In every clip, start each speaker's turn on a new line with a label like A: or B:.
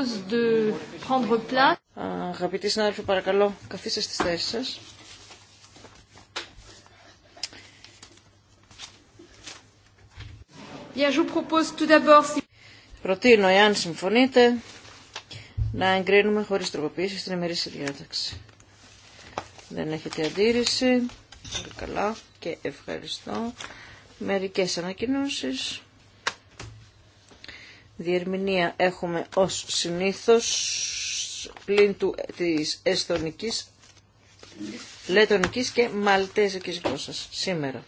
A: propose de prendre place. Αγαπητοί συνάδελφοι, παρακαλώ, καθίστε στις θέσεις σας. Bien, je propose tout Προτείνω, εάν συμφωνείτε, να εγκρίνουμε χωρίς τροποποίηση στην ημερήσια διάταξη. Δεν έχετε αντίρρηση. καλά και ευχαριστώ. Μερικές ανακοινώσεις. Διερμηνία έχουμε ως συνήθως πλην του, της Εστωνικής, λετονικής και μαλτέζικης γλώσσας σήμερα.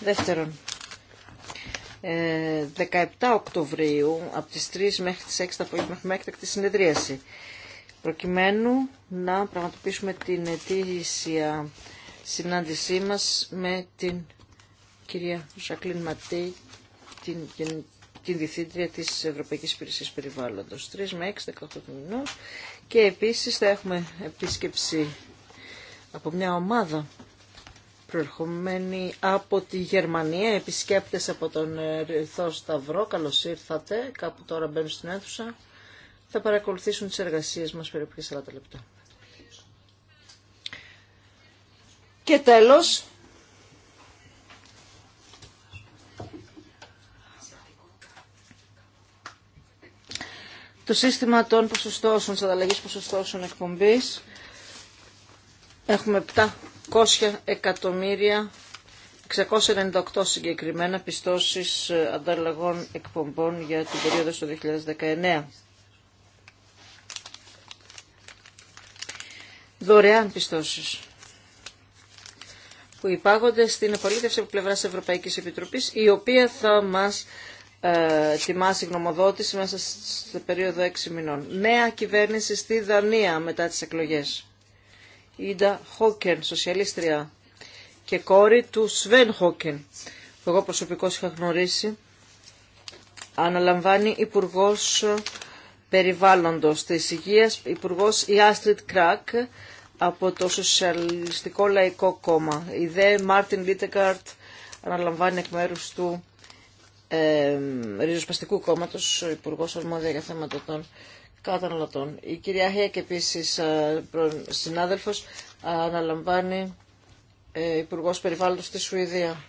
A: Δεύτερον, 17 ε, Οκτωβρίου από τις 3 μέχρι τις 6 το απόγευμα έχουμε έκτακτη συνεδρίαση προκειμένου να πραγματοποιήσουμε την ετήσια συνάντησή μας με την κυρία Ζακλίν Ματή, την την Διευθύντρια της Ευρωπαϊκής Υπηρεσίας Περιβάλλοντος. 3 με 6, 18 του μηνό. Και επίσης θα έχουμε επίσκεψη από μια ομάδα προερχομένη από τη Γερμανία, επισκέπτες από τον Ρηθό Σταυρό. Καλώ ήρθατε, κάπου τώρα μπαίνουν στην αίθουσα. Θα παρακολουθήσουν τις εργασίες μας περίπου και 40 λεπτά. Και τέλος, το σύστημα των ποσοστώσεων, της ανταλλαγής ποσοστώσεων εκπομπής. Έχουμε 700 εκατομμύρια, 698 συγκεκριμένα πιστώσεις ε, ανταλλαγών εκπομπών για την περίοδο στο 2019. Δωρεάν πιστώσεις που υπάγονται στην απολύτευση από πλευράς Ευρωπαϊκής Επιτροπής, η οποία θα μας ε, ετοιμάσει γνωμοδότηση μέσα σε περίοδο 6 μηνών. Νέα κυβέρνηση στη Δανία μετά τις εκλογές. Ίντα Χόκεν, σοσιαλίστρια και κόρη του Σβέν Χόκεν, που εγώ προσωπικώς είχα γνωρίσει, αναλαμβάνει υπουργό περιβάλλοντος της υγείας, υπουργό η Άστριτ Κράκ, από το Σοσιαλιστικό Λαϊκό Κόμμα. Η ΔΕ Μάρτιν Λίτεκαρτ αναλαμβάνει εκ μέρους του ε, ριζοσπαστικού κόμματο, ο Υπουργό Αρμόδια για θέματα των καταναλωτών. Η κυρία Χέκ επίσης, ε, συνάδελφος, αναλαμβάνει ε, Υπουργό Περιβάλλοντος στη Σουηδία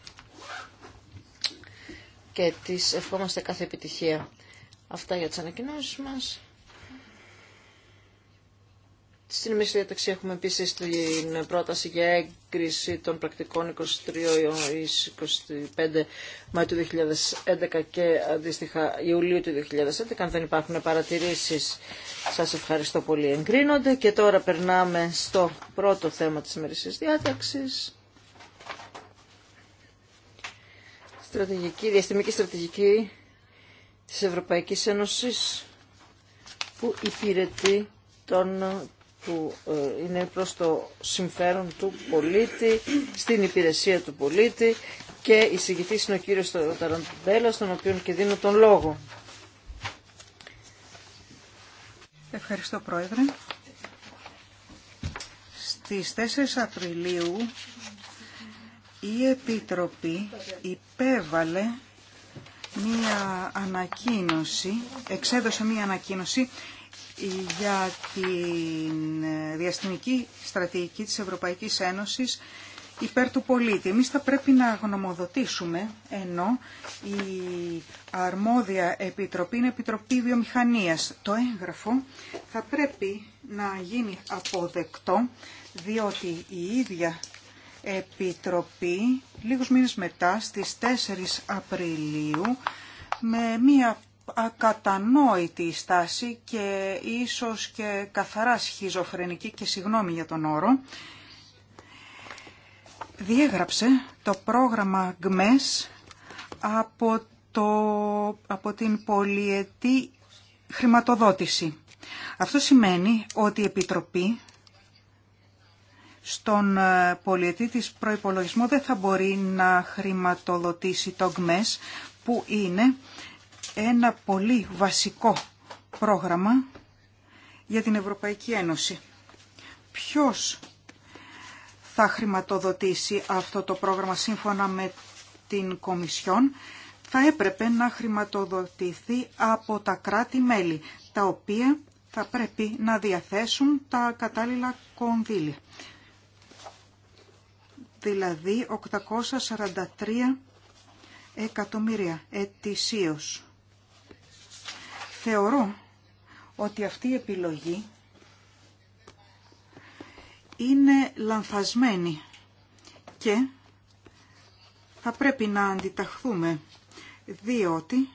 A: και τη ευχόμαστε κάθε επιτυχία. Αυτά για τι ανακοινώσει μας. Στην εμείς διαταξή έχουμε επίση την πρόταση για έγκριση των πρακτικών 23 25 Μαΐου του 2011 και αντίστοιχα Ιουλίου του 2011. Αν δεν υπάρχουν παρατηρήσεις, σας ευχαριστώ πολύ. Εγκρίνονται και τώρα περνάμε στο πρώτο θέμα τη ημερήσια διάταξης, Στρατηγική, διαστημική στρατηγική της Ευρωπαϊκής Ένωσης που υπηρετεί τον που ε, είναι προς το συμφέρον του πολίτη, στην υπηρεσία του πολίτη και η συγκητής είναι ο κύριος Ταραντουμπέλα, στον οποίο και δίνω τον λόγο.
B: Ευχαριστώ Πρόεδρε. Στις 4 Απριλίου η Επίτροπη υπέβαλε μία ανακοίνωση, εξέδωσε μία ανακοίνωση για τη διαστημική στρατηγική της Ευρωπαϊκής Ένωσης υπέρ του πολίτη. Εμείς θα πρέπει να γνωμοδοτήσουμε, ενώ η αρμόδια επιτροπή είναι Επιτροπή Βιομηχανίας. Το έγγραφο θα πρέπει να γίνει αποδεκτό, διότι η ίδια Επιτροπή, λίγους μήνες μετά, στις 4 Απριλίου, με μία ακατανόητη η στάση και ίσως και καθαρά σχιζοφρενική και συγγνώμη για τον όρο, διέγραψε το πρόγραμμα ΓΜΕΣ από, το, από την πολιετή χρηματοδότηση. Αυτό σημαίνει ότι η Επιτροπή στον ε, πολιετή της προϋπολογισμό δεν θα μπορεί να χρηματοδοτήσει το ΓΜΕΣ που είναι ένα πολύ βασικό πρόγραμμα για την Ευρωπαϊκή Ένωση. Ποιος θα χρηματοδοτήσει αυτό το πρόγραμμα σύμφωνα με την Κομισιόν θα έπρεπε να χρηματοδοτηθεί από τα κράτη-μέλη, τα οποία θα πρέπει να διαθέσουν τα κατάλληλα κονδύλια. Δηλαδή 843 εκατομμύρια ετησίως θεωρώ ότι αυτή η επιλογή είναι λανθασμένη και θα πρέπει να αντιταχθούμε διότι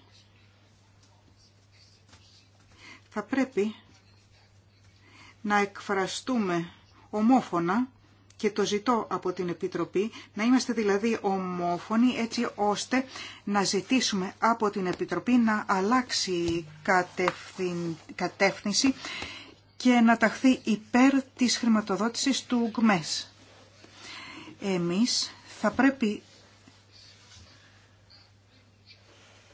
B: θα πρέπει να εκφραστούμε ομόφωνα και το ζητώ από την Επιτροπή, να είμαστε δηλαδή ομόφωνοι έτσι ώστε να ζητήσουμε από την Επιτροπή να αλλάξει κατεύθυνση και να ταχθεί υπέρ της χρηματοδότησης του ΓΜΕΣ. Εμείς θα πρέπει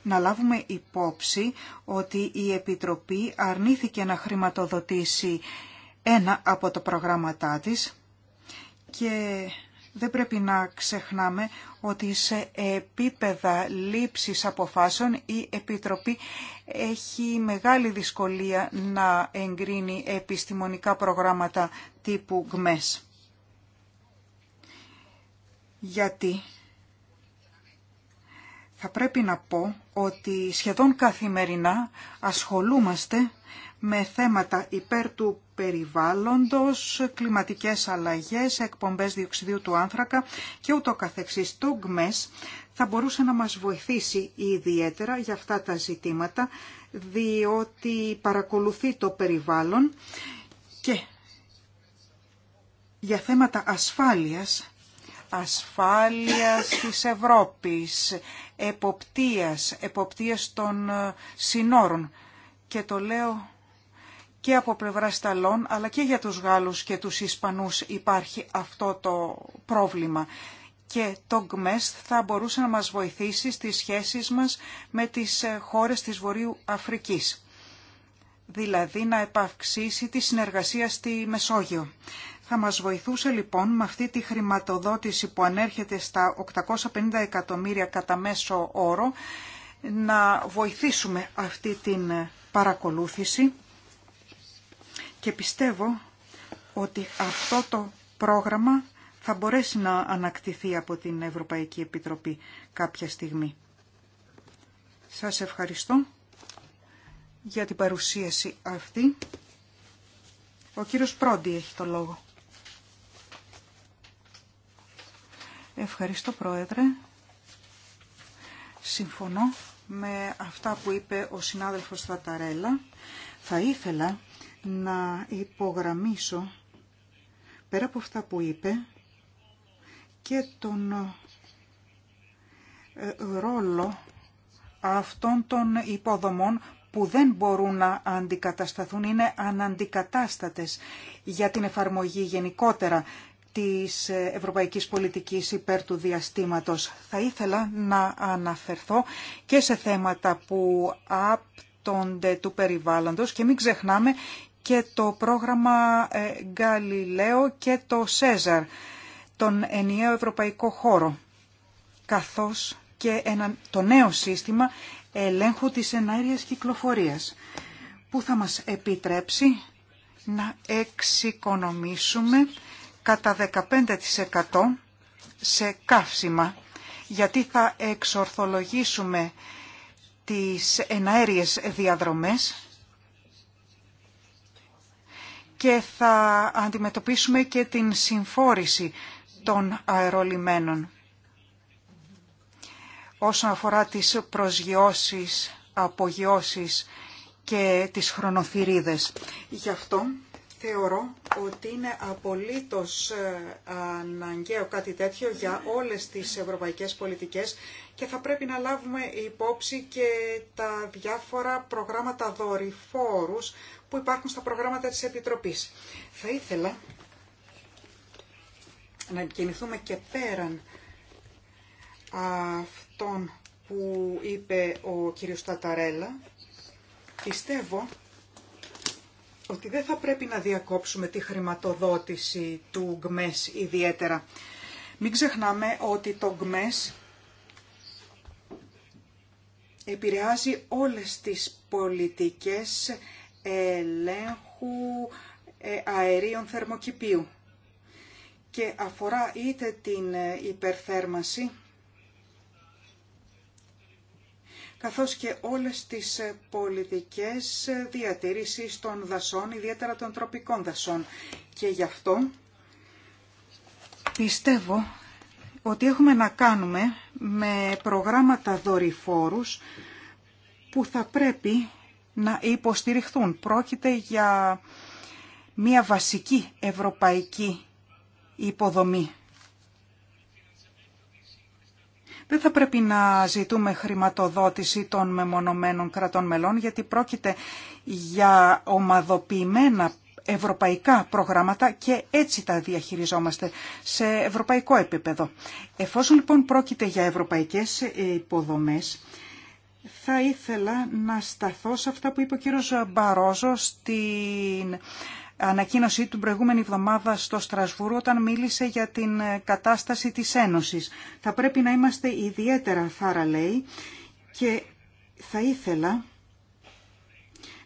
B: να λάβουμε υπόψη ότι η Επιτροπή αρνήθηκε να χρηματοδοτήσει ένα από τα προγράμματά της και δεν πρέπει να ξεχνάμε ότι σε επίπεδα λήψης αποφάσεων η Επιτροπή έχει μεγάλη δυσκολία να εγκρίνει επιστημονικά προγράμματα τύπου ΓΜΕΣ. Γιατί θα πρέπει να πω ότι σχεδόν καθημερινά ασχολούμαστε με θέματα υπέρ του περιβάλλοντος, κλιματικές αλλαγές, εκπομπές διοξιδίου του άνθρακα και ούτω καθεξής. Το ΓΜΕΣ θα μπορούσε να μας βοηθήσει ιδιαίτερα για αυτά τα ζητήματα, διότι παρακολουθεί το περιβάλλον και για θέματα ασφάλειας, ασφάλειας της Ευρώπης, εποπτείας, εποπτείας των ε, συνόρων. Και το λέω και από πλευρά Ιταλών, αλλά και για τους Γάλλους και τους Ισπανούς υπάρχει αυτό το πρόβλημα. Και το ΓΜΕΣ θα μπορούσε να μας βοηθήσει στις σχέσεις μας με τις ε, χώρες της Βορείου Αφρικής. Δηλαδή να επαυξήσει τη συνεργασία στη Μεσόγειο. Θα μας βοηθούσε λοιπόν με αυτή τη χρηματοδότηση που ανέρχεται στα 850 εκατομμύρια κατά μέσο όρο να βοηθήσουμε αυτή την παρακολούθηση και πιστεύω ότι αυτό το πρόγραμμα θα μπορέσει να ανακτηθεί από την Ευρωπαϊκή Επιτροπή κάποια στιγμή. Σας ευχαριστώ για την παρουσίαση αυτή. Ο κύριος Πρόντι έχει το λόγο. Ευχαριστώ Πρόεδρε. Συμφωνώ με αυτά που είπε ο συνάδελφος Θαταρέλα. Θα ήθελα να υπογραμμίσω, πέρα από αυτά που είπε, και τον ε, ρόλο αυτών των υποδομών που δεν μπορούν να αντικατασταθούν, είναι αναντικατάστατες για την εφαρμογή γενικότερα της ευρωπαϊκής πολιτικής υπέρ του διαστήματος. Θα ήθελα να αναφερθώ και σε θέματα που άπτονται του περιβάλλοντος και μην ξεχνάμε και το πρόγραμμα ε, Galileo και το Σέζαρ, τον ενιαίο ευρωπαϊκό χώρο, καθώς και ένα, το νέο σύστημα ελέγχου της εναέριας κυκλοφορίας, που θα μας επιτρέψει να εξοικονομήσουμε κατά 15% σε καύσιμα, γιατί θα εξορθολογήσουμε τις εναέριες διαδρομές και θα αντιμετωπίσουμε και την συμφόρηση των αερολιμένων. Όσον αφορά τις προσγειώσεις, απογειώσεις και τις χρονοθυρίδες. Γι' αυτό θεωρώ ότι είναι απολύτως ε, αναγκαίο κάτι τέτοιο για όλες τις ευρωπαϊκές πολιτικές και θα πρέπει να λάβουμε υπόψη και τα διάφορα προγράμματα δορυφόρους που υπάρχουν στα προγράμματα της Επιτροπής. Θα ήθελα να κινηθούμε και πέραν αυτών που είπε ο κύριος Ταταρέλα. Πιστεύω ότι δεν θα πρέπει να διακόψουμε τη χρηματοδότηση του ΓΜΕΣ ιδιαίτερα. Μην ξεχνάμε ότι το ΓΜΕΣ επηρεάζει όλες τις πολιτικές ελέγχου ε, αερίων θερμοκηπίου και αφορά είτε την ε, υπερθέρμανση καθώς και όλες τις ε, πολιτικές διατήρησης των δασών, ιδιαίτερα των τροπικών δασών. Και γι' αυτό πιστεύω ότι έχουμε να κάνουμε με προγράμματα δορυφόρους που θα πρέπει να υποστηριχθούν. Πρόκειται για μια βασική ευρωπαϊκή υποδομή. Δεν θα πρέπει να ζητούμε χρηματοδότηση των μεμονωμένων κρατών μελών, γιατί πρόκειται για ομαδοποιημένα ευρωπαϊκά προγράμματα και έτσι τα διαχειριζόμαστε σε ευρωπαϊκό επίπεδο. Εφόσον λοιπόν πρόκειται για ευρωπαϊκές υποδομές, θα ήθελα να σταθώ σε αυτά που είπε ο κύριος Μπαρόζο στην ανακοίνωσή του προηγούμενη εβδομάδα στο Στρασβούργο όταν μίλησε για την κατάσταση της Ένωσης. Θα πρέπει να είμαστε ιδιαίτερα λέει, και θα ήθελα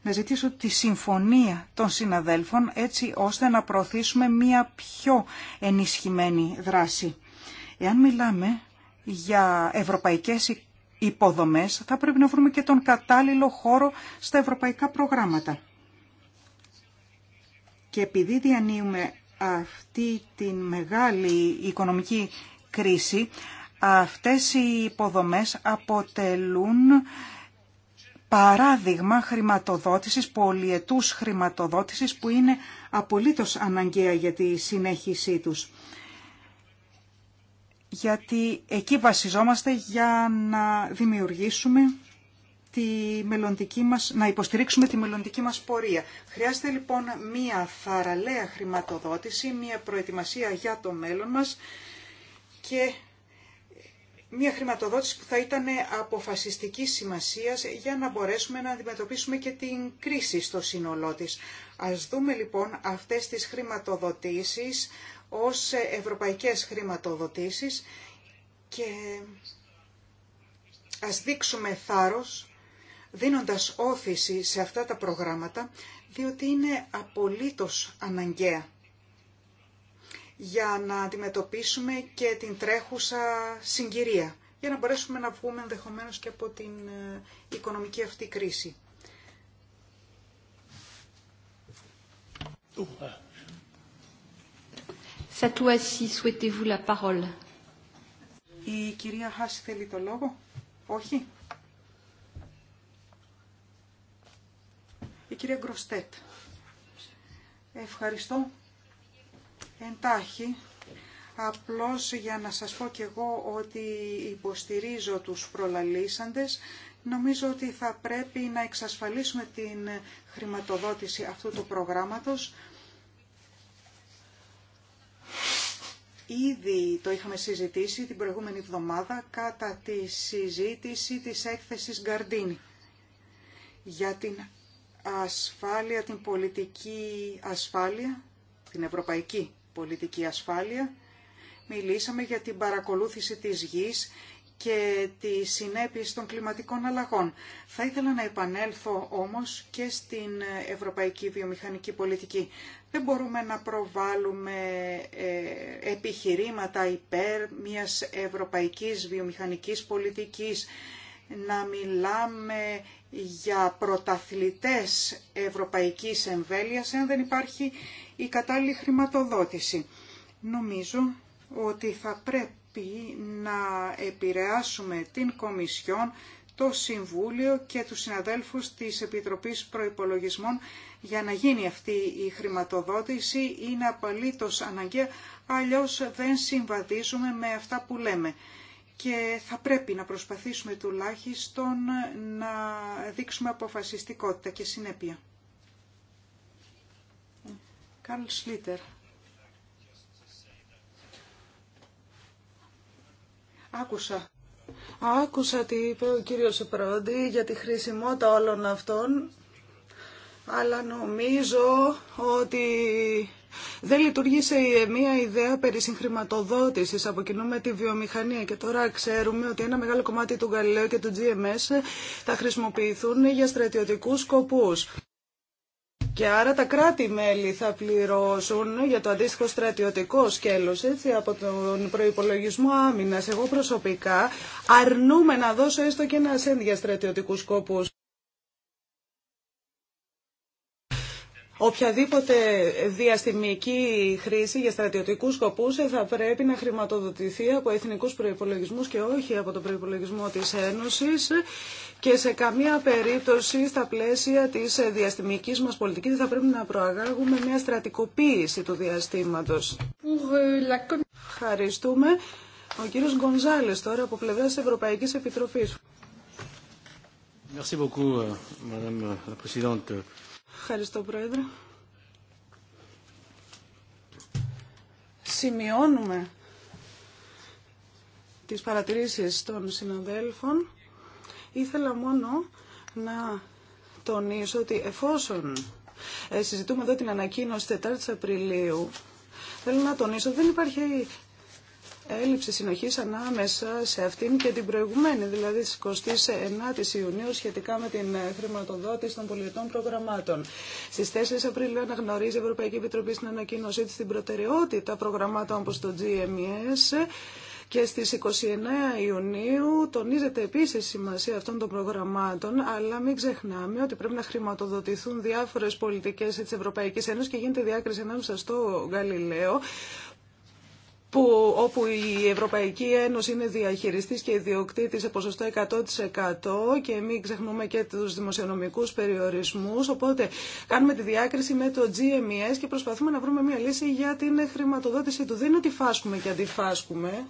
B: να ζητήσω τη συμφωνία των συναδέλφων έτσι ώστε να προωθήσουμε μία πιο ενισχυμένη δράση. Εάν μιλάμε για ευρωπαϊκές υποδομές, θα πρέπει να βρούμε και τον κατάλληλο χώρο στα ευρωπαϊκά προγράμματα. Και επειδή διανύουμε αυτή τη μεγάλη οικονομική κρίση, αυτές οι υποδομές αποτελούν παράδειγμα χρηματοδότησης, πολιετούς χρηματοδότησης που είναι απολύτως αναγκαία για τη συνέχισή τους γιατί εκεί βασιζόμαστε για να δημιουργήσουμε τη μελλοντική μας, να υποστηρίξουμε τη μελλοντική μας πορεία. Χρειάζεται λοιπόν μία θαραλέα χρηματοδότηση, μία προετοιμασία για το μέλλον μας και μία χρηματοδότηση που θα ήταν αποφασιστική σημασίας για να μπορέσουμε να αντιμετωπίσουμε και την κρίση στο σύνολό της. Ας δούμε λοιπόν αυτές τις χρηματοδοτήσεις ως ευρωπαϊκές χρηματοδοτήσεις και ας δείξουμε θάρρος δίνοντας όθηση σε αυτά τα προγράμματα, διότι είναι απολύτως αναγκαία για να αντιμετωπίσουμε και την τρέχουσα συγκυρία, για να μπορέσουμε να βγούμε ενδεχομένως και από την ε, οικονομική αυτή κρίση. Ε. Σατουάσι, Η κυρία Χάση θέλει το λόγο. Όχι. Η κυρία Γκροστέτ. Ευχαριστώ. Εντάχει, απλώς για να σας πω και εγώ ότι υποστηρίζω τους προλαλήσαντες. Νομίζω ότι θα πρέπει να εξασφαλίσουμε την χρηματοδότηση αυτού του προγράμματος Ήδη το είχαμε συζητήσει την προηγούμενη εβδομάδα κατά τη συζήτηση της έκθεσης Γκαρντίνη για την ασφάλεια, την πολιτική ασφάλεια, την ευρωπαϊκή πολιτική ασφάλεια. Μιλήσαμε για την παρακολούθηση της γης, και τις συνέπειες των κλιματικών αλλαγών. Θα ήθελα να επανέλθω όμως και στην ευρωπαϊκή βιομηχανική πολιτική. Δεν μπορούμε να προβάλλουμε ε, επιχειρήματα υπέρ μιας ευρωπαϊκής βιομηχανικής πολιτικής, να μιλάμε για πρωταθλητές ευρωπαϊκής εμβέλειας, αν δεν υπάρχει η κατάλληλη χρηματοδότηση. Νομίζω ότι θα πρέπει να επηρεάσουμε την Κομισιόν, το Συμβούλιο και τους συναδέλφους της Επιτροπής Προϋπολογισμών για να γίνει αυτή η χρηματοδότηση είναι απαλήτως αναγκαία, αλλιώς δεν συμβαδίζουμε με αυτά που λέμε. Και θα πρέπει να προσπαθήσουμε τουλάχιστον να δείξουμε αποφασιστικότητα και συνέπεια. Καρλ Σλίτερ. Άκουσα. Άκουσα τι είπε ο κύριος Πρόντι για τη χρησιμότητα όλων αυτών, αλλά νομίζω ότι δεν λειτουργήσε μια ιδέα περί συγχρηματοδότησης από κοινού με τη βιομηχανία και τώρα ξέρουμε ότι ένα μεγάλο κομμάτι του Γαλιλαίου και του GMS θα χρησιμοποιηθούν για στρατιωτικούς σκοπούς. Και άρα τα κράτη-μέλη θα πληρώσουν για το αντίστοιχο στρατιωτικό σκέλος, έτσι, από τον προϋπολογισμό άμυνας. Εγώ προσωπικά αρνούμε να δώσω έστω και ένα σέντ για στρατιωτικούς σκόπους. Οποιαδήποτε διαστημική χρήση για στρατιωτικούς σκοπούς θα πρέπει να χρηματοδοτηθεί από εθνικούς προϋπολογισμούς και όχι από τον προϋπολογισμό της Ένωσης και σε καμία περίπτωση στα πλαίσια της διαστημικής μας πολιτικής θα πρέπει να προαγάγουμε μια στρατικοποίηση του διαστήματος. Ε, Ευχαριστούμε. Ο κύριος Γκονζάλης τώρα από πλευρά της Ευρωπαϊκής Επιτροπής. Merci beaucoup, euh, Madame la Présidente. Ευχαριστώ, Πρόεδρε. Σημειώνουμε τις παρατηρήσεις των συναδέλφων. Ήθελα μόνο να τονίσω ότι εφόσον ε, συζητούμε εδώ την ανακοίνωση 4 Απριλίου, θέλω να τονίσω ότι δεν υπάρχει έλλειψη συνοχής ανάμεσα σε αυτήν και την προηγουμένη, δηλαδή στις 29ης Ιουνίου σχετικά με την ε, χρηματοδότηση των πολιτών προγραμμάτων. Στις 4 Απριλίου αναγνωρίζει η Ευρωπαϊκή Επιτροπή στην ανακοίνωσή της την προτεραιότητα προγραμμάτων όπως το GMES και στις 29 Ιουνίου τονίζεται επίσης η σημασία αυτών των προγραμμάτων, αλλά μην ξεχνάμε ότι πρέπει να χρηματοδοτηθούν διάφορες πολιτικές της Ευρωπαϊκής Ένωσης και γίνεται διάκριση ανάμεσα στο Γαλιλαίο, που, όπου η Ευρωπαϊκή Ένωση είναι διαχειριστής και ιδιοκτήτη σε ποσοστό 100% και μην ξεχνούμε και τους δημοσιονομικούς περιορισμούς. Οπότε κάνουμε τη διάκριση με το GMES και προσπαθούμε να βρούμε μια λύση για την χρηματοδότηση του. Δεν είναι ότι φάσκουμε και αντιφάσκουμε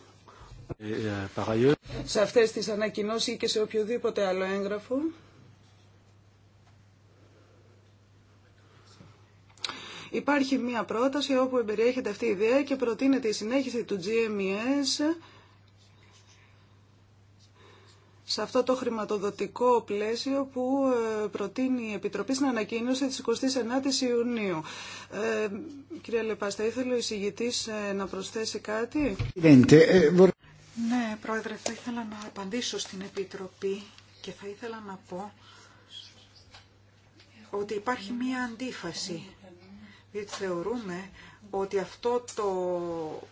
B: σε αυτές τις ανακοινώσεις ή και σε οποιοδήποτε άλλο έγγραφο. Υπάρχει μία πρόταση όπου εμπεριέχεται αυτή η ιδέα και προτείνεται η συνέχιση του GMES σε αυτό το χρηματοδοτικό πλαίσιο που ε, προτείνει η Επιτροπή στην ανακοίνωση της 29 η Ιουνίου. Ε, κυρία Λεπάς, θα ήθελε ο εισηγητής ε, να προσθέσει κάτι. Ναι, Πρόεδρε, θα ήθελα να απαντήσω στην Επιτροπή και θα ήθελα να πω ότι υπάρχει μία αντίφαση, διότι θεωρούμε ότι αυτό το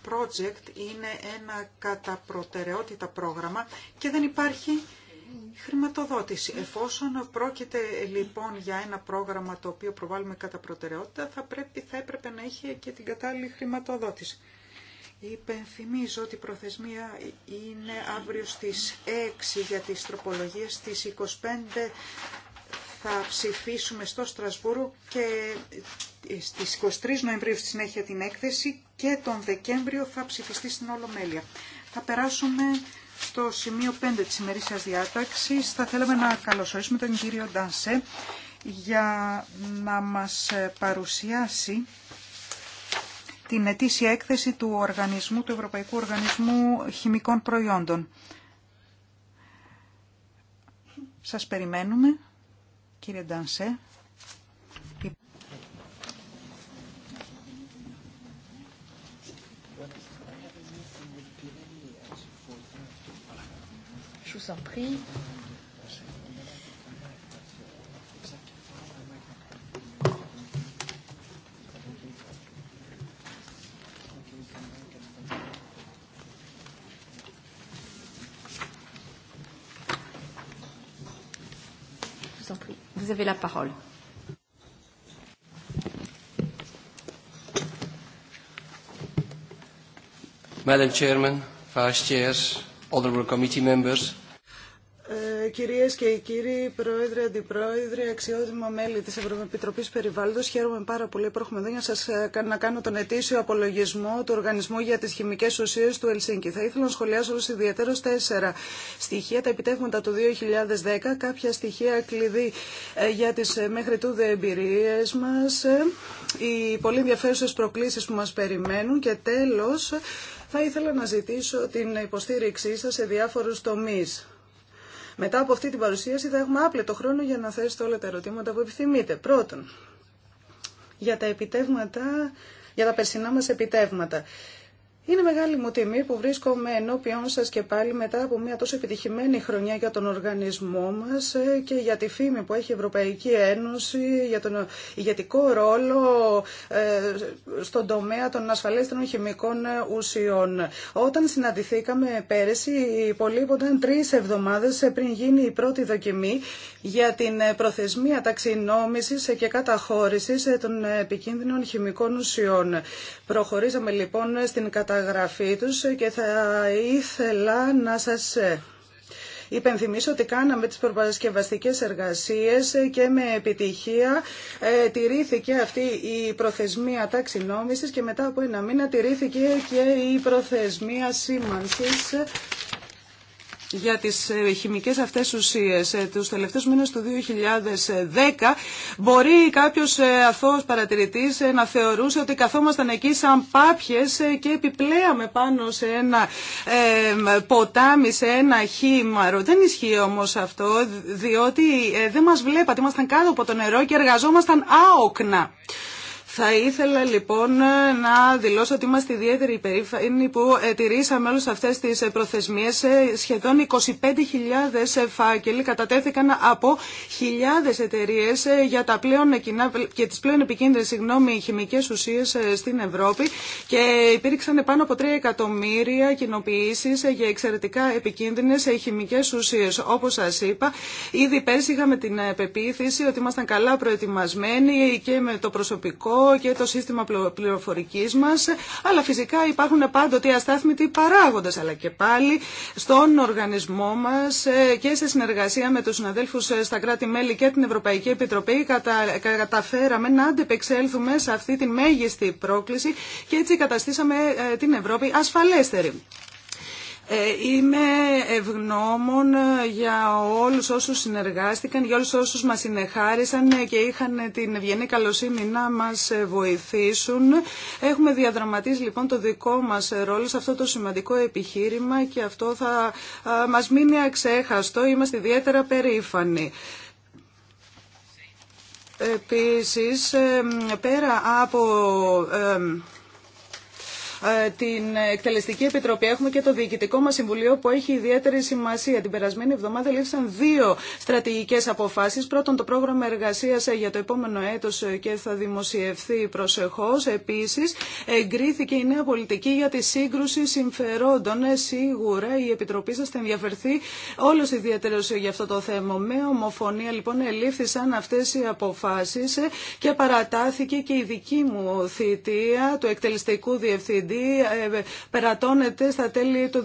B: project είναι ένα κατά προτεραιότητα πρόγραμμα και δεν υπάρχει χρηματοδότηση. Εφόσον πρόκειται λοιπόν για ένα πρόγραμμα το οποίο προβάλλουμε κατά προτεραιότητα, θα, πρέπει, θα έπρεπε να είχε και την κατάλληλη χρηματοδότηση. Υπενθυμίζω ότι η προθεσμία είναι αύριο στις 6 για τις τροπολογίες, στις 25 θα ψηφίσουμε στο Στρασβούρου και ε, στις 23 Νοεμβρίου στη συνέχεια την έκθεση και τον Δεκέμβριο θα ψηφιστεί στην Ολομέλεια. Θα περάσουμε στο σημείο 5 της ημερήσιας διάταξης. Θα θέλαμε να καλωσορίσουμε τον κύριο Ντανσέ για να μας παρουσιάσει την ετήσια έκθεση του, οργανισμού, του Ευρωπαϊκού Οργανισμού Χημικών Προϊόντων. Σας περιμένουμε, κύριε Ντανσέ.
A: Vous avez la parole. Madam Chairman, Vice Chairs, Honourable Committee Members,
B: Κυρίε και κύριοι, Πρόεδρε, Αντιπρόεδρε, αξιότιμα μέλη της Ευρωεπιτροπής Περιβάλλοντος, χαίρομαι πάρα πολύ που έχουμε εδώ για να σας ε, να κάνω τον ετήσιο απολογισμό του Οργανισμού για τις Χημικές Ουσίες του Ελσίνκη. Θα ήθελα να σχολιάσω όλους ιδιαίτερως τέσσερα στοιχεία, τα επιτεύγματα του 2010, κάποια στοιχεία κλειδί ε, για τις ε, μέχρι τούδε εμπειρίε μας, οι πολύ ενδιαφέρουσε προκλήσεις που μας περιμένουν και τέλος θα ήθελα να ζητήσω την υποστήριξή σας σε διάφορους τομείς. Μετά από αυτή την παρουσίαση θα έχουμε άπλετο χρόνο για να θέσετε όλα τα ερωτήματα που επιθυμείτε. Πρώτον, για τα επιτεύγματα, για τα περσινά μας επιτεύγματα. Είναι μεγάλη μου τιμή που βρίσκομαι ενώπιόν σας και πάλι μετά από μια τόσο επιτυχημένη χρονιά για τον οργανισμό μας ε, και για τη φήμη που έχει η Ευρωπαϊκή Ένωση, για τον ηγετικό ρόλο ε, στον τομέα των ασφαλέστερων χημικών ουσιών. Όταν συναντηθήκαμε πέρυσι, υπολείπονταν τρεις εβδομάδες πριν γίνει η πρώτη δοκιμή για την προθεσμία ταξινόμησης και καταχώρησης των επικίνδυνων χημικών ουσιών. Προχωρήσαμε λοιπόν στην κατα καταγραφή τους και θα ήθελα να σας Υπενθυμίσω ότι κάναμε τις προπαρασκευαστικές εργασίες και με επιτυχία ε, τηρήθηκε αυτή η προθεσμία ταξινόμησης και μετά από ένα μήνα τηρήθηκε και η προθεσμία σήμανσης για τις ε, χημικές αυτές ουσίες ε, τους τελευταίους μήνες του 2010 μπορεί κάποιος ε, αθώος παρατηρητής να θεωρούσε ότι καθόμασταν εκεί σαν πάπιες και επιπλέαμε πάνω σε ένα ποτάμι, σε ένα χήμαρο. Δεν ισχύει όμως αυτό διότι δεν μας βλέπατε, ήμασταν κάτω από το νερό και εργαζόμασταν άοκνα. Θα ήθελα λοιπόν να δηλώσω ότι είμαστε ιδιαίτερη υπερήφανοι που ε, τηρήσαμε όλες αυτές τις ε, προθεσμίες. Ε, σχεδόν 25.000 φάκελοι κατατέθηκαν από χιλιάδες εταιρείε για τα πλέον κοινά και τις πλέον επικίνδυνες χημικές ουσίες στην Ευρώπη και υπήρξαν πάνω από 3 εκατομμύρια κοινοποιήσει για εξαιρετικά επικίνδυνες χημικές ουσίες. Όπως σας είπα, ήδη πέρσι είχαμε την πεποίθηση ότι ήμασταν καλά προετοιμασμένοι και με το προσωπικό και το σύστημα πληροφορικής μας, αλλά φυσικά υπάρχουν πάντοτε αστάθμητοι παράγοντες, αλλά και πάλι στον οργανισμό μας ε, και σε συνεργασία με τους συναδέλφου ε, στα κράτη-μέλη και την Ευρωπαϊκή Επιτροπή καταφέραμε να αντεπεξέλθουμε σε αυτή τη μέγιστη πρόκληση και έτσι καταστήσαμε ε, την Ευρώπη ασφαλέστερη. Ε, είμαι ευγνώμων ε, για όλους όσους συνεργάστηκαν, για όλους όσους μας συνεχάρισαν και είχαν την ευγενή καλοσύνη να μας βοηθήσουν. Έχουμε διαδραματίσει λοιπόν το δικό μας ρόλο σε αυτό το σημαντικό επιχείρημα και αυτό θα ε, μας μείνει αξέχαστο. Είμαστε ιδιαίτερα περήφανοι. Επίσης, πέρα από ε, την Εκτελεστική Επιτροπή, έχουμε και το Διοικητικό μα Συμβουλίο που έχει ιδιαίτερη σημασία. Την περασμένη εβδομάδα λήφθησαν δύο στρατηγικέ αποφάσει. Πρώτον, το πρόγραμμα εργασία ε, για το επόμενο έτο ε, και θα δημοσιευθεί προσεχώ. Επίση, εγκρίθηκε η νέα πολιτική για τη σύγκρουση συμφερόντων. Σίγουρα η Επιτροπή σα θα ενδιαφερθεί όλο ιδιαίτερο για αυτό το θέμα. Με ομοφωνία, λοιπόν, ελήφθησαν αυτέ οι αποφάσει και παρατάθηκε και η δική μου θητεία του εκτελεστικού διευθυντή Δηλαδή, ε, περατώνεται στα τέλη του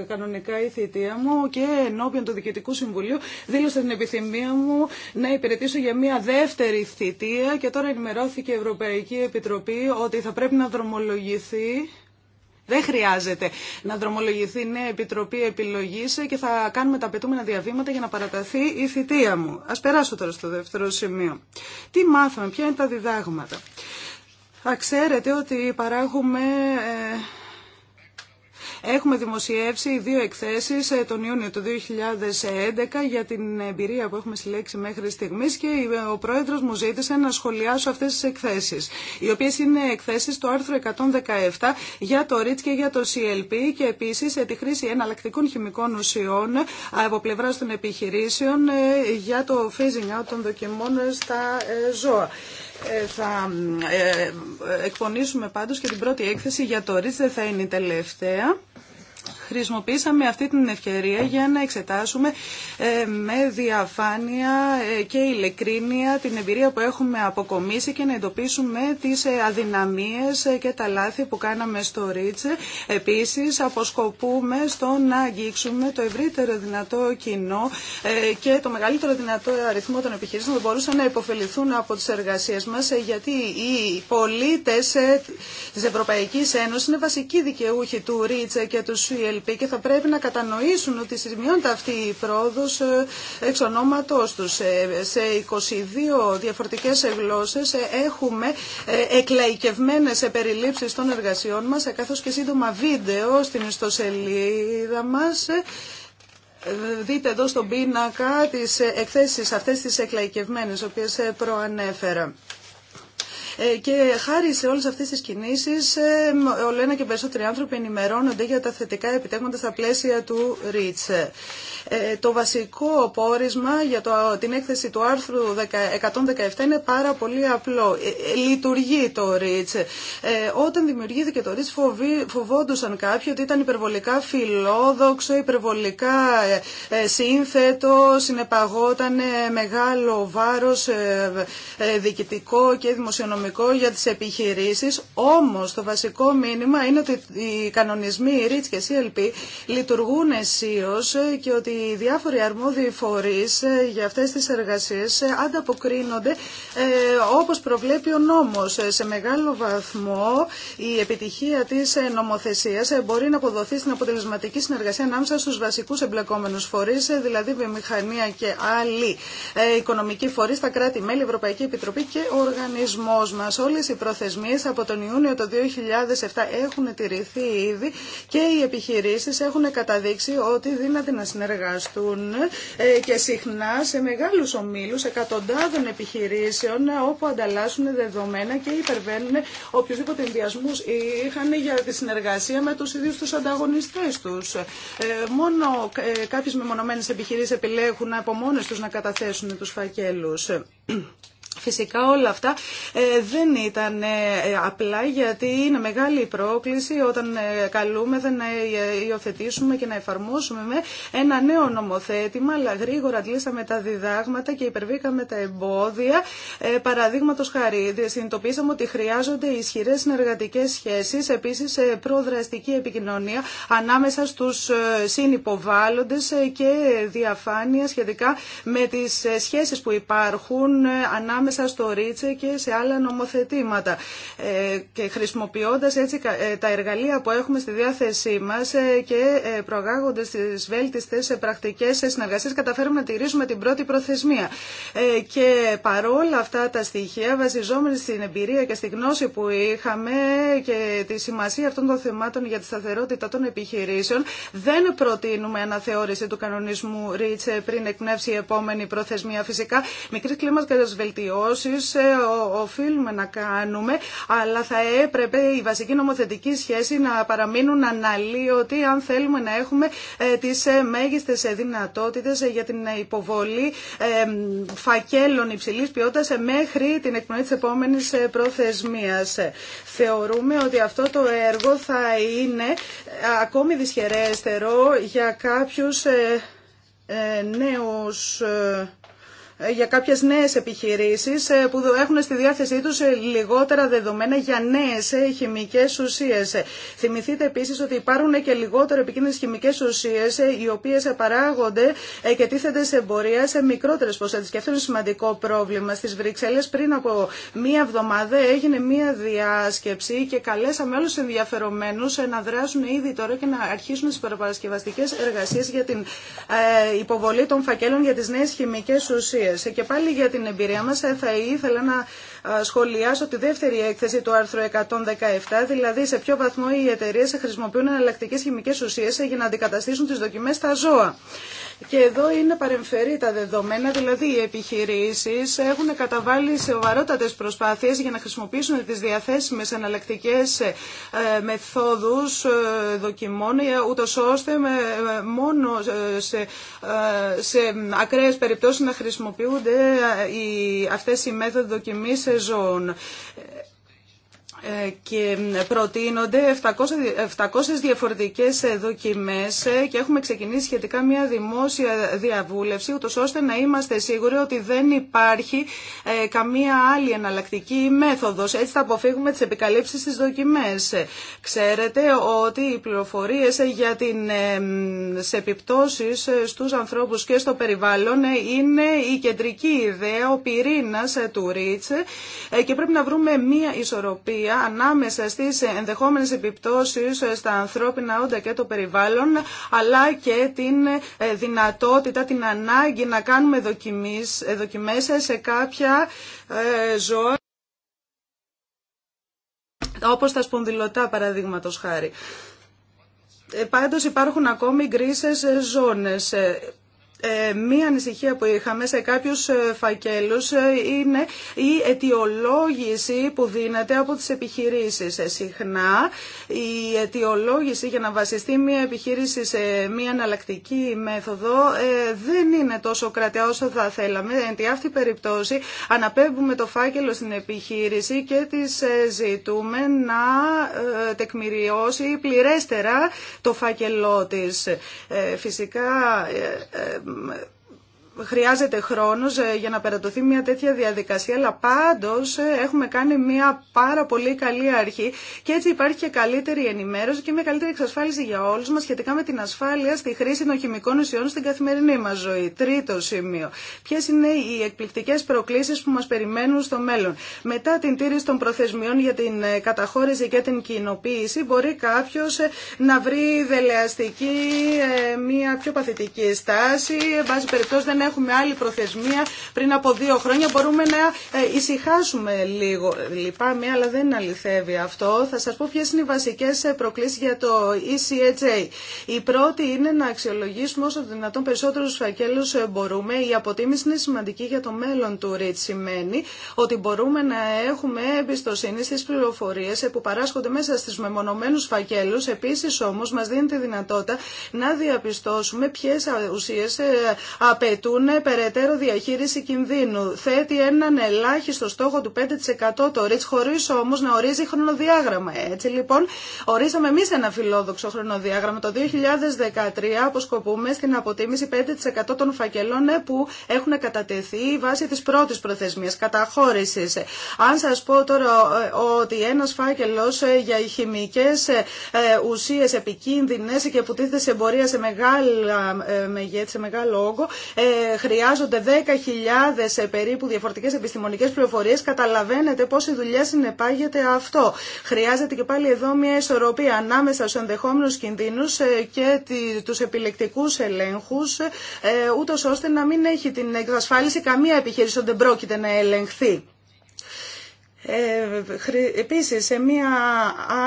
B: 2012 κανονικά η θητεία μου και ενώπιον του Διοικητικού Συμβουλίου δήλωσε την επιθυμία μου να υπηρετήσω για μια δεύτερη θητεία και τώρα ενημερώθηκε η Ευρωπαϊκή Επιτροπή ότι θα πρέπει να δρομολογηθεί δεν χρειάζεται να δρομολογηθεί νέα επιτροπή επιλογή και θα κάνουμε τα απαιτούμενα διαβήματα για να παραταθεί η θητεία μου. Α περάσω τώρα στο δεύτερο σημείο. Τι μάθαμε, ποια είναι τα διδάγματα. Ξέρετε ότι παράγουμε... Ε, έχουμε δημοσιεύσει δύο εκθέσεις ε, τον Ιούνιο του 2011 για την εμπειρία που έχουμε συλλέξει μέχρι στιγμής και ο πρόεδρος μου ζήτησε να σχολιάσω αυτές τις εκθέσεις, οι οποίες είναι εκθέσεις στο άρθρο 117 για το ΡΙΤ και για το CLP και επίσης ε, τη χρήση εναλλακτικών χημικών ουσιών από πλευρά των επιχειρήσεων για το phasing out των δοκιμών στα ζώα. Ε, θα ε, ε, εκπονήσουμε πάντως και την πρώτη έκθεση για το Ρίτ. θα είναι η τελευταία χρησιμοποίησαμε αυτή την ευκαιρία για να εξετάσουμε ε, με διαφάνεια ε, και ειλικρίνεια την εμπειρία που έχουμε αποκομίσει και να εντοπίσουμε τις ε, αδυναμίες και τα λάθη που κάναμε στο Ρίτσε. Επίσης, αποσκοπούμε στο να αγγίξουμε το ευρύτερο δυνατό κοινό και το μεγαλύτερο δυνατό αριθμό των επιχειρήσεων που μπορούσαν να υποφεληθούν από τις εργασίες μας, γιατί οι πολίτες της Ευρωπαϊκής Ένωσης είναι βασικοί δικαιούχοι του Ρίτσε και του και θα πρέπει να κατανοήσουν ότι σημειώνεται αυτή η πρόοδος ε, εξ ονόματός τους. Ε, σε 22 διαφορετικές γλώσσες ε, έχουμε εκλαϊκευμένες περιλήψεις των εργασιών μας, καθώς και σύντομα βίντεο στην ιστοσελίδα μας δείτε εδώ στον πίνακα τις εκθέσεις αυτές τις εκλαϊκευμένες, οποίες προανέφερα. Ε, και χάρη σε όλες αυτές τις κινήσεις όλο ε, ένα και περισσότεροι άνθρωποι ενημερώνονται για τα θετικά επιτέγματα στα πλαίσια του ΡΙΤΣ. Ε, το βασικό πόρισμα για το, την έκθεση του άρθρου 117 είναι πάρα πολύ απλό. Λειτουργεί το ΡΙΤΣ. Όταν δημιουργήθηκε το ΡΙΤΣ φοβόντουσαν κάποιοι ότι ήταν υπερβολικά φιλόδοξο, υπερβολικά σύνθετο, συνεπαγόταν μεγάλο βάρος διοικητικό και δημοσιονομικό για τις επιχειρήσεις, όμως το βασικό μήνυμα είναι ότι οι κανονισμοί, οι REACH και CLP λειτουργούν αισίως και ότι οι διάφοροι αρμόδιοι φορείς για αυτές τις εργασίες ανταποκρίνονται ε, όπως προβλέπει ο νόμος. Ε, σε μεγάλο βαθμό η επιτυχία της ε, νομοθεσίας μπορεί να αποδοθεί στην αποτελεσματική συνεργασία ανάμεσα στους βασικούς εμπλεκόμενους φορείς, δηλαδή βιομηχανία και άλλοι οικονομικοί φορείς, τα κράτη-μέλη, Ευρωπαϊκή Επιτροπή και ο οργανισμός μας. Όλες οι προθεσμίε από τον Ιούνιο το 2007 έχουν τηρηθεί ήδη και οι επιχειρήσει έχουν καταδείξει ότι δύναται να συνεργαστούν ε, και συχνά σε μεγάλου ομίλου εκατοντάδων επιχειρήσεων όπου ανταλλάσσουν δεδομένα και υπερβαίνουν οποιοδήποτε ενδιασμού είχαν για τη συνεργασία με τους ίδιους τους ανταγωνιστές τους. Ε, μόνο ε, κάποιε μεμονωμένε επιχειρήσει επιλέγουν από μόνε του να καταθέσουν τους φακέλους. Φυσικά όλα αυτά ε, δεν ήταν ε, απλά γιατί είναι μεγάλη η πρόκληση όταν ε, καλούμε να υιοθετήσουμε και να εφαρμόσουμε ένα νέο νομοθέτημα, αλλά γρήγορα αντλήσαμε τα διδάγματα και υπερβήκαμε τα εμπόδια. Ε, Παραδείγματο χάρη, συνειδητοποίησαμε ότι χρειάζονται συνεργατικές σχέσεις, σχέσει, επίση προδραστική επικοινωνία ανάμεσα στου συνυποβάλλοντε και διαφάνεια σχετικά με τι σχέσεις που υπάρχουν ανάμεσα μέσα στο Ρίτσε και σε άλλα νομοθετήματα. Ε, και χρησιμοποιώντας έτσι ε, τα εργαλεία που έχουμε στη διάθεσή μας ε, και προγάγοντας τις βέλτιστες πρακτικές συνεργασίες καταφέρουμε να τηρήσουμε την πρώτη προθεσμία. Και παρόλα αυτά τα στοιχεία βασιζόμενοι στην εμπειρία και στη γνώση που είχαμε και τη σημασία αυτών των θεμάτων για τη σταθερότητα των επιχειρήσεων δεν προτείνουμε αναθεώρηση του κανονισμού Ρίτσε πριν εκπνεύσει η επόμενη προθεσμία φυσικά. Μικρή κλίμακα βελτιώσει ε, οφείλουμε να κάνουμε, αλλά θα έπρεπε η βασική νομοθετική σχέση να παραμείνουν αναλύωτοι αν θέλουμε να έχουμε ε, τις ε, μέγιστες δυνατότητες για την υποβολή φακέλων υψηλής ποιότητας μέχρι την εκπνοή της επόμενης προθεσμίας. Θεωρούμε ότι αυτό το έργο θα είναι ακόμη δυσχερέστερο για κάποιους νέους ε, για κάποιες νέες επιχειρήσεις ε, που έχουν στη διάθεσή τους ε, λιγότερα δεδομένα για νέες χημικές ουσίες. Θυμηθείτε επίσης ότι υπάρχουν και λιγότερο επικίνδυνες χημικές ουσίες οι οποίες παράγονται και τίθενται σε εμπορία σε μικρότερες ποσότητες. Και αυτό είναι σημαντικό πρόβλημα. Στις Βρυξέλλες πριν από μία εβδομάδα έγινε μία διάσκεψη και καλέσαμε όλους τους ενδιαφερομένους να δράσουν ήδη τώρα και να αρχίσουν τις προπαρασκευαστικές εργασίες για την υποβολή των φακέλων για τις νέες χημικές ουσίες. Και πάλι για την εμπειρία μας ε, θα ήθελα να σχολιάσω τη δεύτερη έκθεση του άρθρου 117, δηλαδή σε ποιο βαθμό οι εταιρείε χρησιμοποιούν εναλλακτικέ χημικέ ουσίε για να αντικαταστήσουν τι δοκιμέ στα ζώα. Και εδώ είναι παρεμφερή τα δεδομένα, δηλαδή οι επιχειρήσει έχουν καταβάλει σοβαρότατε προσπάθειε για να χρησιμοποιήσουν τι διαθέσιμε εναλλακτικέ ε, μεθόδου ε, δοκιμών, ε, ούτω ώστε μόνο σε, σε ακραίε περιπτώσει να χρησιμοποιούνται αυτέ οι μέθοδοι δοκιμή σεζόν και προτείνονται 700, 700 διαφορετικές ε, δοκιμές ε, και έχουμε ξεκινήσει σχετικά μια δημόσια διαβούλευση ούτως ώστε να είμαστε σίγουροι ότι δεν υπάρχει ε, καμία άλλη εναλλακτική μέθοδος. Έτσι θα αποφύγουμε τις επικαλύψεις στις δοκιμές. Ξέρετε ότι οι πληροφορίες για την σε επιπτώσεις στους ανθρώπους και στο περιβάλλον είναι η κεντρική ιδέα, ο πυρήνας του Ρίτσε και πρέπει να βρούμε μια ισορροπία ανάμεσα στις ενδεχόμενες επιπτώσεις στα ανθρώπινα όντα και το περιβάλλον, αλλά και την ε, δυνατότητα, την ανάγκη να κάνουμε ε, δοκιμές, σε κάποια ε, ζώα όπως τα σπονδυλωτά παραδείγματος χάρη. Πάντως υπάρχουν ακόμη γκρίσες ζώνες. Ε, μία ανησυχία που είχαμε σε κάποιους ε, φακέλους ε, είναι η αιτιολόγηση που δίνεται από τις επιχειρήσεις. Συχνά η αιτιολόγηση για να βασιστεί μία επιχείρηση σε μία εναλλακτική μέθοδο δεν είναι τόσο κρατεά όσο θα θέλαμε. Εν τη αυτή περιπτώση αναπέμπουμε το φάκελο στην επιχείρηση και της ζητούμε να τεκμηριώσει πληρέστερα το φάκελό της. Φυσικά Μέτω χρειάζεται χρόνος ε, για να περατωθεί μια τέτοια διαδικασία, αλλά πάντως ε, έχουμε κάνει μια πάρα πολύ καλή αρχή και έτσι υπάρχει και καλύτερη ενημέρωση και μια καλύτερη εξασφάλιση για όλους μας σχετικά με την ασφάλεια στη χρήση των χημικών ουσιών στην καθημερινή μας ζωή. Τρίτο σημείο. Ποιε είναι οι εκπληκτικές προκλήσεις που μας περιμένουν στο μέλλον. Μετά την τήρηση των προθεσμιών για την ε, καταχώρηση και την κοινοποίηση μπορεί κάποιο να βρει δελεαστική, μια πιο παθητική στάση. Εν έχουμε άλλη προθεσμία πριν από δύο χρόνια μπορούμε να ε, ησυχάσουμε λίγο. Λυπάμαι, αλλά δεν αληθεύει αυτό. Θα σας πω ποιες είναι οι βασικές ε, προκλήσεις για το ECHA. Η πρώτη είναι να αξιολογήσουμε όσο δυνατόν περισσότερους φακέλους ε, μπορούμε. Η αποτίμηση είναι σημαντική για το μέλλον του REACH. Σημαίνει ότι μπορούμε να έχουμε εμπιστοσύνη στις πληροφορίες που παράσχονται μέσα στις μεμονωμένους φακέλους. Επίσης όμως μας δίνει τη δυνατότητα να διαπιστώσουμε ποιε ουσίες απαιτούν είναι περαιτέρω διαχείριση κινδύνου. Θέτει έναν ελάχιστο στόχο του 5% το ΡΙΤΣ, χωρί όμω να ορίζει χρονοδιάγραμμα. Έτσι λοιπόν, ορίσαμε εμεί ένα φιλόδοξο χρονοδιάγραμμα. Το 2013 αποσκοπούμε στην αποτίμηση 5% των φακελών που έχουν κατατεθεί βάσει τη πρώτη προθεσμία καταχώρηση. Αν σα πω τώρα ε, ότι ένα φάκελο ε, για χημικέ ε, ουσίε επικίνδυνε και που τίθεται σε εμπορία σε μεγέθη, σε μεγάλο όγκο χρειάζονται 10.000 ε, περίπου διαφορετικέ επιστημονικές πληροφορίε. Καταλαβαίνετε πόση δουλειά συνεπάγεται αυτό. Χρειάζεται και πάλι εδώ μια ισορροπία ανάμεσα στους ενδεχόμενου κινδύνους ε, και τους επιλεκτικούς ελέγχους, ε, ούτω ώστε να μην έχει την εξασφάλιση καμία επιχείρηση ότι δεν πρόκειται να ελεγχθεί. Ε, επίσης, σε μία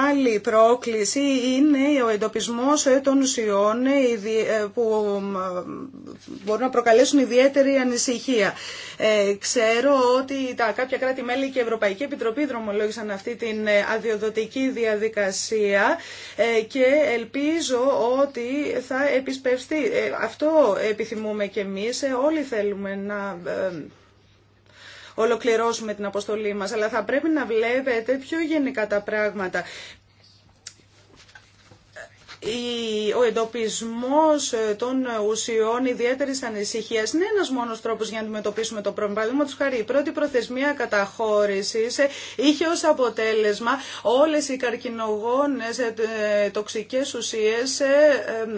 B: άλλη πρόκληση είναι ο εντοπισμός των ουσιών ε, ε, που μπορούν να προκαλέσουν ιδιαίτερη ανησυχία. Ξέρω ότι τα κάποια κράτη-μέλη και η Ευρωπαϊκή Επιτροπή δρομολόγησαν αυτή την αδειοδοτική διαδικασία και ελπίζω ότι θα επισπευστεί. Αυτό επιθυμούμε και εμείς. Όλοι θέλουμε να ολοκληρώσουμε την αποστολή μας, αλλά θα πρέπει να βλέπετε πιο γενικά τα πράγματα ο εντοπισμός ε, των ουσιών ιδιαίτερη ανησυχία είναι ένας μόνος τρόπος για να αντιμετωπίσουμε το πρόβλημα. Παραδείγματο χάρη, η πρώτη προθεσμία καταχώρησης ε, είχε ως αποτέλεσμα όλες οι καρκινογόνες ε, τοξικές ουσίες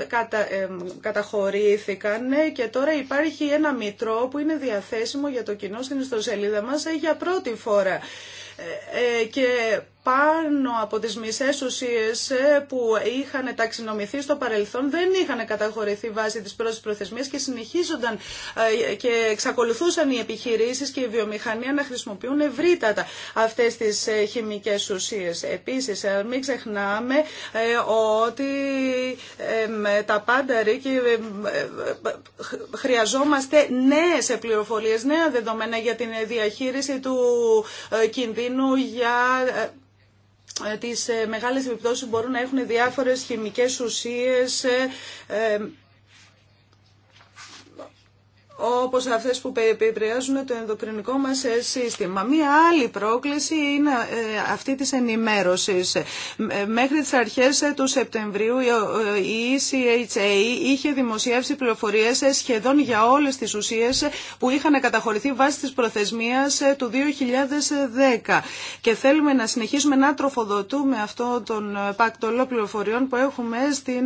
B: κατα, καταχωρήθηκαν και τώρα υπάρχει ένα μητρό που είναι διαθέσιμο για το κοινό στην ιστοσελίδα μας για πρώτη φορά. Και πάνω από τις μισές ουσίες ε, που είχαν ταξινομηθεί στο παρελθόν δεν είχαν καταχωρηθεί βάσει της πρώτης προθεσμίας και συνεχίζονταν ε, και εξακολουθούσαν οι επιχειρήσεις και η βιομηχανία να χρησιμοποιούν ευρύτατα αυτές τις ε, χημικές ουσίες. Επίσης, μην ξεχνάμε ότι τα πάντα ρίκη χρειαζόμαστε νέες πληροφορίες, νέα δεδομένα για την διαχείριση του κινδύνου για ε, τις ε, μεγάλες επιπτώσεις μπορούν να έχουν διάφορες χημικές ουσίες ε, όπως αυτές που επηρεάζουν το ενδοκρινικό μας σύστημα. Μία άλλη πρόκληση είναι ε, αυτή της ενημέρωσης. Ε, μέχρι τις αρχές του Σεπτεμβρίου η ε, ECHA είχε δημοσιεύσει πληροφορίες σχεδόν για όλες τις ουσίες που είχαν καταχωρηθεί βάσει της προθεσμίας του 2010. Και θέλουμε να συνεχίσουμε να τροφοδοτούμε αυτό τον πακτολό πληροφοριών που έχουμε στην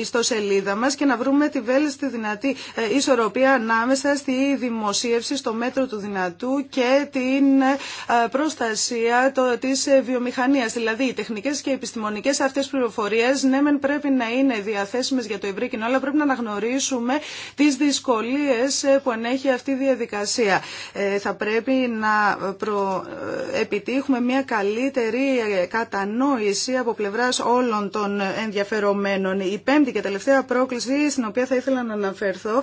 B: ιστοσελίδα μας και να βρούμε τη βέλεστη δυνατή ισορροπή οποία ανάμεσα στη δημοσίευση στο μέτρο του δυνατού και την ε, προστασία τη ε, βιομηχανία. Δηλαδή, οι τεχνικέ και επιστημονικέ αυτέ πληροφορίε, ναι, μεν πρέπει να είναι διαθέσιμε για το ευρύ κοινό, αλλά πρέπει να αναγνωρίσουμε τι δυσκολίε ε, που ανέχει αυτή η διαδικασία. Θα πρέπει να προ... επιτύχουμε μια καλύτερη κατανόηση από πλευρά όλων των ενδιαφερομένων. Η πέμπτη και τελευταία πρόκληση στην οποία θα ήθελα να αναφερθώ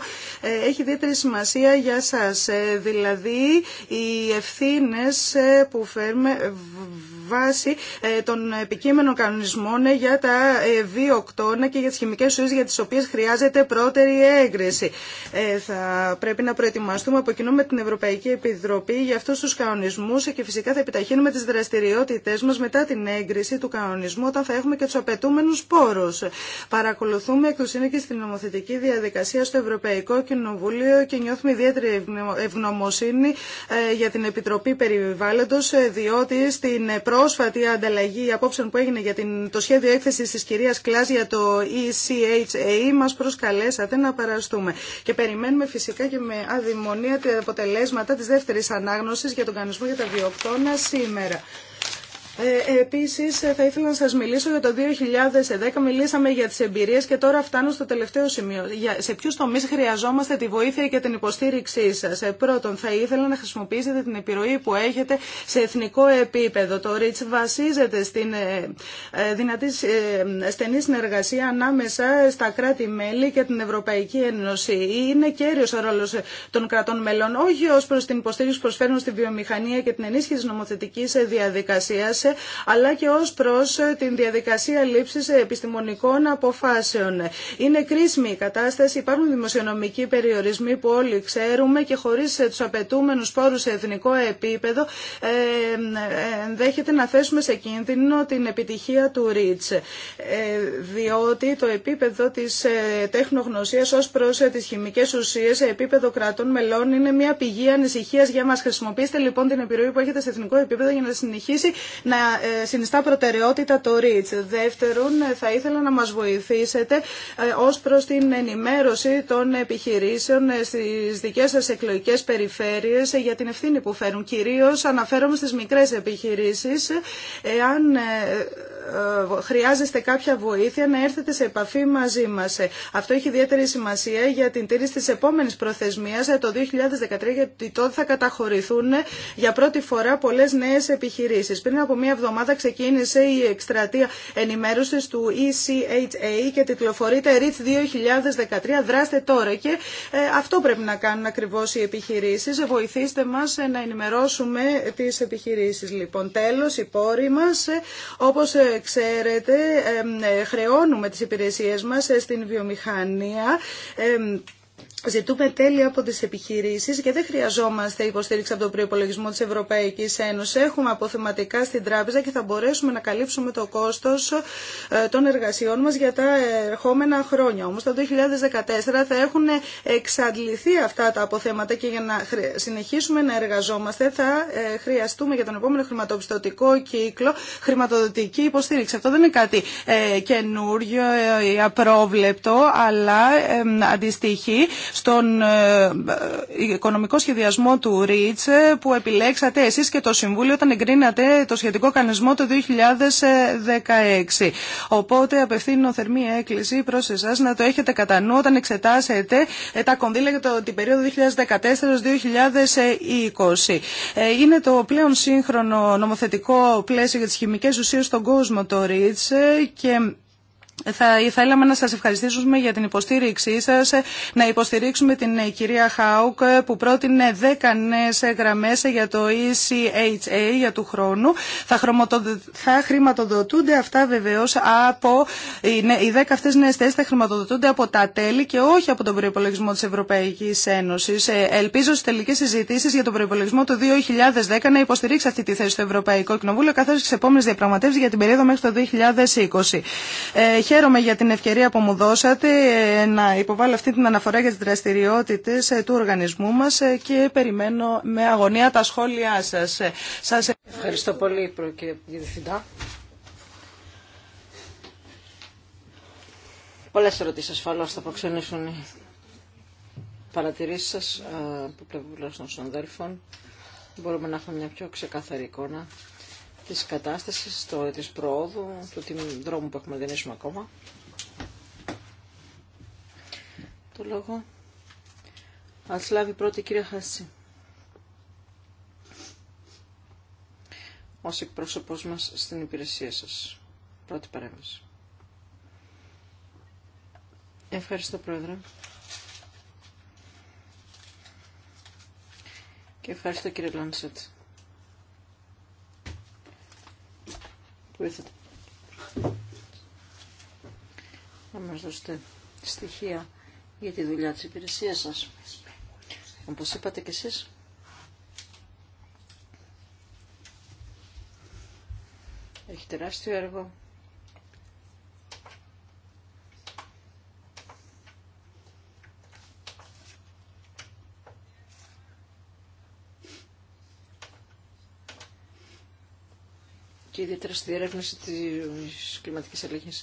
B: έχει ιδιαίτερη σημασία για σας. Ε, δηλαδή, οι ευθύνες ε, που φέρουμε βάση ε, των επικείμενων κανονισμών ε, για τα βιοκτώνα ε, και για τις χημικές ουσίες για τις οποίες χρειάζεται πρώτερη έγκριση. Θα πρέπει να προετοιμαστούμε από κοινού με την Ευρωπαϊκή Επιτροπή για αυτούς τους κανονισμούς και φυσικά θα επιταχύνουμε τις δραστηριότητες μας μετά την έγκριση του κανονισμού όταν θα έχουμε και τους απαιτούμενου πόρους. Παρακολουθούμε εκ του και στην νομοθετική διαδικασία στο Ευρωπαϊκό Κοινοβούλιο και νιώθουμε ιδιαίτερη ευγνωμοσύνη για την Επιτροπή Περιβάλλοντος διότι στην πρώτη πρόσφατη ανταλλαγή απόψεων που έγινε για την, το σχέδιο Έκθεση τη κυρία Κλά για το ECHA μας προσκαλέσατε να παραστούμε. Και περιμένουμε φυσικά και με αδειμονία τα αποτελέσματα της δεύτερης ανάγνωσης για τον κανονισμό για τα βιοκτώνα σήμερα. Ε, επίσης ε, θα ήθελα να σας μιλήσω για το 2010. Μιλήσαμε για τις εμπειρίες και τώρα φτάνω στο τελευταίο σημείο. Σε ποιους τομείς χρειαζόμαστε τη βοήθεια και την υποστήριξή σας. Ε, πρώτον, θα ήθελα να χρησιμοποιήσετε την επιρροή που έχετε σε εθνικό επίπεδο. Το REACH βασίζεται στην δυνατή στενή συνεργασία ανάμεσα στα κράτη-μέλη και την Ευρωπαϊκή Ένωση. Είναι κέριος ο ρόλος των κρατών μελών, όχι ως προς την υποστήριξη που προσφέρουν στη βιομηχανία και την ενίσχυση νομοθετικής διαδικασίας, αλλά και ω προ ε, την διαδικασία λήψη επιστημονικών αποφάσεων. Είναι κρίσιμη η κατάσταση, υπάρχουν δημοσιονομικοί περιορισμοί που όλοι ξέρουμε και χωρί ε, του απαιτούμενου πόρου σε εθνικό επίπεδο ε, ενδέχεται να θέσουμε σε κίνδυνο την επιτυχία του ΡΙΤΣ. διότι το επίπεδο της τέχνογνωσίας ως προς τι χημικέ ουσίες σε επίπεδο κρατών μελών είναι μια πηγή ανησυχία. για μα. Χρησιμοποιήστε λοιπόν την επιρροή που έχετε σε εθνικό επίπεδο για να συνεχίσει να ε, συνιστά προτεραιότητα το REACH. Δεύτερον, ε, θα ήθελα να μας βοηθήσετε ε, ως προς την ενημέρωση των επιχειρήσεων στις δικές σας εκλογικές περιφέρειες για την ευθύνη που φέρουν. Κυρίως αναφέρομαι στις μικρές επιχειρήσεις. Εάν ε, χρειάζεστε κάποια βοήθεια να έρθετε σε επαφή μαζί μας. Ε, αυτό έχει ιδιαίτερη σημασία για την τήρηση της επόμενης προθεσμίας ε, το 2013 γιατί τότε θα καταχωρηθούν για πρώτη φορά πολλές νέες επιχειρήσεις. Πριν από μία εβδομάδα ξεκίνησε η εκστρατεία ενημέρωσης του ECHA και τυπλοφορείται REACH 2013 δράστε τώρα και αυτό πρέπει να κάνουν ακριβώς οι επιχειρήσεις. Βοηθήστε μας να ενημερώσουμε τις επιχειρήσεις. Λοιπόν, τέλος, οι μας, όπως ξέρετε, ε, χρεώνουμε τις υπηρεσίες μας ε, στην βιομηχανία Ζητούμε τέλεια από τις επιχειρήσεις και δεν χρειαζόμαστε υποστήριξη από τον προϋπολογισμό της Ευρωπαϊκής Ένωσης. Έχουμε αποθεματικά στην τράπεζα και θα μπορέσουμε να καλύψουμε το κόστος ε, των εργασιών μας για τα ερχόμενα χρόνια. Όμως το 2014 θα έχουν εξαντληθεί αυτά τα αποθέματα και για να συνεχίσουμε να εργαζόμαστε θα ε, χρειαστούμε για τον επόμενο χρηματοπιστωτικό κύκλο χρηματοδοτική υποστήριξη. Αυτό δεν είναι κάτι ε, καινούριο ή απρόβλεπτο, αλλά αντιστοιχεί στον ε, ε, οικονομικό σχεδιασμό του ΡΙΤΣ ε, που επιλέξατε εσείς και το Συμβούλιο όταν εγκρίνατε το σχετικό κανονισμό το 2016. Οπότε απευθύνω θερμή έκκληση προς εσάς να το έχετε κατά νου όταν εξετάσετε τα κονδύλια για την περίοδο 2014-2020. Είναι το πλέον σύγχρονο νομοθετικό πλαίσιο για τις χημικές ουσίες στον κόσμο το ΡΙΤΣ και θα ήθελαμε να σας ευχαριστήσουμε για την υποστήριξή σας, να υποστηρίξουμε την κυρία Χάουκ που πρότεινε 10 νέες γραμμές για το ECHA για του χρόνου. Θα, θα χρηματοδοτούνται αυτά βεβαίως από, οι 10 αυτές νέες θέσεις θα χρηματοδοτούνται από τα τέλη και όχι από τον προϋπολογισμό της Ευρωπαϊκής Ένωσης. Ε, ελπίζω στις τελικές συζητήσεις για τον προϋπολογισμό του 2010 να υποστηρίξει αυτή τη θέση στο Ευρωπαϊκό Κοινοβούλιο καθώς και στις επόμενες διαπραγματεύσεις για την περίοδο μέχρι το 2020. Χαίρομαι για την ευκαιρία που μου δώσατε ε, να υποβάλω αυτή την αναφορά για τι δραστηριότητε ε, του οργανισμού μας ε, και περιμένω με αγωνία τα σχόλιά σας. σας... Ευχαριστώ
A: πολύ κύριε Διευθυντά. Πολλές ερωτήσεις ασφαλώ θα προξενήσουν οι παρατηρήσει σα από πλευρά των συναδέλφων. Μπορούμε να έχουμε μια πιο ξεκάθαρη εικόνα της κατάστασης, τη προόδου, του τι δρόμου που έχουμε είσουμε ακόμα. Το λόγο. Α λάβει πρώτη η κυρία Χάση. Ως εκπρόσωπο μα στην υπηρεσία σας. Πρώτη παρέμβαση. Ευχαριστώ Πρόεδρε. Και ευχαριστώ κύριε Λάνσετ. Να μας δώσετε στοιχεία για τη δουλειά της υπηρεσίας σας. Όπως είπατε κι εσείς, έχει τεράστιο έργο και ιδιαίτερα στη διερεύνηση τη κλιματική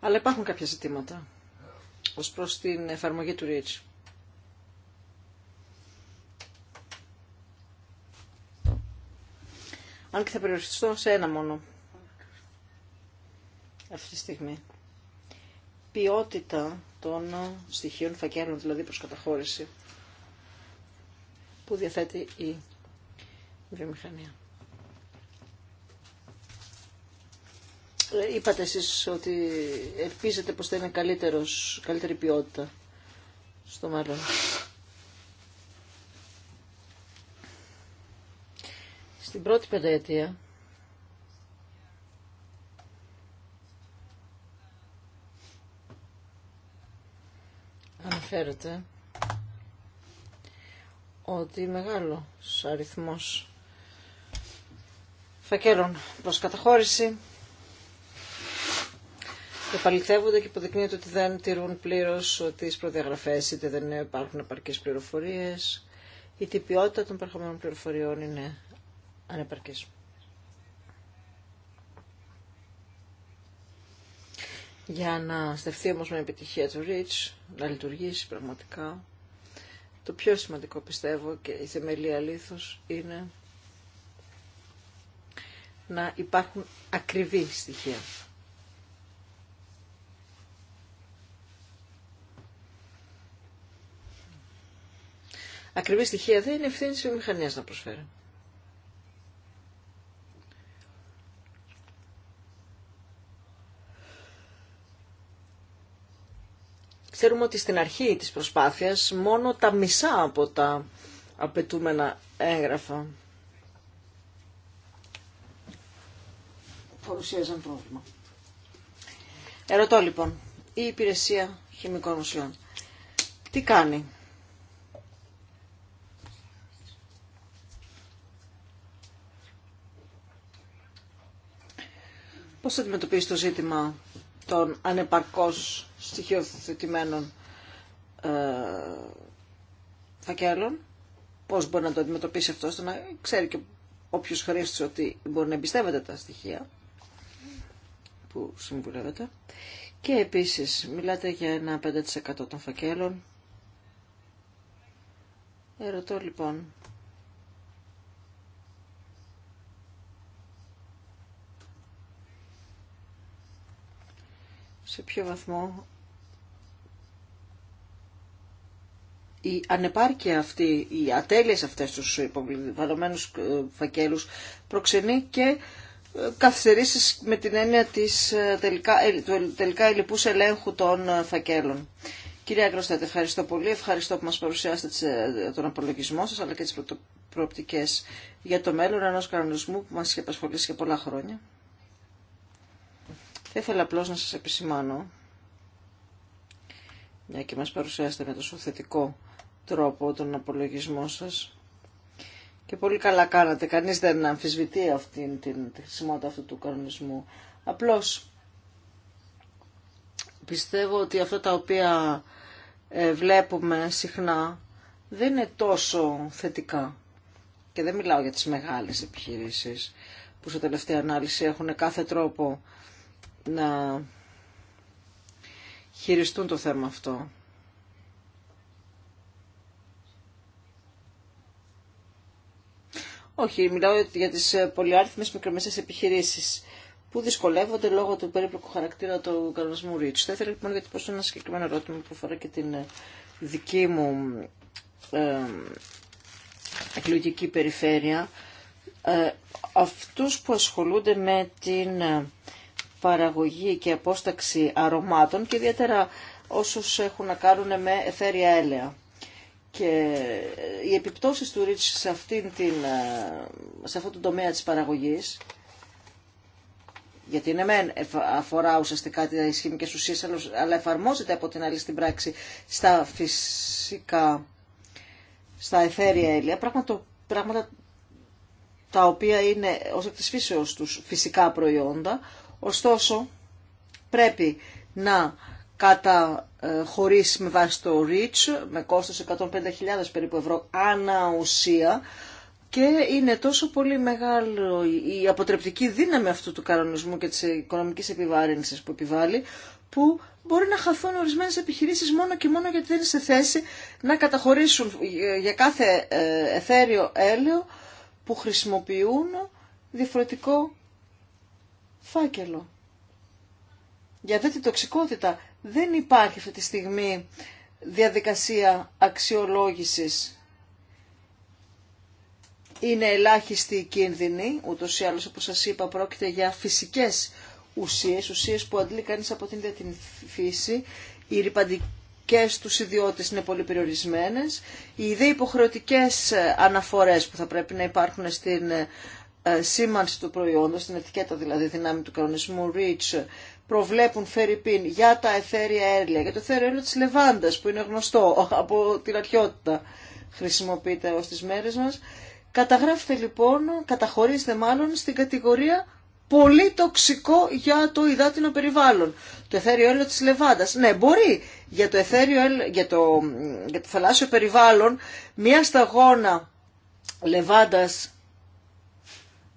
A: Αλλά υπάρχουν κάποια ζητήματα ως προς την εφαρμογή του REACH. Αν και θα περιοριστώ σε ένα μόνο αυτή τη στιγμή. Ποιότητα των στοιχείων φακέλων, δηλαδή προς καταχώρηση, που διαθέτει η βιομηχανία. Ε, είπατε εσείς ότι ελπίζετε πως θα είναι καλύτερος, καλύτερη ποιότητα στο μέλλον. Στην πρώτη πενταετία αναφέρεται ότι μεγάλο αριθμός φακέλων προς καταχώρηση επαληθεύονται και υποδεικνύεται ότι δεν τηρούν πλήρως τι προδιαγραφέ ή δεν υπάρχουν επαρκέ πληροφορίε. είτε δεν υπάρχουν επαρκε πληροφορίες, είτε η ποιότητα των παρχομένων πληροφοριών είναι ανεπαρκής. Για να στεφθεί όμω με επιτυχία το REACH, να λειτουργήσει πραγματικά, το πιο σημαντικό πιστεύω και η θεμελία αλήθως είναι να υπάρχουν ακριβή στοιχεία. ακριβή στοιχεία δεν είναι ευθύνη της βιομηχανία να προσφέρει. Ξέρουμε ότι στην αρχή της προσπάθειας μόνο τα μισά από τα απαιτούμενα έγγραφα παρουσίαζαν πρόβλημα. Ερωτώ λοιπόν, η υπηρεσία χημικών ουσιών τι κάνει Πώς θα αντιμετωπίσει το ζήτημα των ανεπαρκώς στοιχειοθετημένων ε, φακέλων, πώς μπορεί να το αντιμετωπίσει αυτό, ώστε να ξέρει και όποιος χρήστη ότι μπορεί να εμπιστεύεται τα στοιχεία που συμβουλεύεται. Και επίσης μιλάτε για ένα 5% των φακέλων. Ερωτώ λοιπόν σε ποιο βαθμό η ανεπάρκεια αυτή, οι ατέλειες αυτές τους υποβλημένους ε, φακέλους προξενεί και ε, καθυστερήσεις με την έννοια της ε, τελικά, του τελικά ελληπούς ελέγχου των φακέλων. Κυρία Γκροστάτε, ευχαριστώ πολύ. Ευχαριστώ που μας παρουσιάσετε τον απολογισμό σας, αλλά και τις προοπτικές για το μέλλον ενός κανονισμού που μας είχε απασχολήσει για πολλά χρόνια. Θα ήθελα απλώς να σας επισημάνω, μια και μας παρουσιάσετε με τόσο θετικό τρόπο τον απολογισμό σας, και πολύ καλά κάνατε, κανείς δεν αμφισβητεί αυτή τη χρησιμότητα αυτού του κανονισμού. Απλώς πιστεύω ότι αυτά τα οποία ε, βλέπουμε συχνά δεν είναι τόσο θετικά. Και δεν μιλάω για τις μεγάλες επιχειρήσεις που σε τελευταία ανάλυση έχουν κάθε τρόπο να χειριστούν το θέμα αυτό. Όχι, μιλάω για τις ε, πολυάριθμες μικρομεσαίες επιχειρήσεις που δυσκολεύονται λόγω του περίπλοκου χαρακτήρα του κανονισμού REACH. Θα ήθελα λοιπόν γιατί πω ένα συγκεκριμένο ερώτημα που αφορά και την ε, δική μου ε, εκλογική περιφέρεια. Ε, αυτούς που ασχολούνται με την ε, παραγωγή και απόσταξη αρωμάτων και ιδιαίτερα όσους έχουν να κάνουν με εθέρια έλαια. Και ε, οι επιπτώσεις του ρίτς σε, αυτήν την, ε, σε αυτό το τομέα της παραγωγής, γιατί είναι μεν αφορά ουσιαστικά τις χημικές ουσίες, αλλά εφαρμόζεται από την άλλη στην πράξη στα φυσικά, στα εθέρια έλαια, πράγματα, πράγματα τα οποία είναι ως εκ της φύσεως τους φυσικά προϊόντα, Ωστόσο, πρέπει να καταχωρήσει ε, με βάση το REACH με κόστος 150.000 περίπου ευρώ ανά ουσία και είναι τόσο πολύ μεγάλο η αποτρεπτική δύναμη αυτού του κανονισμού και της οικονομικής επιβάρυνσης που επιβάλλει που μπορεί να χαθούν ορισμένες επιχειρήσεις μόνο και μόνο γιατί δεν είναι σε θέση να καταχωρήσουν για κάθε εθέριο έλαιο που χρησιμοποιούν διαφορετικό φάκελο. Για δε την τοξικότητα δεν υπάρχει αυτή τη στιγμή διαδικασία αξιολόγησης. Είναι ελάχιστη η κίνδυνη, ούτως ή άλλως όπως σας είπα πρόκειται για φυσικές ουσίες, ουσίες που αντλεί κανείς από την ίδια την φύση. Οι ρηπαντικές τους ιδιότητες είναι πολύ περιορισμένες. Οι δε υποχρεωτικές αναφορές που θα πρέπει να υπάρχουν στην ε, σήμανση του προϊόντος, στην ετικέτα δηλαδή δυνάμει του κανονισμού REACH, προβλέπουν φερρυπίν για τα εθέρια έρλια, για το εθέριο έρλιο της Λεβάντας που είναι γνωστό από την αρχαιότητα χρησιμοποιείται ως τις μέρες μας. Καταγράφεται λοιπόν, καταχωρίζεται μάλλον στην κατηγορία πολύ τοξικό για το υδάτινο περιβάλλον. Το εθέριο έλαιο της Λεβάντας. Ναι, μπορεί για το, εθέριο, για το, για το θαλάσσιο περιβάλλον μία σταγόνα Λεβάντας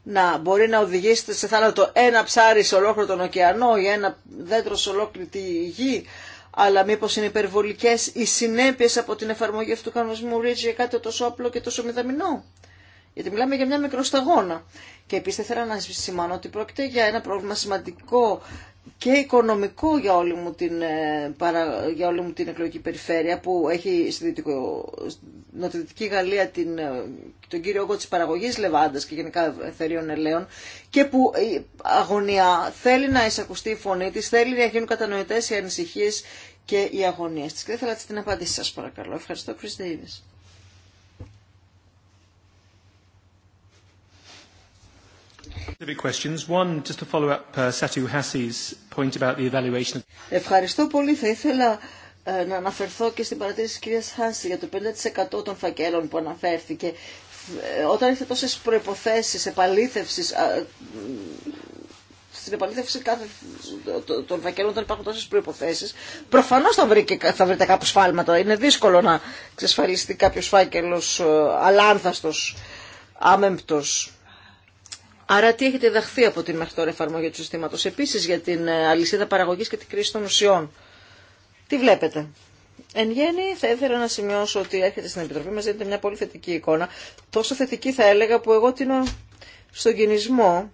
A: να μπορεί να οδηγήσετε σε θάνατο ένα ψάρι σε ολόκληρο τον ωκεανό ή ένα δέντρο σε ολόκληρη τη γη, αλλά μήπως είναι υπερβολικέ οι συνέπειες από την εφαρμογή αυτού του κανονισμού Ρίτζ για κάτι τόσο απλό και τόσο μηδαμινό. Γιατί μιλάμε για μια μικροσταγόνα. Και επίση θέλω να σημάνω ότι πρόκειται για ένα πρόβλημα σημαντικό και οικονομικό για όλη μου την, ε, για όλη μου την εκλογική περιφέρεια που έχει στη νοτιοδυτική Γαλλία την, ε, τον κύριο όγκο της παραγωγής Λεβάντας και γενικά θερίων ελαίων και που η ε, αγωνία θέλει να εισακουστεί η φωνή της, θέλει να γίνουν κατανοητές οι ανησυχίες και οι αγωνίες της. Και δεν την απάντηση σας παρακαλώ. Ευχαριστώ Χριστίνης. Ευχαριστώ πολύ. Θα ήθελα ε, να αναφερθώ και στην παρατήρηση της κυρίας Χάση για το 50% των φακέλων που αναφέρθηκε. Ε, όταν έχετε τόσες προϋποθέσεις επαλήθευσης, ε, στην επαλήθευση κάθε, των φακέλων όταν υπάρχουν τόσες προϋποθέσεις, προφανώς θα, θα βρείτε κάπου σφάλματα. Είναι δύσκολο να ξεσφαλιστεί κάποιος φάκελος αλάνθαστος, άμεμπτος. Άρα τι έχετε δαχθεί από την μέχρι τώρα εφαρμογή του συστήματος. Επίσης για την ε, αλυσίδα παραγωγής και την κρίση των ουσιών. Τι βλέπετε. Εν γέννη θα ήθελα να σημειώσω ότι έρχεται στην Επιτροπή μας δίνεται μια πολύ θετική εικόνα. Τόσο θετική θα έλεγα που εγώ τίνω στον κινησμό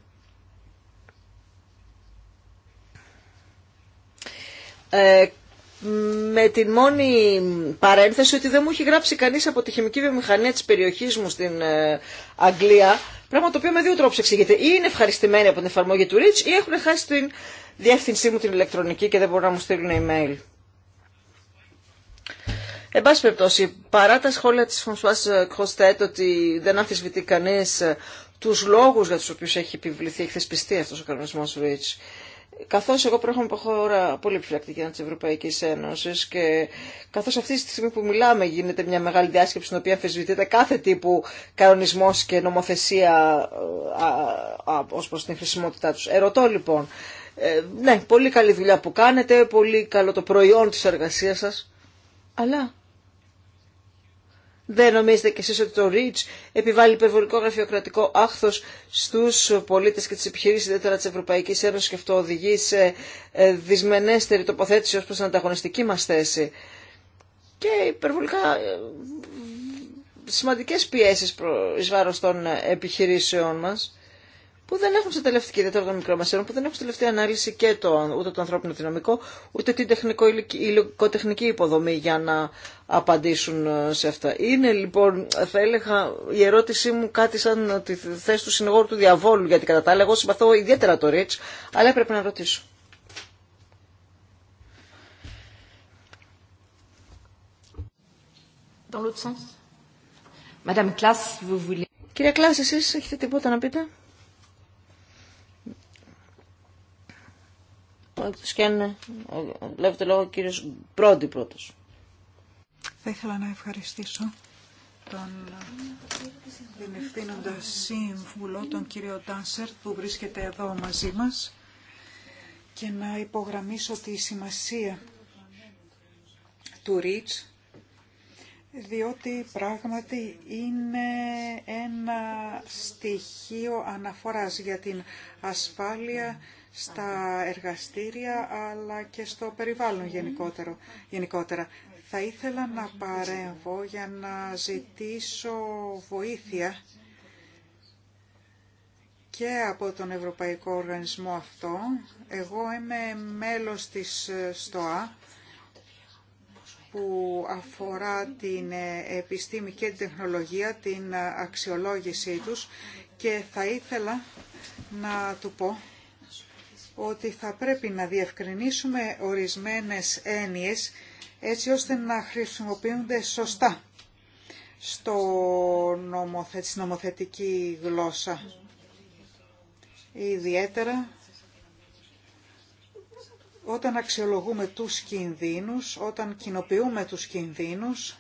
A: ε, με την μόνη παρένθεση ότι δεν μου έχει γράψει κανείς από τη χημική βιομηχανία της περιοχής μου στην ε, Αγγλία Πράγμα το οποίο με δύο τρόπου εξηγείται. Ή είναι ευχαριστημένοι από την εφαρμογή του Rich ή έχουν χάσει την διεύθυνσή μου την ηλεκτρονική και δεν μπορούν να μου στείλουν email. Εν πάση περιπτώσει, παρά τα σχόλια της Φωνσουάς Κροστέτ ότι δεν αμφισβητεί κανείς τους λόγους για τους οποίους έχει επιβληθεί, έχει θεσπιστεί αυτός ο κανονισμός REACH, καθώς εγώ προέρχομαι από χώρα πολύ επιφυλακτική της Ευρωπαϊκής Ένωσης και καθώς αυτή τη στιγμή που μιλάμε γίνεται μια μεγάλη διάσκεψη στην οποία αφισβητείται κάθε τύπου κανονισμός και νομοθεσία ω ε, προ ως προς την χρησιμότητά τους. Ερωτώ λοιπόν, ε, ναι, πολύ καλή δουλειά που κάνετε, πολύ καλό το προϊόν της εργασίας σας, αλλά δεν νομίζετε κι εσείς ότι το REACH επιβάλλει υπερβολικό γραφειοκρατικό άχθος στους πολίτες και τις επιχειρήσεις ιδιαίτερα της Ευρωπαϊκής Ένωσης και αυτό οδηγεί σε δυσμενέστερη τοποθέτηση ως προς την ανταγωνιστική μας θέση. Και υπερβολικά σημαντικές πιέσεις εις βάρος των επιχειρήσεών μας που δεν έχουν σε τελευταία το όργανο μικρομεσαίων, που δεν έχουν σε τελευταία ανάλυση και το, ούτε το ανθρώπινο δυναμικό, ούτε την τεχνικό, υλικοτεχνική υποδομή για να απαντήσουν ε, σε αυτά. Είναι λοιπόν, θα έλεγα, η ερώτησή μου κάτι σαν τη θέση του συνεγόρου του διαβόλου, γιατί κατά τα άλλα εγώ συμπαθώ ιδιαίτερα το Ρίτς, αλλά έπρεπε να ρωτήσω. Dans l'autre sens. Madame vous voulez... Κυρία Κλάς, εσείς έχετε τίποτα να πείτε. σκένε, λόγο ο κύριος πρώτος.
B: Θα ήθελα να ευχαριστήσω τον διευθύνοντα σύμβουλο, τον κύριο Τάνσερ, που βρίσκεται εδώ μαζί μας και να υπογραμμίσω τη σημασία του Ρίτς, διότι πράγματι είναι ένα στοιχείο αναφοράς για την ασφάλεια στα εργαστήρια αλλά και στο περιβάλλον γενικότερο, γενικότερα. Θα ήθελα να παρέμβω για να ζητήσω βοήθεια και από τον Ευρωπαϊκό Οργανισμό αυτό. Εγώ είμαι μέλος της ΣΤΟΑ που αφορά την επιστήμη και την τεχνολογία, την αξιολόγησή τους και θα ήθελα να του πω ότι θα πρέπει να διευκρινίσουμε ορισμένες έννοιες έτσι ώστε να χρησιμοποιούνται σωστά στο στη νομοθετική γλώσσα. Ιδιαίτερα όταν αξιολογούμε τους κινδύνους, όταν κοινοποιούμε τους κινδύνους,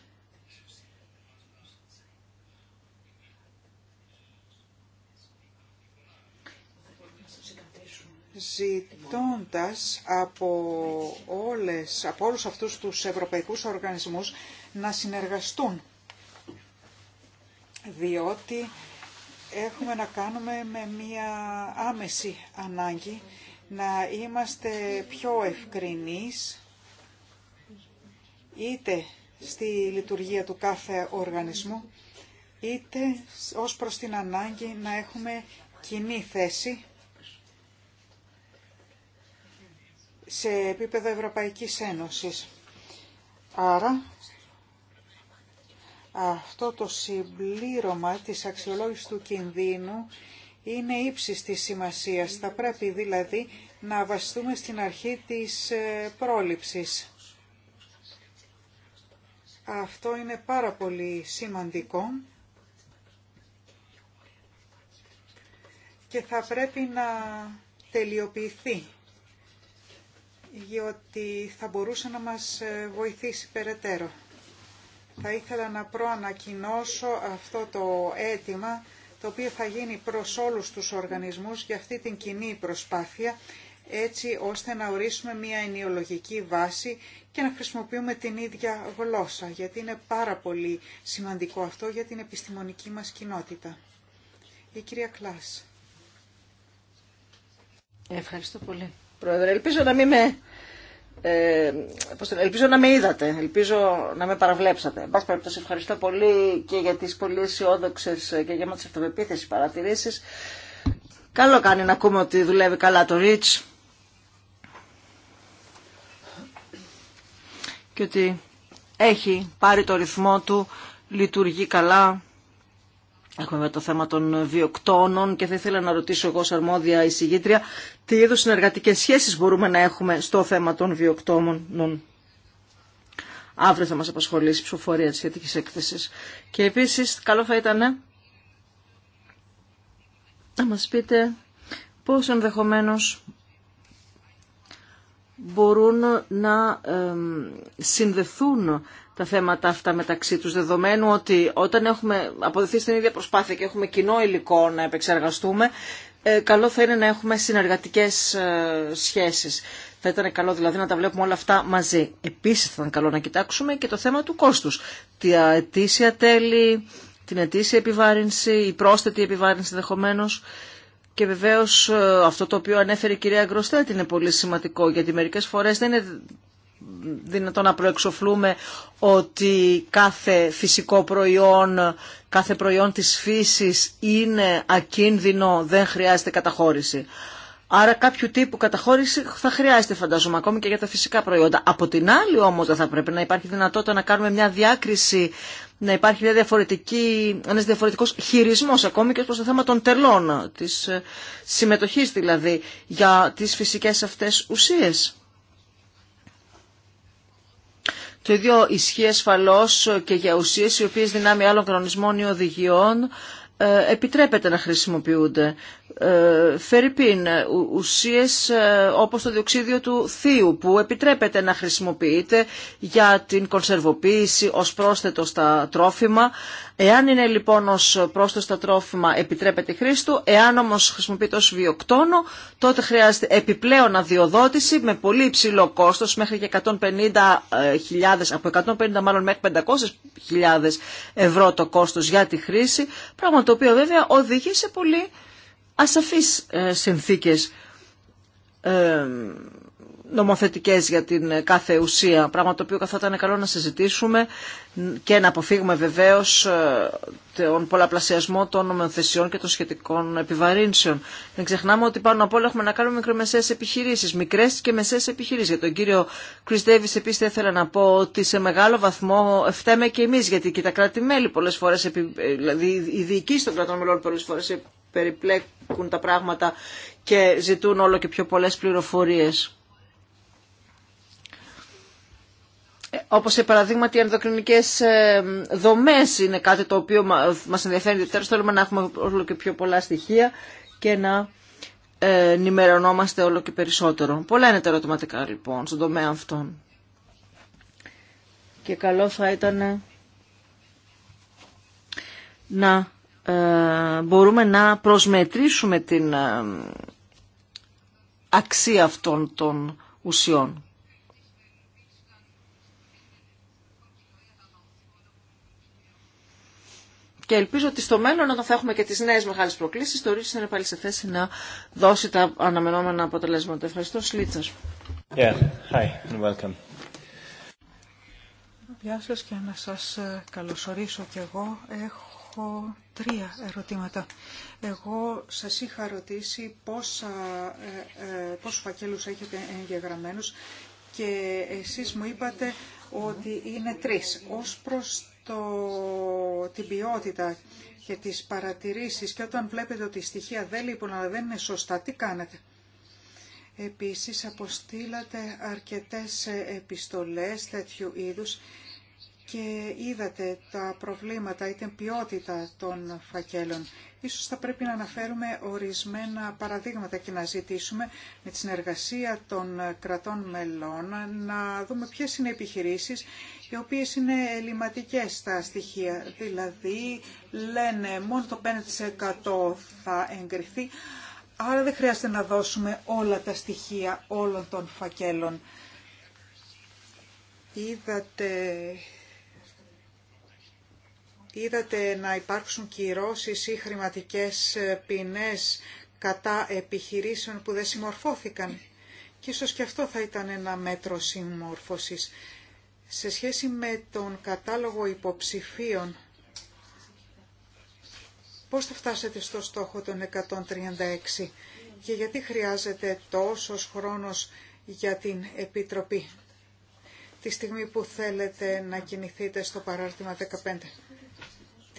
B: ζητώντας από, όλες, από όλους αυτούς τους ευρωπαϊκούς οργανισμούς να συνεργαστούν, διότι έχουμε να κάνουμε με μία άμεση ανάγκη να είμαστε πιο ευκρινείς είτε στη λειτουργία του κάθε οργανισμού, είτε ως προς την ανάγκη να έχουμε κοινή θέση σε επίπεδο Ευρωπαϊκής Ένωσης. Άρα, αυτό το συμπλήρωμα της αξιολόγησης του κινδύνου είναι ύψης της σημασίας. Θα πρέπει δηλαδή να βαστούμε στην αρχή της ε, πρόληψης. Αυτό είναι πάρα πολύ σημαντικό και θα πρέπει να τελειοποιηθεί γιατί θα μπορούσε να μας ε, βοηθήσει περαιτέρω. Θα ήθελα να προανακοινώσω αυτό το αίτημα, το οποίο θα γίνει προς όλους τους οργανισμούς για αυτή την κοινή προσπάθεια, έτσι ώστε να ορίσουμε μια ενιολογική βάση και να χρησιμοποιούμε την ίδια γλώσσα, γιατί είναι πάρα πολύ σημαντικό αυτό για την επιστημονική μας κοινότητα. Η κυρία Κλάς. Ευχαριστώ πολύ.
A: Πρόεδρε. Ελπίζω να μην με... Ε, ελπίζω να με είδατε, ελπίζω να με παραβλέψατε. Εν πάση ευχαριστώ πολύ και για τις πολύ αισιόδοξε και γεμάτε αυτοπεποίθηση παρατηρήσεις. Καλό κάνει να ακούμε ότι δουλεύει καλά το REACH και ότι έχει πάρει το ρυθμό του, λειτουργεί καλά Έχουμε το θέμα των βιοκτώνων και θα ήθελα να ρωτήσω εγώ ως αρμόδια εισηγήτρια τι είδους συνεργατικές σχέσεις μπορούμε να έχουμε στο θέμα των βιοκτώνων. Αύριο θα μας απασχολήσει η ψηφοφορία της σχετικής έκθεσης. Και επίσης καλό θα ήταν να μας πείτε πώς ενδεχομένως μπορούν να συνδεθούν τα θέματα αυτά μεταξύ τους, δεδομένου ότι όταν έχουμε αποδεθεί στην ίδια προσπάθεια και έχουμε κοινό υλικό να επεξεργαστούμε, ε, καλό θα είναι να έχουμε συνεργατικές ε, σχέσεις. Θα ήταν καλό δηλαδή να τα βλέπουμε όλα αυτά μαζί. Επίσης θα ήταν καλό να κοιτάξουμε και το θέμα του κόστους. Τη αιτήσια τέλη, την αιτήσια επιβάρυνση, η πρόσθετη επιβάρυνση δεχομένω. Και βεβαίω ε, αυτό το οποίο ανέφερε η κυρία Γκροστέτ είναι πολύ σημαντικό γιατί μερικέ φορέ δεν είναι δυνατόν να προεξοφλούμε ότι κάθε φυσικό προϊόν, κάθε προϊόν της φύσης είναι ακίνδυνο, δεν χρειάζεται καταχώρηση. Άρα κάποιο τύπου καταχώρηση θα χρειάζεται φαντάζομαι ακόμη και για τα φυσικά προϊόντα. Από την άλλη όμως θα πρέπει να υπάρχει δυνατότητα να κάνουμε μια διάκριση, να υπάρχει μια διαφορετική, ένας διαφορετικός χειρισμός ακόμη και προς το θέμα των τελών, της ε, συμμετοχής δηλαδή για τις φυσικές αυτές ουσίες. Το ίδιο ισχύει ασφαλώ και για ουσίε, οι οποίε δυνάμει άλλων κανονισμών ή οδηγιών ε, επιτρέπεται να χρησιμοποιούνται. Ε, Φερρυπίν, ε, ουσίες ε, όπως το διοξίδιο του θείου που επιτρέπεται να χρησιμοποιείται για την κονσερβοποίηση ως πρόσθετο στα τρόφιμα. Εάν είναι λοιπόν ως πρόσθετο στα τρόφιμα επιτρέπεται η χρήση του, εάν όμως χρησιμοποιείται ως βιοκτόνο, τότε χρειάζεται επιπλέον αδειοδότηση με πολύ υψηλό κόστος, μέχρι και 150.000, από 150 μάλλον μέχρι 500.000 ευρώ το κόστος για τη χρήση, πράγμα το οποίο βέβαια οδηγεί σε πολύ ασαφείς ε, συνθήκες ε, νομοθετικές για την κάθε ουσία, πράγμα το οποίο καθόταν καλό να συζητήσουμε και να αποφύγουμε βεβαίως ε, τον πολλαπλασιασμό των νομοθεσιών και των σχετικών επιβαρύνσεων. Δεν ξεχνάμε ότι πάνω απ' όλα έχουμε να κάνουμε μικρομεσαίες επιχειρήσεις, μικρές και μεσαίες επιχειρήσεις. Για τον κύριο Chris Davis επίσης ήθελα να πω ότι σε μεγάλο βαθμό φταίμε και εμείς, γιατί και τα κράτη-μέλη πολλές φορές, δηλαδή οι διοικοί των κρατών μελών πολλές φορές περιπλέκουν τα πράγματα και ζητούν όλο και πιο πολλές πληροφορίες. Ε, όπως σε παραδείγμα, οι ενδοκρινικές ε, δομές είναι κάτι το οποίο μας ενδιαφέρει Τώρα Θέλουμε να έχουμε όλο και πιο πολλά στοιχεία και να ε, ενημερωνόμαστε όλο και περισσότερο. Πολλά είναι τα ερωτηματικά λοιπόν στον τομέα αυτών. Και καλό θα ήταν να ε, μπορούμε να προσμετρήσουμε την ε, αξία αυτών των ουσιών. Και ελπίζω ότι στο μέλλον, όταν θα έχουμε και τις νέες μεγάλες προκλήσεις, το Ρίτσι θα είναι πάλι σε θέση να δώσει τα αναμενόμενα αποτελέσματα. Ευχαριστώ, Σλίτσας. Yeah. Hi and welcome.
B: Γεια σας και να σας καλωσορίσω κι εγώ. Έχω έχω τρία ερωτήματα. Εγώ σας είχα ρωτήσει πόσα, ε, ε, πόσους φακέλους έχετε εγγεγραμμένους και εσείς μου είπατε ότι είναι τρεις. Ως προς το, την ποιότητα και τις παρατηρήσεις και όταν βλέπετε ότι η στοιχεία δεν λείπουν αλλά δεν είναι σωστά, τι κάνετε. Επίσης αποστήλατε αρκετές επιστολές τέτοιου είδους και είδατε τα προβλήματα ή την ποιότητα των φακέλων. Ίσως θα πρέπει να αναφέρουμε ορισμένα παραδείγματα και να ζητήσουμε με τη συνεργασία των κρατών μελών να δούμε ποιες είναι οι επιχειρήσεις οι οποίες είναι ελληματικές στα στοιχεία. Δηλαδή λένε μόνο το 5% θα εγκριθεί, άρα δεν χρειάζεται να δώσουμε όλα τα στοιχεία όλων των φακέλων. Είδατε είδατε να υπάρξουν κυρώσεις ή χρηματικές ποινές κατά επιχειρήσεων που δεν συμμορφώθηκαν. Και ίσως και αυτό θα ήταν ένα μέτρο συμμόρφωσης. Σε σχέση με τον κατάλογο υποψηφίων, πώς θα φτάσετε στο στόχο των 136 και γιατί χρειάζεται τόσος χρόνος για την Επιτροπή τη στιγμή που θέλετε να κινηθείτε στο παράρτημα 15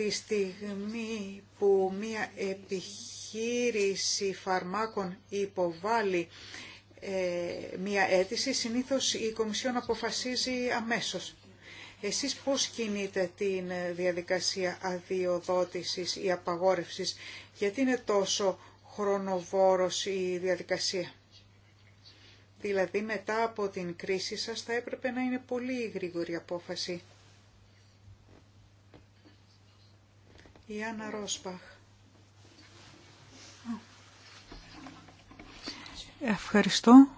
B: τη στιγμή που μία επιχείρηση φαρμάκων υποβάλλει ε, μία αίτηση, συνήθως η Κομισιόν αποφασίζει αμέσως. Εσείς πώς κινείτε την διαδικασία αδειοδότησης ή απαγόρευσης, γιατί είναι τόσο χρονοβόρος η διαδικασία. Δηλαδή μετά από την κρίση σας θα έπρεπε να είναι πολύ γρήγορη απόφαση. Η Άννα Ρόσπαχ. Ευχαριστώ.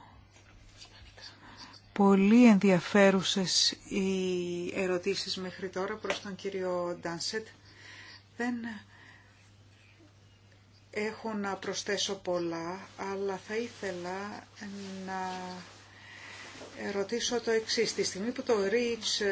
B: Πολύ ενδιαφέρουσες οι ερωτήσεις μέχρι τώρα προς τον κύριο Ντάνσετ. Δεν έχω να προσθέσω πολλά, αλλά θα ήθελα να ρωτήσω το εξής. Τη στιγμή που το REACH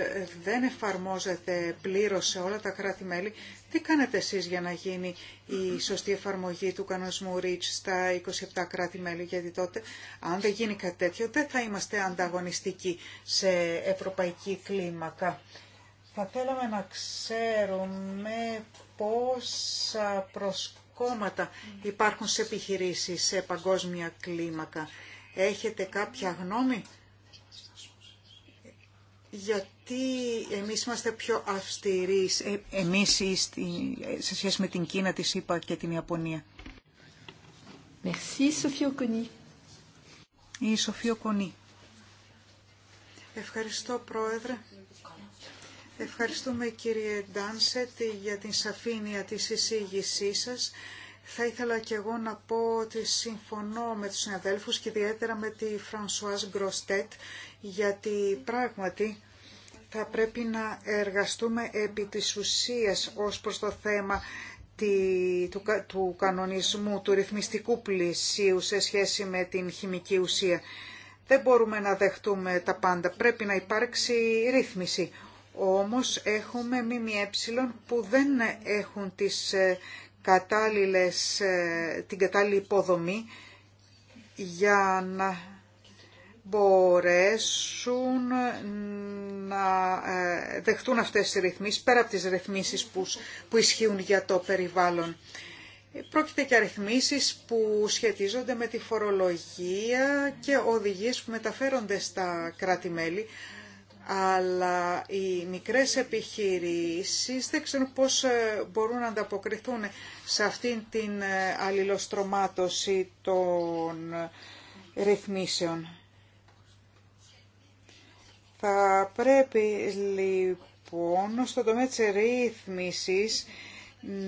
B: δεν εφαρμόζεται πλήρως σε όλα τα κράτη-μέλη, τι κάνετε εσείς για να γίνει η σωστή εφαρμογή του κανονισμού REACH στα 27 κράτη-μέλη, γιατί τότε αν δεν γίνει κάτι τέτοιο δεν θα είμαστε ανταγωνιστικοί σε ευρωπαϊκή κλίμακα. Θα θέλαμε να ξέρουμε πόσα προσκόμματα υπάρχουν σε επιχειρήσεις σε παγκόσμια κλίμακα. Έχετε κάποια γνώμη γιατί εμείς είμαστε πιο αυστηροί ε, εμείς σε σχέση με την Κίνα, τη ΣΥΠΑ και την Ιαπωνία. Merci, Η Σοφία Ευχαριστώ, Πρόεδρε. Ευχαριστούμε κύριε Ντάνσετ για την σαφήνεια της εισήγησής σας. Θα ήθελα και εγώ να πω ότι συμφωνώ με τους συναδέλφους και ιδιαίτερα με τη Φρανσουάς Γκροστέτ γιατί πράγματι θα πρέπει να εργαστούμε επί της ουσίας ως προς το θέμα του κανονισμού, του ρυθμιστικού πλησίου σε σχέση με την χημική ουσία. Δεν μπορούμε να δεχτούμε τα πάντα. Πρέπει να υπάρξει ρύθμιση. Όμως έχουμε ΜΜΕ που δεν έχουν τις ε, κατάλληλες, ε, την κατάλληλη υποδομή για να μπορέσουν να ε, δεχτούν αυτές τις ρυθμίσεις πέρα από τις ρυθμίσεις που, που ισχύουν για το περιβάλλον. Πρόκειται και ρυθμίσεις που σχετίζονται με τη φορολογία και οδηγίες που μεταφέρονται στα κράτη-μέλη αλλά οι μικρές επιχειρήσεις δεν ξέρουν πώς ε, μπορούν να ανταποκριθούν σε αυτήν την ε, αλληλοστρωμάτωση των ε, ρυθμίσεων. Θα πρέπει λοιπόν στον τομέα της ρύθμισης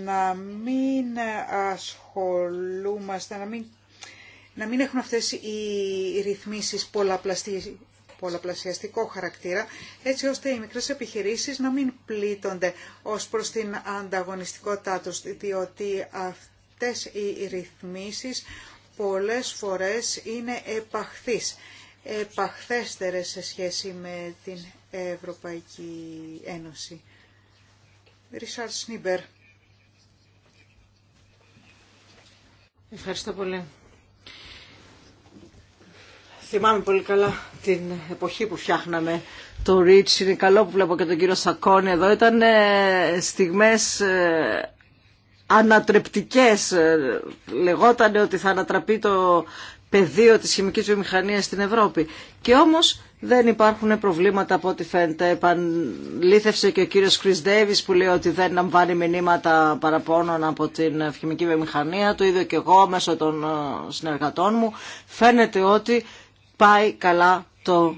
B: να μην ασχολούμαστε, να μην, να μην έχουν αυτές οι ρυθμίσεις πολλαπλαστή πολλαπλασιαστικό χαρακτήρα, έτσι ώστε οι μικρές επιχειρήσεις να μην πλήττονται ως προς την ανταγωνιστικότητά τους, διότι αυτές οι ρυθμίσεις πολλές φορές είναι επαχθείς, επαχθέστερες σε σχέση με την Ευρωπαϊκή Ένωση. Σνίμπερ. Ευχαριστώ πολύ. Θυμάμαι πολύ καλά την εποχή
A: που φτιάχναμε το Rich. Είναι καλό που βλέπω και τον κύριο Σακόνη εδώ. Ήταν ε, στιγμές ε, ανατρεπτικές. Ε, λεγότανε ότι θα ανατραπεί το πεδίο της χημικής βιομηχανίας στην Ευρώπη. Και όμως δεν υπάρχουν προβλήματα από ό,τι φαίνεται. Επανλήθευσε και ο κύριος Κρις Ντέιβις που λέει ότι δεν λαμβάνει μηνύματα παραπώνων από την χημική βιομηχανία. Το είδα και εγώ μέσω των συνεργατών μου. Φαίνεται ότι πάει καλά το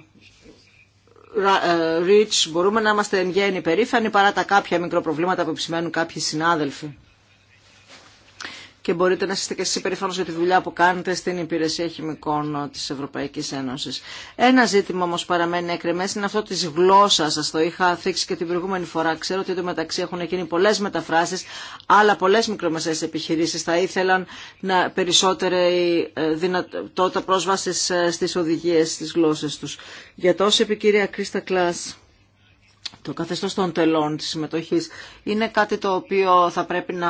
A: ε, REACH. Μπορούμε να είμαστε εν γέννη περήφανοι παρά τα κάποια μικροπροβλήματα που επισημαίνουν κάποιοι συνάδελφοι και μπορείτε να είστε και εσείς υπερηφάνος για τη δουλειά που κάνετε στην υπηρεσία χημικών της Ευρωπαϊκής Ένωσης. Ένα ζήτημα όμως παραμένει εκρεμές είναι αυτό της γλώσσας. Σας το είχα θίξει και την προηγούμενη φορά. Ξέρω ότι εδώ μεταξύ έχουν εκείνη πολλές μεταφράσεις, αλλά πολλές μικρομεσαίες επιχειρήσεις θα ήθελαν να περισσότερη ε, δυνατότητα πρόσβασης ε, στις οδηγίες, στις γλώσσες τους. Για τόση επί Κρίστα Κλάς το καθεστώς των τελών της συμμετοχής είναι κάτι το οποίο θα πρέπει να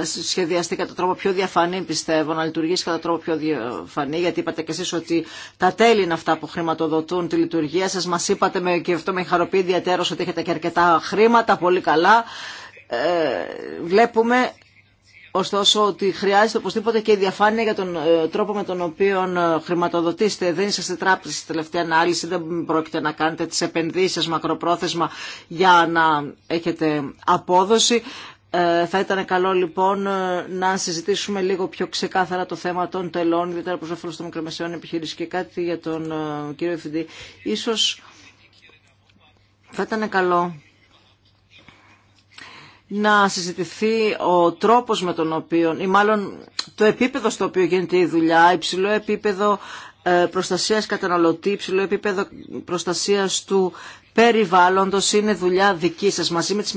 A: ε, σχεδιαστεί κατά τρόπο πιο διαφανή πιστεύω, να λειτουργήσει κατά τρόπο πιο διαφανή γιατί είπατε και εσείς ότι τα τέλη είναι αυτά που χρηματοδοτούν τη λειτουργία σας μας είπατε με, και αυτό με χαροποιεί ιδιαίτερος ότι έχετε και αρκετά χρήματα, πολύ καλά ε, βλέπουμε Ωστόσο ότι χρειάζεται οπωσδήποτε και η διαφάνεια για τον ε, τρόπο με τον οποίο ε, χρηματοδοτήσετε. Δεν είσαστε τράπεζα στη τελευταία ανάλυση, δεν πρόκειται να κάνετε τις επενδύσεις μακροπρόθεσμα για να έχετε απόδοση. Ε, θα ήταν καλό λοιπόν να συζητήσουμε λίγο πιο ξεκάθαρα το θέμα των τελών, ιδιαίτερα προς όφελος των μικρομεσαίων επιχειρήσεων και κάτι για τον κύριο Εφηντή. Ίσως θα ήταν καλό να συζητηθεί ο τρόπος με τον οποίο, ή μάλλον το επίπεδο στο οποίο γίνεται η δουλειά, υψηλό επίπεδο ε, προστασίας καταναλωτή, υψηλό επίπεδο προστασίας του περιβάλλοντος είναι δουλειά δική σας μαζί με τις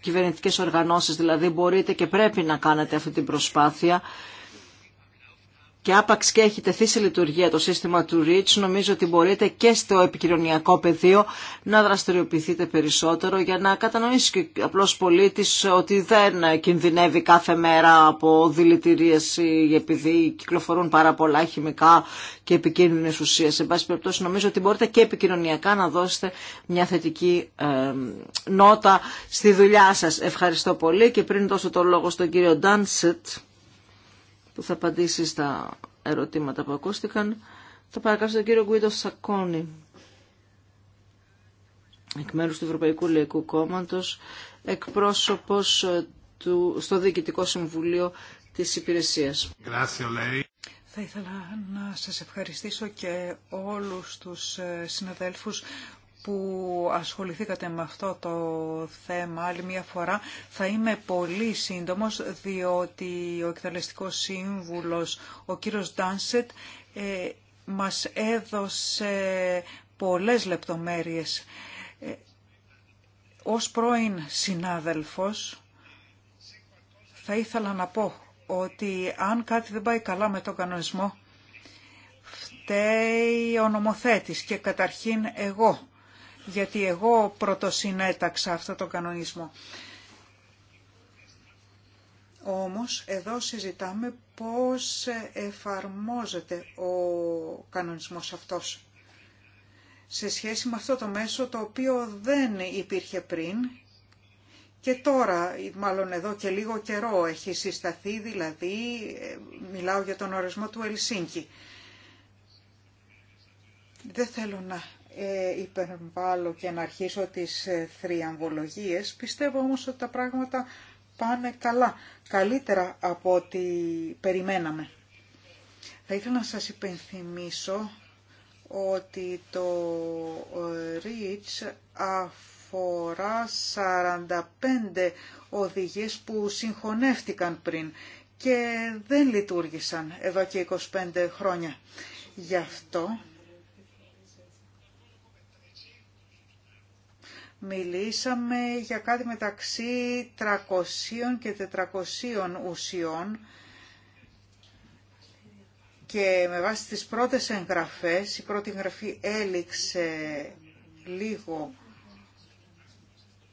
A: κυβερνητικές οργανώσεις δηλαδή μπορείτε και πρέπει να κάνετε αυτή την προσπάθεια και άπαξ και έχει τεθεί σε λειτουργία το σύστημα του REACH, νομίζω ότι μπορείτε και στο επικοινωνιακό πεδίο να δραστηριοποιηθείτε περισσότερο για να κατανοήσει και ο πολίτη πολίτης ότι δεν κινδυνεύει κάθε μέρα από δηλητηρίαση επειδή κυκλοφορούν πάρα πολλά χημικά και επικίνδυνες ουσίες. Σε πάση περιπτώσει νομίζω ότι μπορείτε και επικοινωνιακά να δώσετε μια θετική ε, νότα στη δουλειά σας. Ευχαριστώ πολύ και πριν δώσω το λόγο στον κύριο Ντάνσετ που θα απαντήσει στα ερωτήματα που ακούστηκαν. Θα παρακάσω τον κύριο Γκουίτο Σακόνη, εκ μέρους του Ευρωπαϊκού Λαϊκού Κόμματος, εκπρόσωπος ε, του, στο Διοικητικό Συμβουλίο της Υπηρεσίας.
B: Θα ήθελα να σας ευχαριστήσω και όλους τους ε, συναδέλφους που ασχοληθήκατε με αυτό το θέμα άλλη μια φορά. Θα είμαι πολύ σύντομος διότι ο εκτελεστικός σύμβουλος, ο κύριος Ντάνσετ, ε, μας έδωσε πολλές λεπτομέρειες. Ε, ως πρώην συνάδελφος θα ήθελα να πω ότι αν κάτι δεν πάει καλά με τον κανονισμό, φταίει ο νομοθέτης και καταρχήν εγώ γιατί εγώ πρωτοσυνέταξα αυτό το κανονισμό. Όμως εδώ συζητάμε πώς εφαρμόζεται ο κανονισμός αυτός σε σχέση με αυτό το μέσο το οποίο δεν υπήρχε πριν και τώρα, μάλλον εδώ και λίγο καιρό έχει συσταθεί, δηλαδή ε, μιλάω για τον ορισμό του Ελσίνκη. Δεν θέλω να ε, υπερβάλλω και να αρχίσω τις ε, θριαμβολογίες. Πιστεύω όμως ότι τα πράγματα πάνε καλά, καλύτερα από ό,τι περιμέναμε. Θα ήθελα να σας υπενθυμίσω ότι το REACH ε, αφορά 45 οδηγίες που συγχωνεύτηκαν πριν και δεν λειτουργήσαν εδώ και 25 χρόνια. Γι' αυτό Μιλήσαμε για κάτι μεταξύ 300 και 400 ουσιών και με βάση τις πρώτες εγγραφές, η πρώτη εγγραφή έληξε λίγο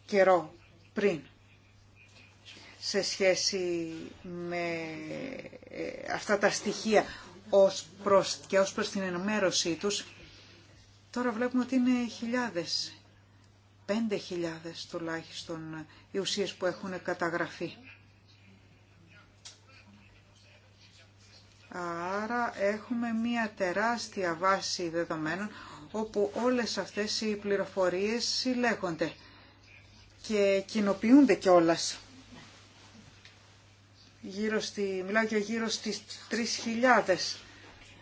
B: καιρό πριν σε σχέση με ε, αυτά τα στοιχεία ως προς, και ως προς την ενημέρωσή τους. Τώρα βλέπουμε ότι είναι χιλιάδες 5.000 τουλάχιστον οι ουσίες που έχουν καταγραφεί. Άρα έχουμε μία τεράστια βάση δεδομένων όπου όλες αυτές οι πληροφορίες συλλέγονται και κοινοποιούνται κιόλας. Γύρω στη, μιλάω για γύρω στις 3.000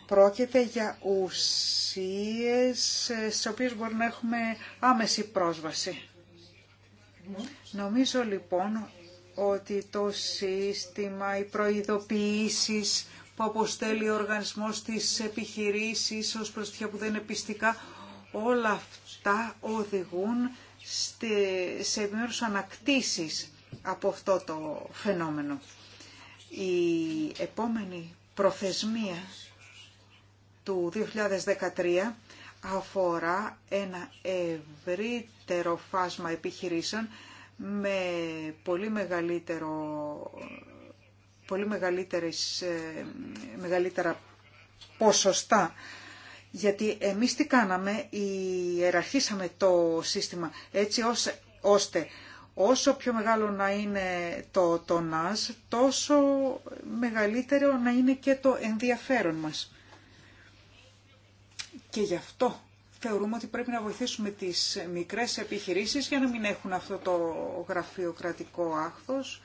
B: Πρόκειται για ουσίες ε, στις οποίες μπορούμε να έχουμε άμεση πρόσβαση. Νομίζω λοιπόν ότι το σύστημα, οι προειδοποιήσεις που αποστέλει ο οργανισμός της επιχειρήσεις ως προς που δεν είναι πιστικά, όλα αυτά οδηγούν σε μέρους ανακτήσεις από αυτό το φαινόμενο. Η επόμενη προθεσμία του 2013 αφορά ένα ευρύτερο φάσμα επιχειρήσεων με πολύ, μεγαλύτερο, πολύ μεγαλύτερες, ε, μεγαλύτερα ποσοστά. Γιατί εμείς τι κάναμε, ιεραρχήσαμε το σύστημα έτσι ώστε όσο πιο μεγάλο να είναι το ΝΑΣ τόσο μεγαλύτερο να είναι και το ενδιαφέρον μας. Και γι' αυτό θεωρούμε ότι πρέπει να βοηθήσουμε τις μικρές επιχειρήσεις για να μην έχουν αυτό το γραφειοκρατικό άχθος.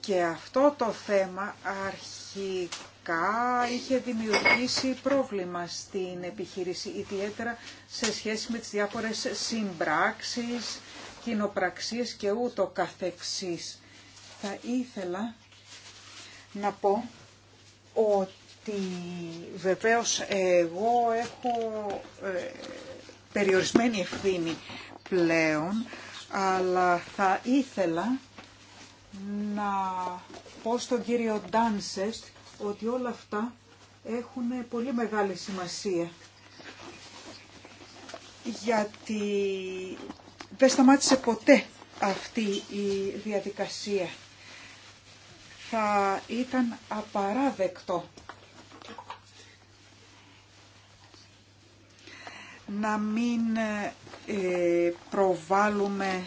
B: Και αυτό το θέμα αρχικά είχε δημιουργήσει πρόβλημα στην επιχείρηση, ιδιαίτερα σε σχέση με τις διάφορες συμπράξεις, κοινοπραξίες και ούτω καθεξής. Θα ήθελα να πω ότι ότι βεβαίως εγώ έχω ε, περιορισμένη ευθύνη πλέον, αλλά θα ήθελα να πω στον κύριο Ντάνσεστ ότι όλα αυτά έχουν πολύ μεγάλη σημασία. Γιατί δεν σταμάτησε ποτέ αυτή η διαδικασία. Θα ήταν απαράδεκτο να μην ε, ε, προβάλλουμε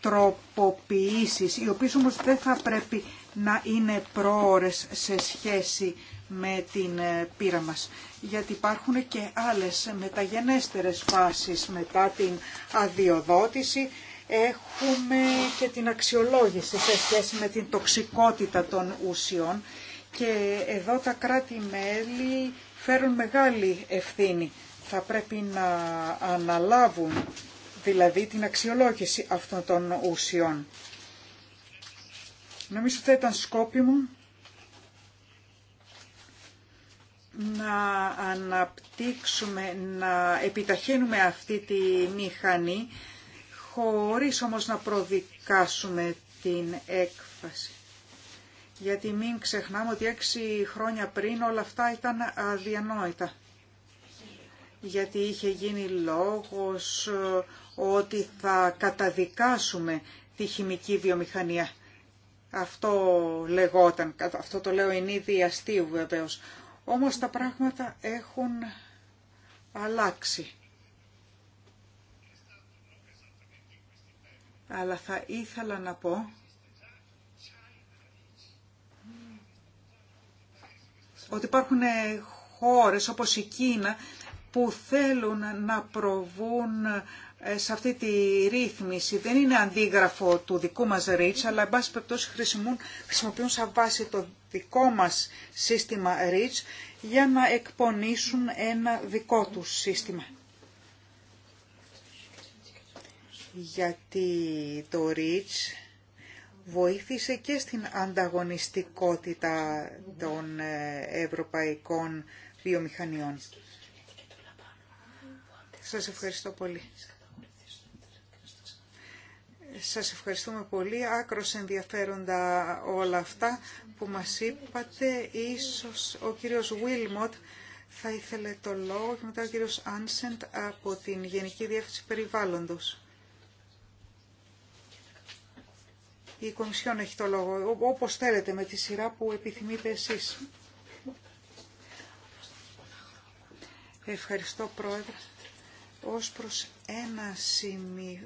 B: τροποποιήσεις, οι οποίες όμως δεν θα πρέπει να είναι πρόορες σε σχέση με την ε, πείρα μας. Γιατί υπάρχουν και άλλες μεταγενέστερες φάσεις μετά την αδειοδότηση. Έχουμε και την αξιολόγηση σε σχέση με την τοξικότητα των ουσιών και εδώ τα κράτη-μέλη φέρουν μεγάλη ευθύνη θα πρέπει να αναλάβουν δηλαδή την αξιολόγηση αυτών των ουσιών. Νομίζω ότι θα ήταν μου να αναπτύξουμε, να επιταχύνουμε αυτή τη μηχανή χωρίς όμως να προδικάσουμε την έκφαση. Γιατί μην ξεχνάμε ότι έξι χρόνια πριν όλα αυτά ήταν αδιανόητα γιατί είχε γίνει λόγος ε, ότι θα καταδικάσουμε τη χημική βιομηχανία. Αυτό λεγόταν, αυτό το λέω εν είδη αστείου βεβαίως. Όμως τα πράγματα έχουν αλλάξει. Αλλά θα ήθελα να πω ότι υπάρχουν χώρες όπως η Κίνα που θέλουν να προβούν ε, σε αυτή τη ρύθμιση. Δεν είναι αντίγραφο του δικού μας REACH, αλλά εν πάση χρησιμοποιούν, χρησιμοποιούν σαν βάση το δικό μας σύστημα REACH για να εκπονήσουν ένα δικό τους σύστημα. Γιατί το REACH βοήθησε και στην ανταγωνιστικότητα των ε, ευρωπαϊκών βιομηχανιών. Σας ευχαριστώ πολύ. Σας ευχαριστούμε πολύ. Άκρος ενδιαφέροντα όλα αυτά που μας είπατε. Ίσως ο κύριος Βίλμοτ θα ήθελε το λόγο και μετά ο κύριος Άνσεντ από την Γενική Διεύθυνση Περιβάλλοντος. Η Κομισιόν έχει το λόγο, όπως θέλετε, με τη σειρά που επιθυμείτε εσείς. Ευχαριστώ, Πρόεδρε ως προς ένα σημείο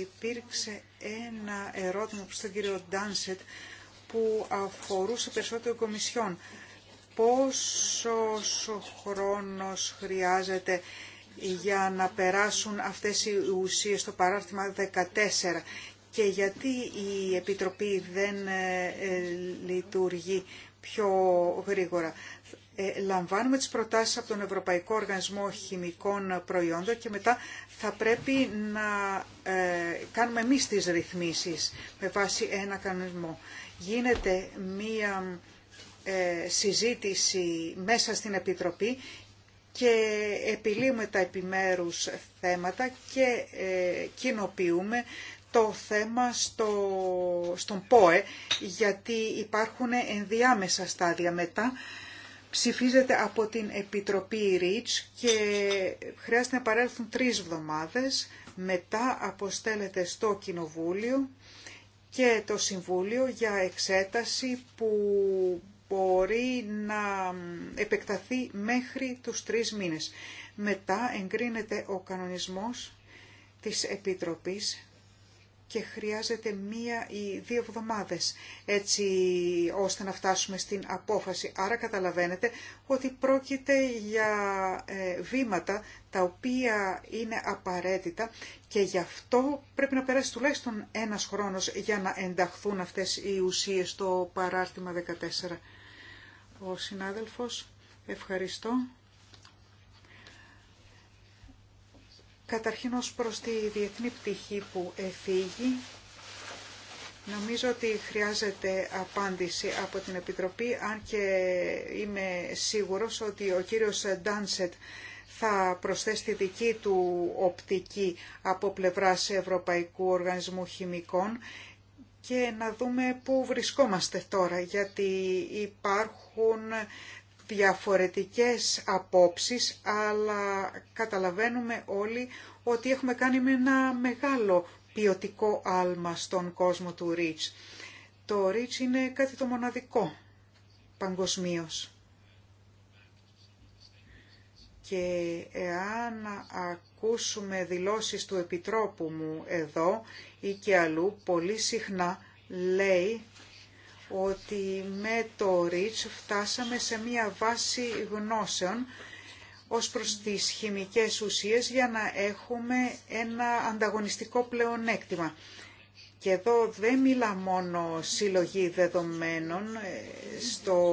B: υπήρξε ένα ερώτημα προς τον κύριο Ντάνσετ που αφορούσε περισσότερο κομισιόν. Πόσος χρόνος χρειάζεται για να περάσουν αυτές οι ουσίες στο παράρτημα 14 και γιατί η Επιτροπή δεν ε, ε, λειτουργεί πιο γρήγορα. Ε, λαμβάνουμε τις προτάσεις από τον Ευρωπαϊκό Οργανισμό Χημικών Προϊόντων και μετά θα πρέπει να ε, κάνουμε εμείς τις ρυθμίσεις με βάση ένα κανονισμό. Γίνεται μία ε, συζήτηση μέσα στην Επιτροπή και επιλύουμε τα επιμέρους θέματα και κοινοποιούμε το θέμα στο, στον ΠΟΕ γιατί υπάρχουν ενδιάμεσα στάδια μετά ψηφίζεται από την Επιτροπή ΡΙΤΣ και χρειάζεται να παρέλθουν τρεις εβδομάδες, μετά αποστέλλεται στο Κοινοβούλιο και το Συμβούλιο για εξέταση που μπορεί να επεκταθεί μέχρι τους τρεις μήνες. Μετά εγκρίνεται ο κανονισμός της Επιτροπής και χρειάζεται μία ή δύο εβδομάδες έτσι ώστε να φτάσουμε στην απόφαση. Άρα καταλαβαίνετε ότι πρόκειται για ε, βήματα τα οποία είναι απαραίτητα και γι' αυτό πρέπει να περάσει τουλάχιστον ένας χρόνος για να ενταχθούν αυτές οι ουσίες στο παράρτημα 14. Ο συνάδελφος, ευχαριστώ. Καταρχήν ως προς τη διεθνή πτυχή που εφήγει, νομίζω ότι χρειάζεται απάντηση από την Επιτροπή, αν και είμαι σίγουρος ότι ο κύριος Ντάνσετ θα προσθέσει τη δική του οπτική από πλευράς Ευρωπαϊκού Οργανισμού Χημικών και να δούμε πού βρισκόμαστε τώρα, γιατί υπάρχουν διαφορετικές απόψεις, αλλά καταλαβαίνουμε όλοι ότι έχουμε κάνει με ένα μεγάλο ποιοτικό άλμα στον κόσμο του Ρίτς. Το Ρίτς είναι κάτι το μοναδικό παγκοσμίως. Και εάν ακούσουμε δηλώσεις του Επιτρόπου μου εδώ ή και αλλού, πολύ συχνά λέει ότι με το REACH φτάσαμε σε μία βάση γνώσεων ως προς τις χημικές ουσίες για να έχουμε ένα ανταγωνιστικό πλεονέκτημα. Και εδώ δεν μιλά μόνο συλλογή δεδομένων ε, στο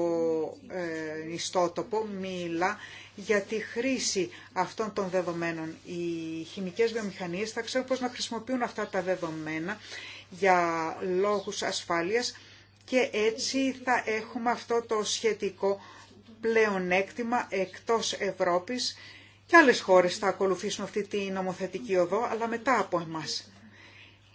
B: ε, ιστότοπο, μιλά για τη χρήση αυτών των δεδομένων. Οι χημικές βιομηχανίες θα ξέρουν πώς να χρησιμοποιούν αυτά τα δεδομένα για λόγους ασφάλειας και έτσι θα έχουμε αυτό το σχετικό πλεονέκτημα εκτός Ευρώπης και άλλες χώρες θα ακολουθήσουν αυτή τη νομοθετική οδό, αλλά μετά από εμάς.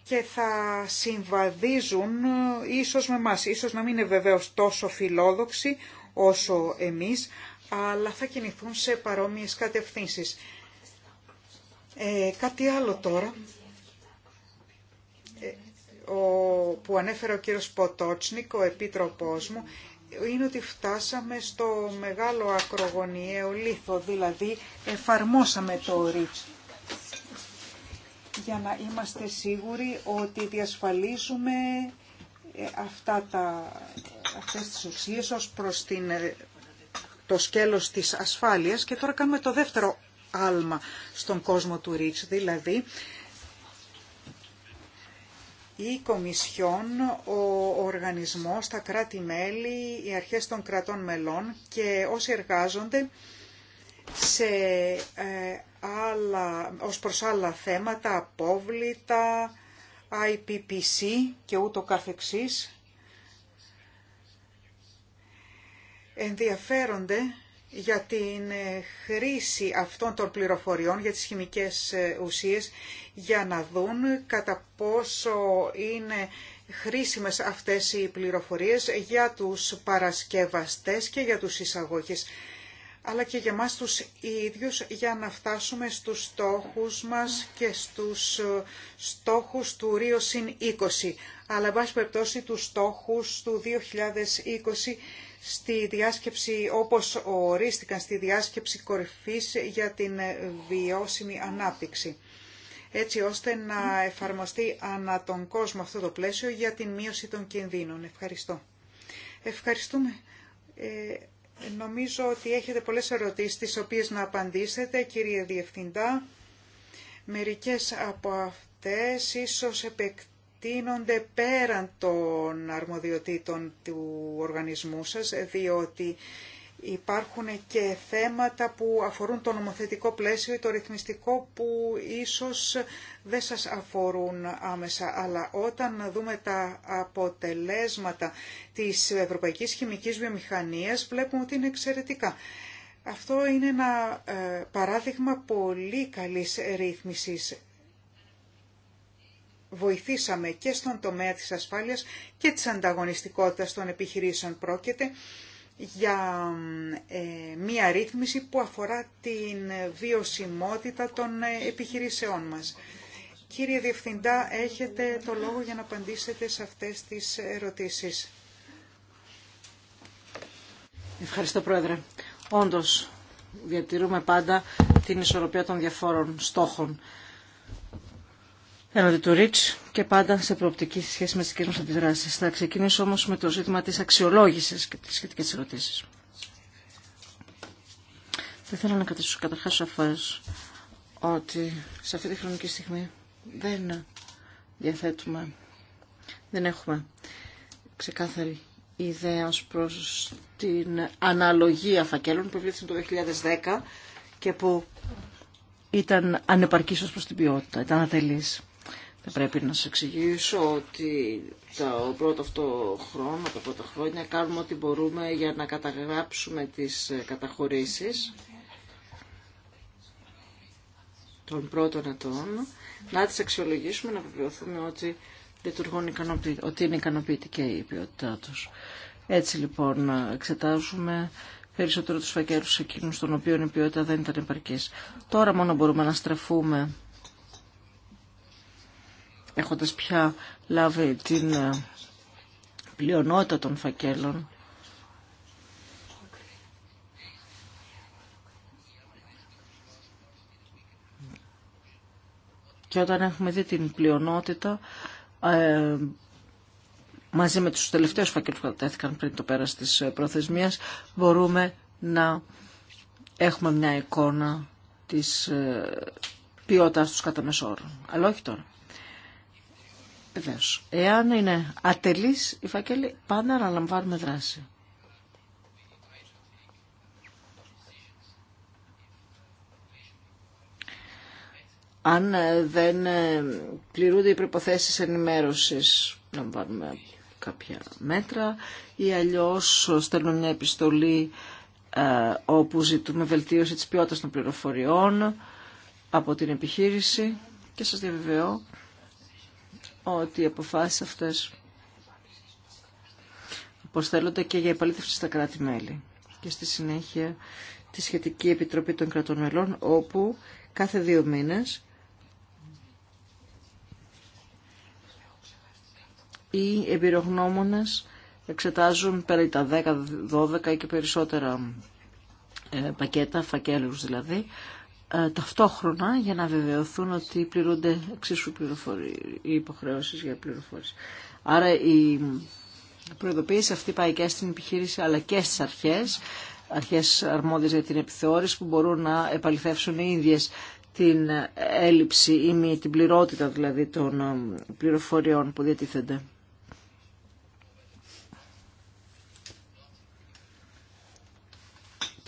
B: Και θα συμβαδίζουν ε, ίσως με εμάς, ίσως να μην είναι βεβαίως τόσο φιλόδοξοι όσο εμείς, αλλά θα κινηθούν σε παρόμοιες κατευθύνσεις. Ε, κάτι άλλο τώρα που ανέφερε ο κύριος Ποτότσνικ, ο επίτροπός μου, είναι ότι φτάσαμε στο μεγάλο ακρογωνιαίο λίθο, δηλαδή εφαρμόσαμε το ρίτς για να είμαστε σίγουροι ότι διασφαλίζουμε ε, αυτά τα, αυτές τις ουσίες ως προς ε, το σκέλος της ασφάλειας και τώρα κάνουμε το δεύτερο άλμα στον κόσμο του ρίτς, δηλαδή η Κομισιόν, ο οργανισμός, τα κράτη-μέλη, οι αρχές των κρατών μελών και όσοι εργάζονται σε, ε, άλλα, ως προς άλλα θέματα, απόβλητα, IPPC και ούτω καθεξής, ενδιαφέρονται για την ε, χρήση αυτών των πληροφοριών για τις χημικές ε, ουσίες για να δουν κατά πόσο είναι χρήσιμες αυτές οι πληροφορίες για τους παρασκευαστές και για τους εισαγωγείς αλλά και για μας τους ίδιους για να φτάσουμε στους στόχους μας και στους ε, στόχους του Ρίο 20, αλλά βάση περιπτώσει τους στόχους του 2020 στη διάσκεψη, όπως ορίστηκαν στη διάσκεψη κορυφής για την βιώσιμη ανάπτυξη έτσι ώστε να εφαρμοστεί ανά τον κόσμο αυτό το πλαίσιο για την μείωση των κινδύνων. Ευχαριστώ. Ευχαριστούμε. Ε, Νομίζω ότι έχετε πολλές ερωτήσεις τις οποίες να απαντήσετε, κύριε Διευθυντά. Μερικές από αυτές ίσως επεκτείνονται πέραν των αρμοδιοτήτων του οργανισμού σας, διότι Υπάρχουν και θέματα που αφορούν το νομοθετικό πλαίσιο ή το ρυθμιστικό που ίσως δεν σας αφορούν άμεσα. Αλλά όταν δούμε τα αποτελέσματα της Ευρωπαϊκής Χημικής Βιομηχανίας βλέπουμε ότι είναι εξαιρετικά. Αυτό είναι ένα ε, παράδειγμα πολύ καλής ρύθμισης. Βοηθήσαμε και στον τομέα της ασφάλειας και της ανταγωνιστικότητας των επιχειρήσεων πρόκειται για ε, μία ρύθμιση που αφορά την βιωσιμότητα των ε, επιχειρήσεών μας. Κύριε Διευθυντά, έχετε το λόγο για να απαντήσετε σε αυτές τις ερωτήσεις.
A: Ευχαριστώ, Πρόεδρε. Όντως, διατηρούμε πάντα την ισορροπία των διαφόρων στόχων έναντι το Ριτ και πάντα σε προοπτική σχέση με τις δικέ μας αντιδράσει. Θα ξεκινήσω όμως με το ζήτημα τη αξιολόγηση και τι σχετικέ ερωτήσει. Θα ήθελα να κρατήσω καταρχά σαφέ ότι σε αυτή τη χρονική στιγμή δεν διαθέτουμε, δεν έχουμε ξεκάθαρη ιδέα ω προς την αναλογία φακέλων που βρίσκεται το 2010 και που ήταν ανεπαρκής ως προς την ποιότητα, ήταν ατελής. Θα πρέπει να σας εξηγήσω ότι το πρώτο αυτό χρόνο, τα πρώτα χρόνια κάνουμε ό,τι μπορούμε για να καταγράψουμε τις ε, καταχωρήσεις των πρώτων ετών, να τις αξιολογήσουμε, να βεβαιωθούμε ότι ότι είναι ικανοποιητική η ποιότητά τους. Έτσι λοιπόν εξετάζουμε περισσότερο τους φακέλους εκείνους των οποίων η ποιότητα δεν ήταν επαρκή. Τώρα μόνο μπορούμε να στραφούμε έχοντας πια λάβει την ε, πλειονότητα των φακέλων, και όταν έχουμε δει την πλειονότητα ε, μαζί με τους τελευταίους φακέλους που κατατέθηκαν πριν το πέρας της ε, προθεσμίας μπορούμε να έχουμε μια εικόνα της ποιότητας τους κατά μεσόρων. Αλλά όχι τώρα. Βεβαίω. Εάν είναι ατελεί οι φάκελοι, πάντα αναλαμβάνουμε δράση. Αν ε, δεν ε, πληρούνται οι προϋποθέσεις ενημέρωσης, να κάποια μέτρα ή αλλιώς στέλνουμε μια επιστολή ε, όπου ζητούμε βελτίωση της ποιότητας των πληροφοριών από την επιχείρηση και σας διαβεβαιώ ότι οι αποφάσεις αυτές αποστέλλονται και για επαλήθευση στα κράτη-μέλη και στη συνέχεια τη Σχετική Επιτροπή των Κρατών Μελών, όπου κάθε δύο μήνες οι εμπειρογνώμονες εξετάζουν περί τα 10, 12 και περισσότερα ε, πακέτα, φακέλους δηλαδή, ε, ταυτόχρονα για να βεβαιωθούν ότι πληρούνται εξίσου οι υποχρεώσεις για πληροφόρηση. Άρα η προειδοποίηση αυτή πάει και στην επιχείρηση αλλά και στις αρχές, αρχές αρμόδιες για την επιθεώρηση που μπορούν να επαληθεύσουν οι ίδιες την έλλειψη ή την πληρότητα δηλαδή των ε, πληροφοριών που διατίθενται.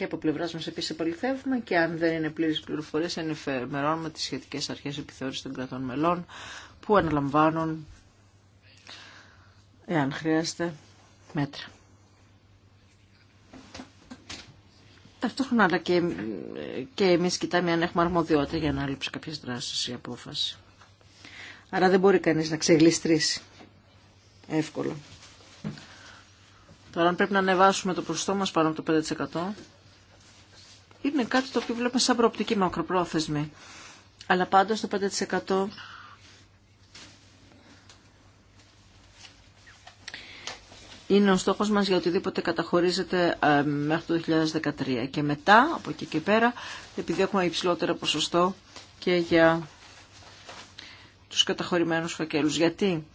A: και από πλευρά μα επίση επαληθεύουμε και αν δεν είναι πλήρε πληροφορίε, ενημερώνουμε τι σχετικέ αρχέ επιθεώρηση των κρατών μελών που αναλαμβάνουν, εάν χρειάζεται, μέτρα. Ταυτόχρονα, αλλά και, και εμεί κοιτάμε αν έχουμε αρμοδιότητα για να ανάληψη κάποιε δράσει ή απόφαση. Άρα δεν μπορεί κανεί να ξεγλιστρήσει εύκολα. Τώρα αν πρέπει να ανεβάσουμε το ποσοστό μα πάνω από το 5% είναι κάτι το οποίο βλέπουμε σαν προοπτική μακροπρόθεσμη. Αλλά πάντως το 5% είναι ο στόχος μας για οτιδήποτε καταχωρίζεται ε, μέχρι το 2013. Και μετά, από εκεί και πέρα, επειδή έχουμε υψηλότερο ποσοστό και για τους καταχωρημένους φακέλους. Γιατί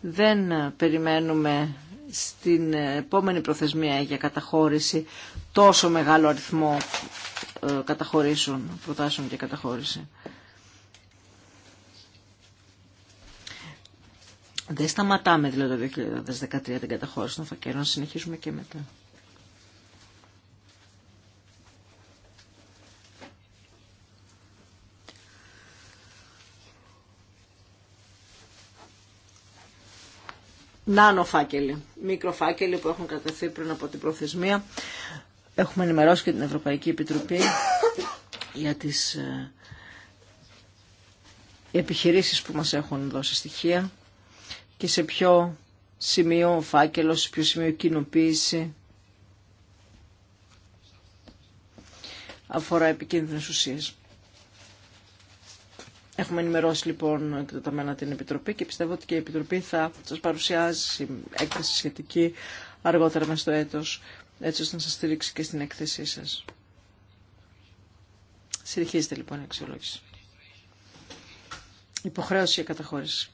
A: δεν περιμένουμε στην επόμενη προθεσμία για καταχώρηση τόσο μεγάλο αριθμό ε, καταχωρήσεων, προτάσεων για καταχώρηση. Δεν σταματάμε δηλαδή το 2013 την καταχώρηση των φακερών. συνεχίζουμε και μετά. φάκελοι, μικροφάκελοι που έχουν κατευθεί πριν από την προθεσμία. Έχουμε ενημερώσει και την Ευρωπαϊκή Επιτροπή για τις ε, επιχειρήσεις που μας έχουν δώσει στοιχεία και σε ποιο σημείο ο φάκελος, σε ποιο σημείο κοινοποίηση αφορά επικίνδυνες ουσίες. Έχουμε ενημερώσει λοιπόν εκτεταμένα την Επιτροπή και πιστεύω ότι και η Επιτροπή θα σας παρουσιάσει έκθεση σχετική αργότερα μέσα στο έτος, έτσι ώστε να σας στηρίξει και στην έκθεσή σας. Συνεχίζεται λοιπόν η αξιολόγηση. Υποχρέωση για καταχώρηση.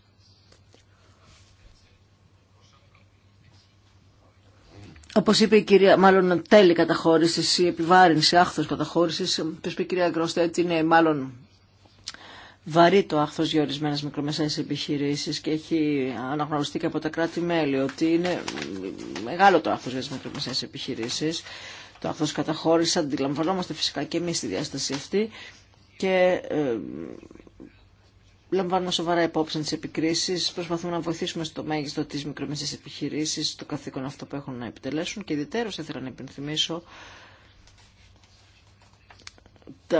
A: Όπως είπε η κυρία, μάλλον τέλη καταχώρησης ή επιβάρυνση, άχθος καταχώρησης, όπως είπε η κυρία Γκρόστετ, είναι μάλλον βαρύ το άχθος για ορισμένε μικρομεσαίες επιχειρήσεις και έχει αναγνωριστεί και από τα κράτη-μέλη ότι είναι μεγάλο το άχθος για τις μικρομεσαίες επιχειρήσεις. Το άχθος καταχώρησε, αντιλαμβανόμαστε φυσικά και εμείς τη διάσταση αυτή και ε, λαμβάνουμε σοβαρά υπόψη τις επικρίσεις, προσπαθούμε να βοηθήσουμε στο μέγιστο τις μικρομεσαίες επιχειρήσεις, το καθήκον αυτό που έχουν να επιτελέσουν και ιδιαίτερως ήθελα να υπενθυμίσω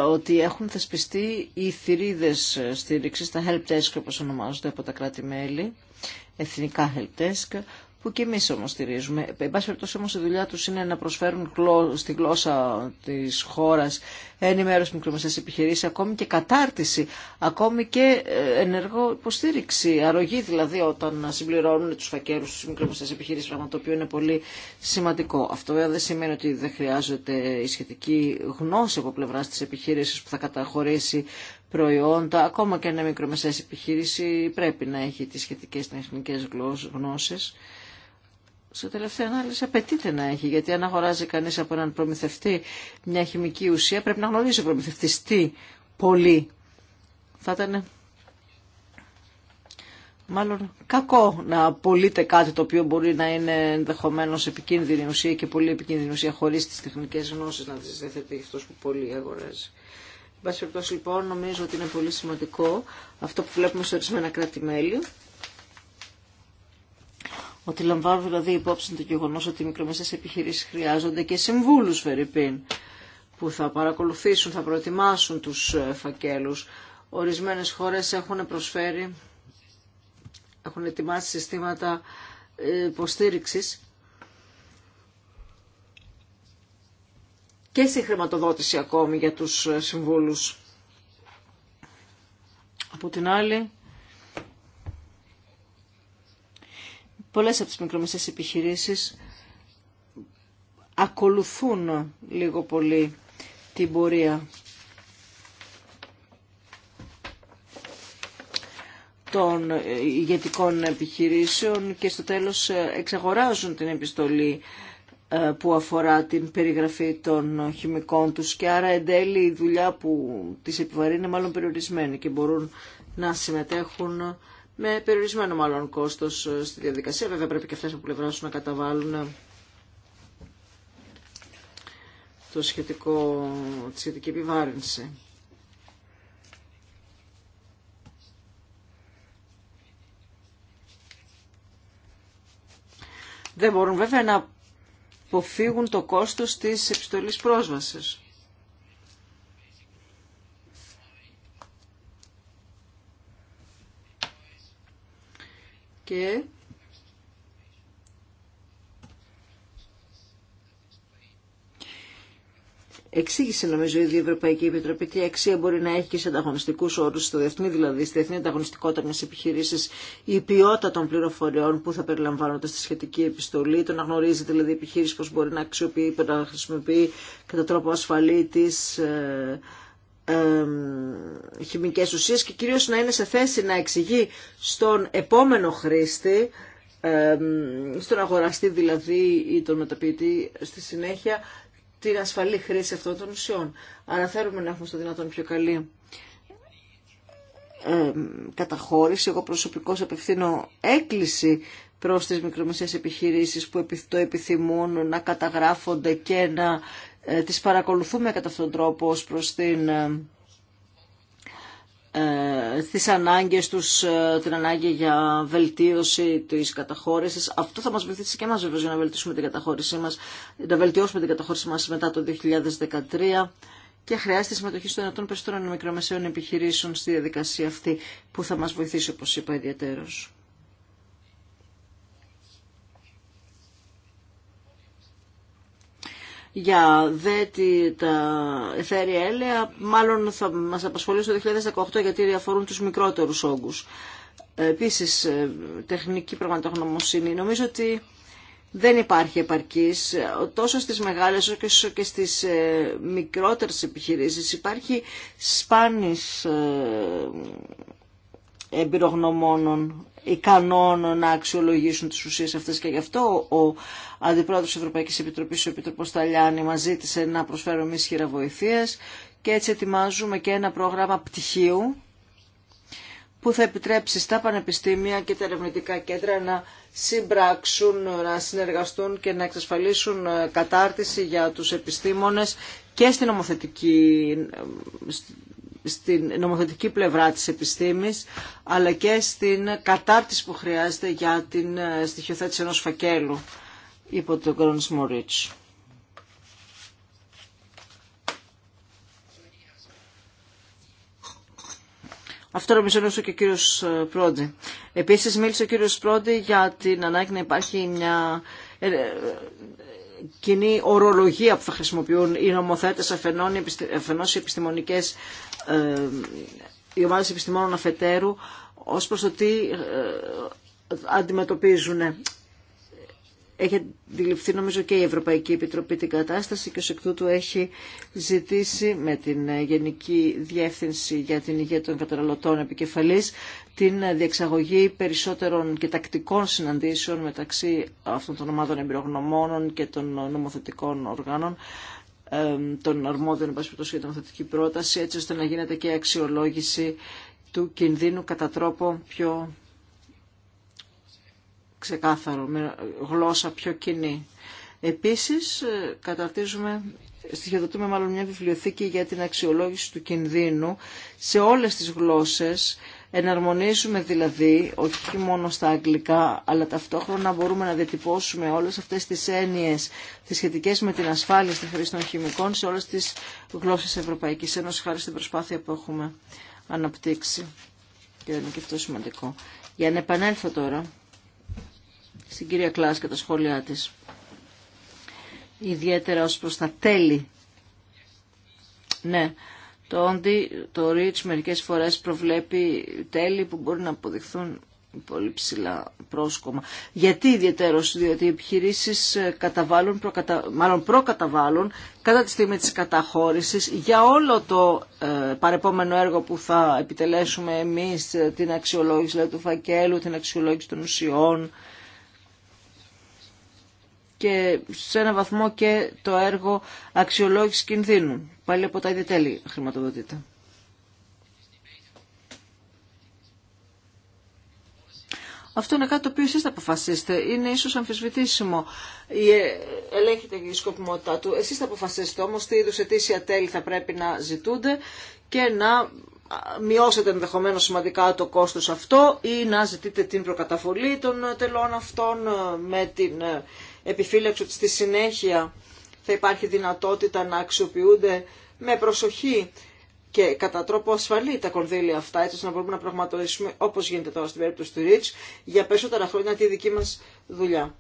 A: ότι έχουν θεσπιστεί οι θηρίδες στήριξης, τα help desk όπως ονομάζονται από τα κράτη-μέλη, εθνικά help που και εμεί όμω στηρίζουμε. Εν πάση περιπτώσει όμω η δουλειά του είναι να προσφέρουν στη γλώσσα τη χώρα ενημέρωση μικρομεσαίε επιχειρήσει, ακόμη και κατάρτιση, ακόμη και ε, ενεργό υποστήριξη, αρρωγή δηλαδή όταν συμπληρώνουν του φακέρου στι μικρομεσαίε επιχειρήσει, πράγμα το οποίο είναι πολύ σημαντικό. Αυτό βέβαια δεν σημαίνει ότι δεν χρειάζεται η σχετική γνώση από πλευρά τη επιχείρηση που θα καταχωρήσει προϊόντα, ακόμα και ένα μικρομεσαίες επιχείρηση πρέπει να έχει τι σχετικέ τεχνικές γνώσεις σε τελευταία ανάλυση απαιτείται να έχει, γιατί αν αγοράζει κανείς από έναν προμηθευτή μια χημική ουσία, πρέπει να γνωρίζει ο προμηθευτής τι πολύ θα ήταν μάλλον κακό να απολύτε κάτι το οποίο μπορεί να είναι ενδεχομένω επικίνδυνη ουσία και πολύ επικίνδυνη ουσία χωρί τι τεχνικέ γνώσει να τι διαθέτει αυτό που πολύ αγοράζει. Εν λοιπόν, νομίζω ότι είναι πολύ σημαντικό αυτό που βλέπουμε σε ορισμένα κράτη-μέλη ότι λαμβάνουν δηλαδή υπόψη το γεγονό ότι οι μικρομεσαίε επιχειρήσει χρειάζονται και συμβούλου, Φερρυπίν, που θα παρακολουθήσουν, θα προετοιμάσουν του ε, φακέλου. Ορισμένε χώρε έχουν προσφέρει, έχουν ετοιμάσει συστήματα ε, υποστήριξη και στη χρηματοδότηση ακόμη για τους ε, συμβούλους. Από την άλλη, Πολλές από τις μικρομεσαίες επιχειρήσεις ακολουθούν λίγο πολύ την πορεία των ηγετικών επιχειρήσεων και στο τέλος ε, εξαγοράζουν την επιστολή ε, που αφορά την περιγραφή των χημικών τους και άρα εν τέλει η δουλειά που τις επιβαρύνει είναι μάλλον περιορισμένη και μπορούν να συμμετέχουν με περιορισμένο μάλλον κόστος ε, στη διαδικασία. Βέβαια πρέπει και αυτές από πλευρά να καταβάλουν ε, το σχετικό, τη σχετική επιβάρυνση. Δεν μπορούν βέβαια να αποφύγουν το κόστος της επιστολής πρόσβασης. και Εξήγησε νομίζω η Ευρωπαϊκή Επιτροπή τι αξία μπορεί να έχει και σε ανταγωνιστικού όρου, στο διεθνή δηλαδή, στη διεθνή ανταγωνιστικότητα μια επιχειρήση, η ποιότητα των πληροφοριών που θα περιλαμβάνονται στη σχετική επιστολή, το να γνωρίζει δηλαδή η επιχείρηση πώ μπορεί να αξιοποιεί, να χρησιμοποιεί κατά τρόπο ασφαλή τι ε, χημικές ουσίες και κυρίως να είναι σε θέση να εξηγεί στον επόμενο χρήστη, στον αγοραστή δηλαδή ή τον μεταποιητή στη συνέχεια, την ασφαλή χρήση αυτών των ουσιών. Άρα θέλουμε να έχουμε στο δυνατόν πιο καλή καταχώρηση. Εγώ προσωπικώς απευθύνω έκκληση προς τις μικρομεσαίες επιχειρήσεις που το επιθυμούν να καταγράφονται και να ε, τις παρακολουθούμε κατά αυτόν τον τρόπο ως προς την ε, τις ανάγκες τους, ε, την ανάγκη για βελτίωση της καταχώρησης. Αυτό θα μας βοηθήσει και εμάς βέβαια για να βελτιώσουμε την καταχώρησή μας, να βελτιώσουμε την καταχώρησή μας μετά το 2013 και χρειάζεται συμμετοχή των ενωτών περισσότερων μικρομεσαίων επιχειρήσεων στη διαδικασία αυτή που θα μας βοηθήσει όπως είπα ιδιαίτερως. για δέτη τα εθέρια έλαια μάλλον θα μας απασχολήσουν το 2018 γιατί αφορούν τους μικρότερους όγκους. Ε, επίσης, ε, τεχνική πραγματογνωμοσύνη. Νομίζω ότι δεν υπάρχει επαρκής τόσο στις μεγάλες όσο και στις ε, μικρότερες επιχειρήσεις. Υπάρχει σπάνης εμπειρογνωμόνων ικανών να αξιολογήσουν τις ουσίες αυτές και γι' αυτό ο Αντιπρόεδρος της Ευρωπαϊκής Επιτροπής, ο Επιτροπός Ταλιάνη, μας ζήτησε να προσφέρουμε ισχυρά βοηθείες και έτσι ετοιμάζουμε και ένα πρόγραμμα πτυχίου που θα επιτρέψει στα πανεπιστήμια και τα ερευνητικά κέντρα να συμπράξουν, να συνεργαστούν και να εξασφαλίσουν ε, κατάρτιση για τους επιστήμονες και στην νομοθετική, ε, στην νομοθετική πλευρά της επιστήμης, αλλά και στην κατάρτιση που χρειάζεται για την ε, στοιχειοθέτηση ενός φακέλου υπό τον κορονισμό Ρίτς. Αυτό νομίζω είναι και ο κύριος ε, Πρόντι. Επίσης μίλησε ο κύριος Πρόντι για την ανάγκη να υπάρχει μια ε, κοινή ορολογία που θα χρησιμοποιούν οι νομοθέτες αφενός οι επιστημονικές ε, οι ομάδες επιστημόνων αφετέρου ως προς το τι ε, αντιμετωπίζουν έχει αντιληφθεί νομίζω και η Ευρωπαϊκή Επιτροπή την κατάσταση και ως εκ τούτου έχει ζητήσει με την ε, Γενική Διεύθυνση για την Υγεία των Καταναλωτών Επικεφαλής την ε, διεξαγωγή περισσότερων και τακτικών συναντήσεων μεταξύ αυτών των ομάδων εμπειρογνωμόνων και των νομοθετικών οργάνων των αρμόδιων επασπιτός για την νομοθετική πρόταση έτσι ώστε να γίνεται και αξιολόγηση του κινδύνου κατά τρόπο πιο ξεκάθαρο, με γλώσσα πιο κοινή. Επίσης, ε, καταρτίζουμε, στοιχειοδοτούμε μάλλον μια βιβλιοθήκη για την αξιολόγηση του κινδύνου σε όλες τις γλώσσες, Εναρμονίζουμε δηλαδή, όχι μόνο στα αγγλικά, αλλά ταυτόχρονα μπορούμε να διατυπώσουμε όλες αυτές τις έννοιες, τις σχετικές με την ασφάλεια στη χρήση των χημικών, σε όλες τις γλώσσες Ευρωπαϊκής Ένωσης, χάρη στην προσπάθεια που έχουμε αναπτύξει. Και είναι και αυτό σημαντικό. Για να επανέλθω τώρα στην κυρία Κλάς και τα σχόλιά της. Ιδιαίτερα ως προς τα τέλη. Ναι, το όντι, το ρίτς μερικές φορές προβλέπει τέλη που μπορεί να αποδειχθούν πολύ ψηλά πρόσκομα. Γιατί ιδιαίτερος, διότι οι επιχειρήσεις ε, καταβάλουν, προκατα... μάλλον προκαταβάλουν κατά τη στιγμή της καταχώρησης για όλο το ε, παρεπόμενο έργο που θα επιτελέσουμε εμείς, ε, την αξιολόγηση δηλαδή, του φακέλου, την αξιολόγηση των ουσιών, και σε ένα βαθμό και το έργο αξιολόγηση κινδύνου. Πάλι από τα ίδια τέλη χρηματοδοτείται. Αυτό είναι κάτι το οποίο εσείς θα αποφασίσετε. Είναι ίσως αμφισβητήσιμο. Η ε, ελέγχεται η σκοπιμότητά του. Εσείς θα αποφασίσετε όμως τι είδους αιτήσια τέλη θα πρέπει να ζητούνται και να μειώσετε ενδεχομένω σημαντικά το κόστος αυτό ή να ζητείτε την προκαταβολή των ε, τελών αυτών ε, με την επιφύλαξη ότι στη συνέχεια θα υπάρχει δυνατότητα να αξιοποιούνται με προσοχή και κατά τρόπο ασφαλή τα κονδύλια αυτά, έτσι ώστε να μπορούμε να πραγματοποιήσουμε όπω γίνεται τώρα στην περίπτωση του ΡΙΤΣ για περισσότερα χρόνια τη δική μα δουλειά.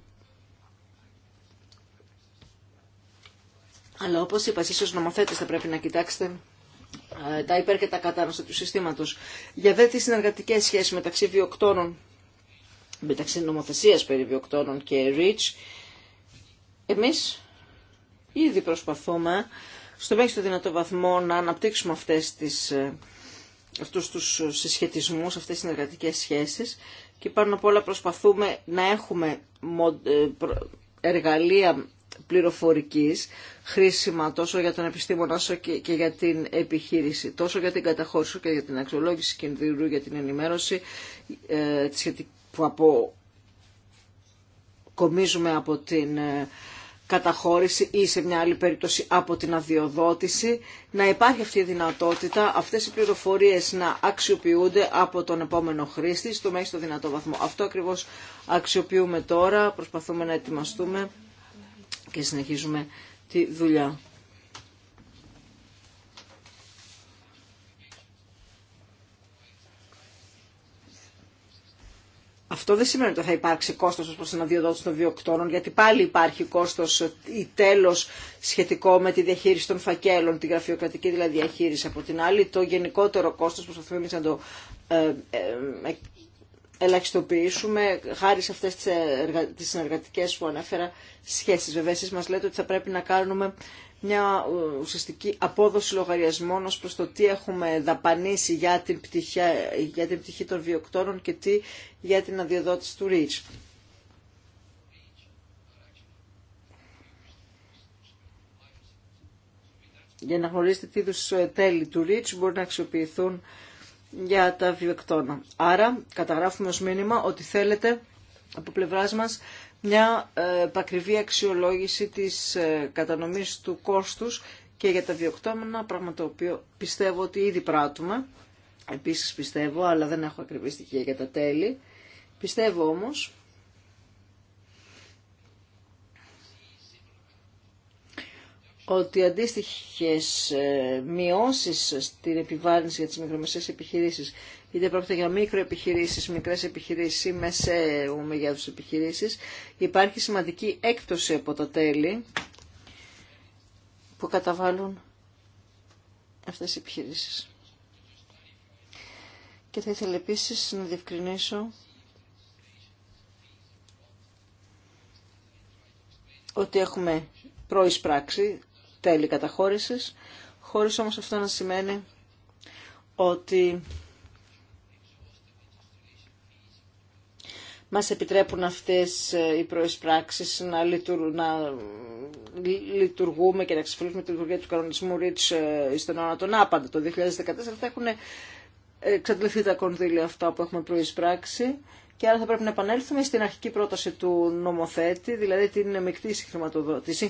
A: Αλλά όπω είπα, εσεί ω νομοθέτε θα πρέπει να κοιτάξετε ε, τα υπέρ και τα κατάνοστα του συστήματο. Για δε τι συνεργατικέ σχέσει μεταξύ βιοκτώνων, μεταξύ νομοθεσία περί βιοκτώνων και Ρίτ. Εμείς ήδη προσπαθούμε στο μέγιστο δυνατό βαθμό να αναπτύξουμε αυτές τις, ε, αυτούς τους συσχετισμούς, αυτές τις συνεργατικές σχέσεις και πάνω απ' όλα προσπαθούμε να έχουμε ε, εργαλεία πληροφορικής χρήσιμα τόσο για τον επιστήμονα όσο και, για την επιχείρηση, τόσο για την καταχώρηση και για την αξιολόγηση κινδύνου, για την ενημέρωση ε, που κομίζουμε από την καταχώρηση ή σε μια άλλη περίπτωση από την αδειοδότηση, να υπάρχει αυτή η δυνατότητα, αυτές οι πληροφορίες να αξιοποιούνται από τον επόμενο χρήστη στο μέγιστο δυνατό βαθμό. Αυτό ακριβώς αξιοποιούμε τώρα, προσπαθούμε να ετοιμαστούμε και συνεχίζουμε τη δουλειά. Αυτό δεν σημαίνει ότι θα υπάρξει κόστος προς την αδειοδότηση των βιοκτώνων, γιατί πάλι υπάρχει κόστος ή τέλος σχετικό με τη διαχείριση των φακέλων, τη γραφειοκρατική δηλαδή διαχείριση. Από την άλλη, το γενικότερο κόστος προσπαθούμε εμείς να το ε, ε, ε, ελαχιστοποιήσουμε χάρη σε αυτές τις, τις συνεργατικές που ανέφερα σχέσεις. Βέβαια, εσείς μας λέτε ότι θα πρέπει να κάνουμε μια ε, ουσιαστική απόδοση λογαριασμών ως προς το τι έχουμε δαπανίσει για την, πτυχή, για την πτυχή των βιοκτώνων και τι για την αδειοδότηση του ΡΙΤΣ. Για να γνωρίσετε τι είδου ε, τέλη του ΡΙΤΣ μπορεί να αξιοποιηθούν για τα βιοκτώνα. Άρα καταγράφουμε ως μήνυμα ότι θέλετε από πλευράς μας μια ε, επακριβή αξιολόγηση της ε, κατανομής του κόστους και για τα διοκτώμενα, πράγμα το οποίο πιστεύω ότι ήδη πράττουμε. Επίσης πιστεύω, αλλά δεν έχω ακριβή στοιχεία για τα τέλη. Πιστεύω όμως ότι αντίστοιχες ε, μειώσεις στην επιβάρυνση για τις μικρομεσαίες επιχειρήσεις είτε πρόκειται για μικροεπιχειρήσεις, μικρές επιχειρήσεις ή μεσαίου μεγέθους επιχειρήσεις, υπάρχει σημαντική έκπτωση από τα τέλη που καταβάλουν αυτές οι επιχειρήσεις. Και θα ήθελα επίσης να διευκρινίσω ότι έχουμε πράξη τέλη καταχώρησης, χωρίς όμως αυτό να σημαίνει ότι μας επιτρέπουν αυτές ε, οι προεισπράξεις να, να λειτουργούμε και να εξασφαλίσουμε τη λειτουργία του κανονισμού REACH στον ε, αιώνα των άπαντα. Το 2014 θα έχουν εξαντληθεί τα κονδύλια αυτά που έχουμε προεισπράξει και άρα θα πρέπει να επανέλθουμε στην αρχική πρόταση του νομοθέτη, δηλαδή την μεικτή τη συγχρηματοδότηση,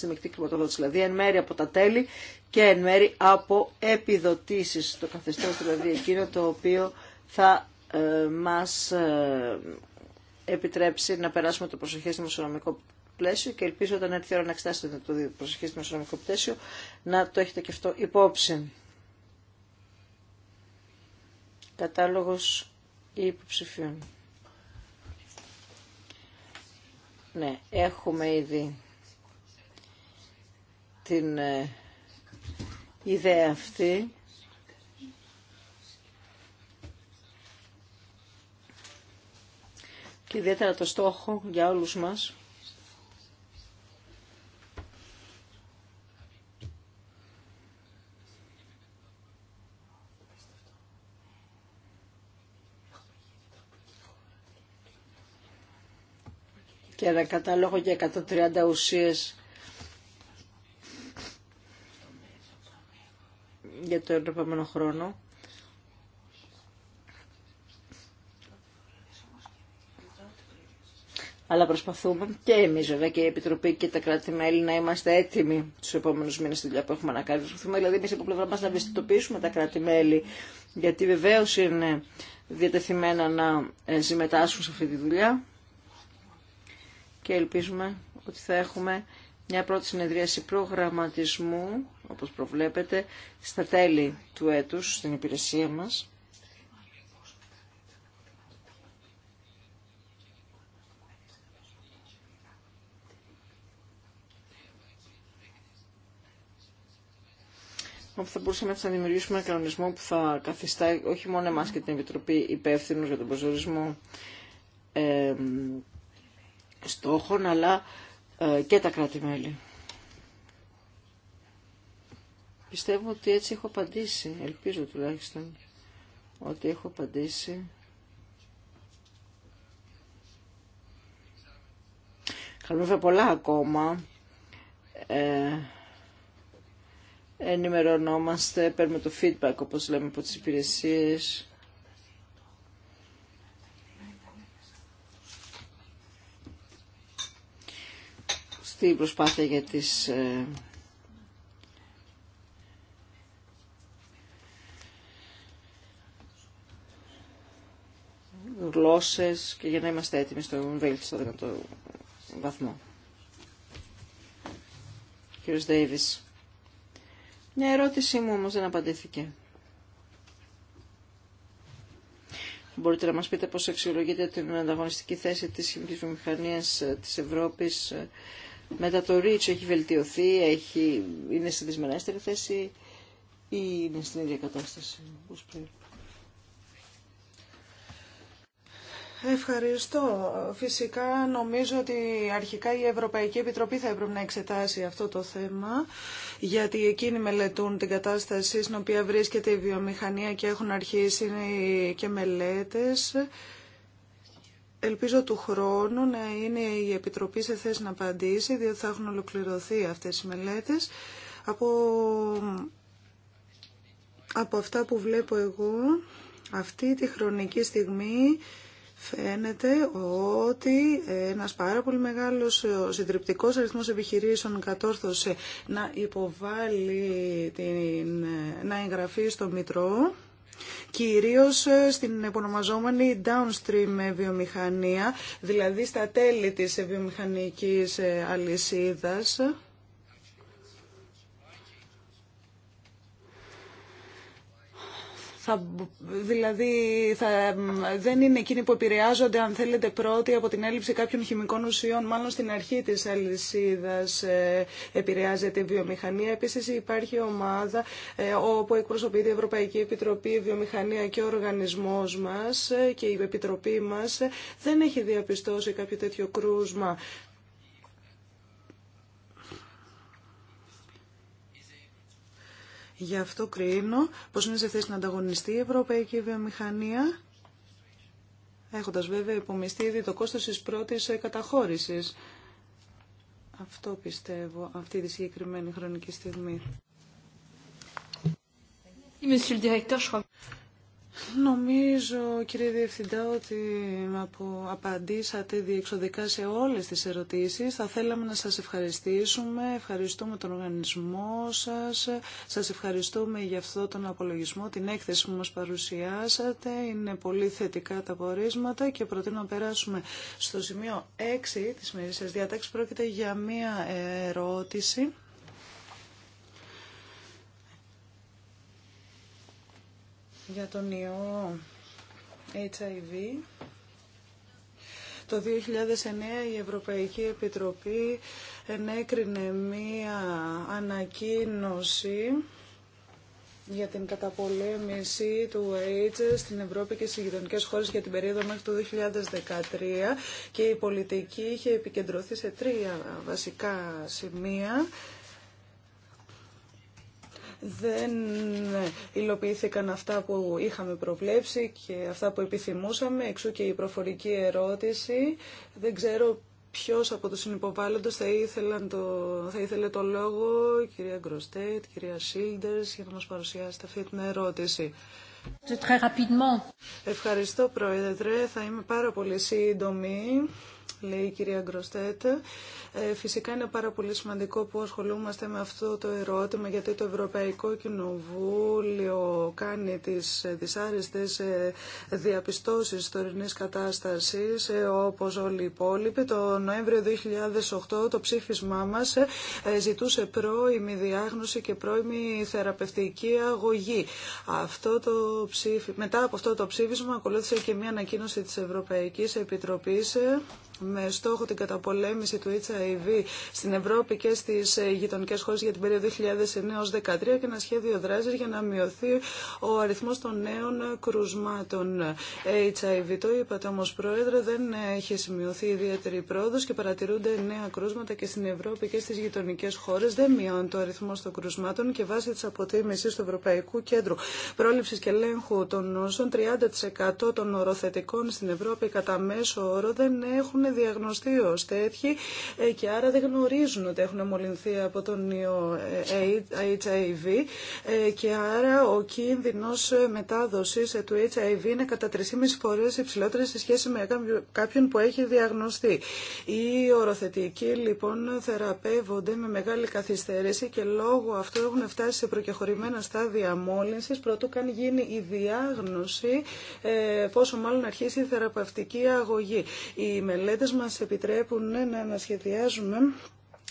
A: τη μεικτή χρηματοδότηση, δηλαδή εν μέρη από τα τέλη και εν μέρη από επιδοτήσεις, το καθεστώς δηλαδή εκείνο το οποίο θα ε, μας επιτρέψει να περάσουμε το προσοχές δημοσιονομικό πλαίσιο και ελπίζω όταν έρθει η ώρα να εξετάσετε το προσοχές δημοσιονομικό πλαίσιο να το έχετε και αυτό υπόψη. Κατάλογος υποψηφίων. Ναι, έχουμε ήδη την ε, ιδέα αυτή και ιδιαίτερα το στόχο για όλους μας και ένα κατάλογο για 130 ουσίες για τον επόμενο χρόνο. αλλά προσπαθούμε και εμεί βέβαια και η Επιτροπή και τα κράτη-μέλη να είμαστε έτοιμοι του επόμενου μήνε στη δουλειά που έχουμε να κάνουμε. Προσπαθούμε δηλαδή εμεί από πλευρά μα να ευαισθητοποιήσουμε τα κράτη-μέλη, γιατί βεβαίω είναι διατεθειμένα να ε, συμμετάσχουν σε αυτή τη δουλειά και ελπίζουμε ότι θα έχουμε μια πρώτη συνεδρίαση προγραμματισμού, όπως προβλέπετε, στα τέλη του έτους στην υπηρεσία μας όπου θα μπορούσαμε να δημιουργήσουμε ένα κανονισμό που θα καθιστά όχι μόνο εμά και την Επιτροπή υπεύθυνου για τον προσδιορισμό ε, στόχων, αλλά ε, και τα κράτη-μέλη. Πιστεύω ότι έτσι έχω απαντήσει, ελπίζω τουλάχιστον, ότι έχω απαντήσει. βέβαια πολλά ακόμα. Ε, ενημερωνόμαστε, παίρνουμε το feedback όπως λέμε από τις υπηρεσίες. Στη προσπάθεια για τις ε, γλώσσες και για να είμαστε έτοιμοι στο βέλτιστο δυνατό βαθμό. Κύριος Ντέιβις. Μια ερώτησή μου όμως δεν απαντήθηκε. Μπορείτε να μας πείτε πώς αξιολογείτε την ανταγωνιστική θέση της χημικής ε, της Ευρώπης ε, μετά το ρίτσο έχει βελτιωθεί, έχει... είναι σε δυσμενέστερη θέση ή είναι στην ίδια κατάσταση όπως
B: Ευχαριστώ. Φυσικά νομίζω ότι αρχικά η Ευρωπαϊκή Επιτροπή θα έπρεπε να εξετάσει αυτό το θέμα, γιατί εκείνοι μελετούν την κατάσταση στην οποία βρίσκεται η βιομηχανία και έχουν αρχίσει και μελέτες. Ελπίζω του χρόνου να είναι η Επιτροπή σε θέση να απαντήσει, διότι θα έχουν ολοκληρωθεί αυτές οι μελέτες. Από, από αυτά που βλέπω εγώ, αυτή τη χρονική στιγμή Φαίνεται ότι ένας πάρα πολύ μεγάλος ε, συντριπτικός αριθμός επιχειρήσεων κατόρθωσε να υποβάλει την, ε, να εγγραφεί στο Μητρό κυρίως ε, στην επωνομαζόμενη downstream βιομηχανία, δηλαδή στα τέλη της βιομηχανικής αλυσίδας. δηλαδή θα, δεν είναι εκείνοι που επηρεάζονται αν θέλετε πρώτοι από την έλλειψη κάποιων χημικών ουσιών, μάλλον στην αρχή της αλυσίδας ε, επηρεάζεται η βιομηχανία. Επίσης υπάρχει ομάδα ε, όπου εκπροσωπείται η Ευρωπαϊκή Επιτροπή, η Βιομηχανία και ο οργανισμός μας ε, και η Επιτροπή μας δεν έχει διαπιστώσει κάποιο τέτοιο κρούσμα Γι' αυτό κρίνω πως είναι σε θέση να ανταγωνιστεί η ευρωπαϊκή βιομηχανία, έχοντας βέβαια υπομειστεί ήδη το κόστος της πρώτης ε, καταχώρησης. Αυτό πιστεύω αυτή τη συγκεκριμένη χρονική στιγμή. Νομίζω, κύριε Διευθυντά, ότι από απαντήσατε διεξοδικά σε όλες τις ερωτήσεις. Θα θέλαμε να σας ευχαριστήσουμε. Ευχαριστούμε τον οργανισμό σας. Σας ευχαριστούμε για αυτό τον απολογισμό, την έκθεση που μας παρουσιάσατε. Είναι πολύ θετικά τα πορίσματα και προτείνω να περάσουμε στο σημείο 6 της μερικής διάταξης. Πρόκειται για μία ερώτηση για τον ιό HIV. Το 2009 η Ευρωπαϊκή Επιτροπή ενέκρινε μία ανακοίνωση για την καταπολέμηση του AIDS στην Ευρώπη και στις γειτονικέ χώρες για την περίοδο μέχρι το 2013 και η πολιτική είχε επικεντρωθεί σε τρία βασικά σημεία δεν υλοποιήθηκαν αυτά που είχαμε προβλέψει και αυτά που επιθυμούσαμε, εξού και η προφορική ερώτηση. Δεν ξέρω ποιος από τους συνυποβάλλοντες θα, το, ήθελε το λόγο, η κυρία Γκροστέτ, κυρία Σίλντερς, για να μας παρουσιάσετε αυτή την ερώτηση. Ευχαριστώ Πρόεδρε, θα είμαι πάρα πολύ σύντομη λέει η κυρία Γκροστέτ. Ε, φυσικά είναι πάρα πολύ σημαντικό που ασχολούμαστε με αυτό το ερώτημα, γιατί το Ευρωπαϊκό Κοινοβούλιο κάνει τις δυσάρεστες ε, διαπιστώσεις τωρινής κατάστασης, ε, όπως όλοι οι υπόλοιποι. Το Νοέμβριο 2008 το ψήφισμά μας ζητούσε πρώιμη διάγνωση και πρώιμη θεραπευτική αγωγή. Αυτό το ψήφι... Μετά από αυτό το ψήφισμα ακολούθησε και μια ανακοίνωση της Ευρωπαϊκής Επιτροπής με στόχο την καταπολέμηση του HIV στην Ευρώπη και στι ε, γειτονικέ χώρε για την περίοδο 2009-2013 και ένα σχέδιο δράση για να μειωθεί ο αριθμό των νέων κρουσμάτων HIV. Το είπατε όμω Πρόεδρε, δεν έχει σημειωθεί ιδιαίτερη πρόοδος και παρατηρούνται νέα κρούσματα και στην Ευρώπη και στι γειτονικέ χώρε. Δεν μειώνει το αριθμό των κρουσμάτων και βάσει τη αποτίμησης του Ευρωπαϊκού Κέντρου Πρόληψη και Ελέγχου των Νόσων 30% των οροθετικών στην Ευρώπη κατά μέσο όρο δεν έχουν είναι διαγνωστεί ω τέτοιοι ε, και άρα δεν γνωρίζουν ότι έχουν μολυνθεί από τον ιό ε, HIV ε, και άρα ο κίνδυνος μετάδοσης του HIV είναι κατά 3,5 φορές υψηλότερη σε σχέση με κάποιον που έχει διαγνωστεί. Οι οροθετικοί λοιπόν θεραπεύονται με μεγάλη καθυστέρηση και λόγω αυτού έχουν φτάσει σε προκεχωρημένα στάδια μόλυνση πρωτού καν γίνει η διάγνωση πόσο μάλλον αρχίσει η θεραπευτική αγωγή. Η μελέτες μας επιτρέπουν να ανασχεδιάζουμε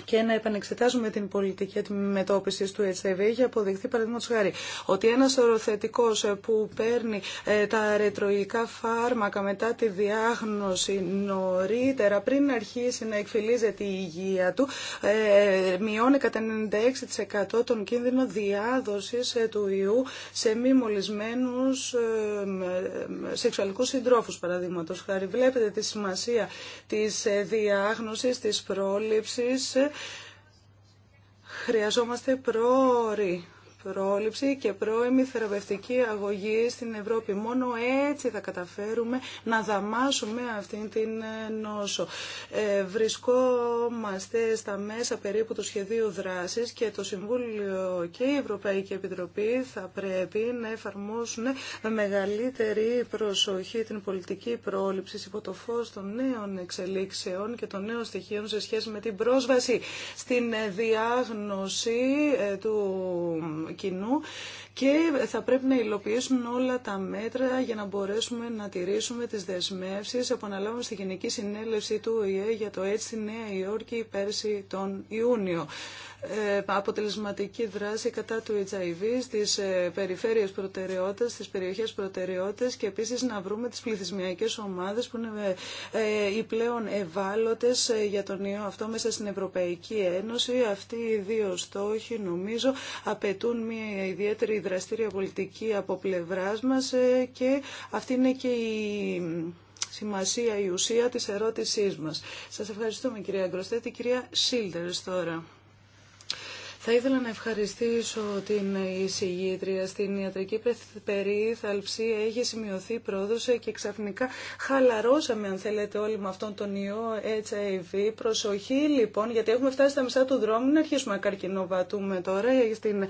B: και να επανεξετάζουμε την πολιτική αντιμετώπιση του HIV. Έχει αποδειχθεί, παραδείγματο χάρη, ότι ένα οροθετικό ε, που παίρνει ε, τα ρετροϊκά φάρμακα μετά τη διάγνωση νωρίτερα, πριν αρχίσει να εκφυλίζεται η υγεία του, ε, μειώνει κατά 96% τον κίνδυνο διάδοση του ιού σε μη μολυσμένου σεξουαλικού συντρόφου, παραδείγματο χάρη. Βλέπετε τη σημασία τη διάγνωση, τη πρόληψη χρειαζόμαστε πρόορη πρόληψη και πρώιμη θεραπευτική αγωγή στην Ευρώπη. Μόνο έτσι θα καταφέρουμε να δαμάσουμε αυτήν την ε, νόσο. Ε, βρισκόμαστε στα μέσα περίπου του σχεδίου δράσης και το Συμβούλιο και η Ευρωπαϊκή Επιτροπή θα πρέπει να εφαρμόσουν μεγαλύτερη προσοχή την πολιτική πρόληψη υπό το φως των νέων εξελίξεων και των νέων στοιχείων σε σχέση με την πρόσβαση στην ε, διάγνωση του κοινού και θα πρέπει να υλοποιήσουν όλα τα μέτρα για να μπορέσουμε να τηρήσουμε τις δεσμεύσεις που στην στη Γενική Συνέλευση του ΟΗΕ για το έτσι στη Νέα Υόρκη πέρσι τον Ιούνιο. Ε, αποτελεσματική δράση κατά του HIV στις ε, περιφέρειες προτεραιότητας, στις περιοχές προτεραιότητας και επίσης να βρούμε τις πληθυσμιακές ομάδες που είναι ε, οι πλέον ευάλωτες για τον ιό αυτό μέσα στην Ευρωπαϊκή Ένωση. Αυτοί οι δύο στόχοι νομίζω απαιτούν μια ιδιαίτερη δραστήρια πολιτική από πλευράς μας και αυτή είναι και η σημασία, η ουσία της ερώτησής μας. Σας ευχαριστούμε κυρία Γκροστέτη. Κυρία Σίλτερς τώρα. Θα ήθελα να ευχαριστήσω την εισηγήτρια στην ιατρική περίθαλψη. Έχει σημειωθεί πρόοδος και ξαφνικά χαλαρώσαμε, αν θέλετε, όλοι με αυτόν τον ιό HIV. Προσοχή λοιπόν, γιατί έχουμε φτάσει στα μισά του δρόμου. να αρχίσουμε να καρκινοβατούμε τώρα στην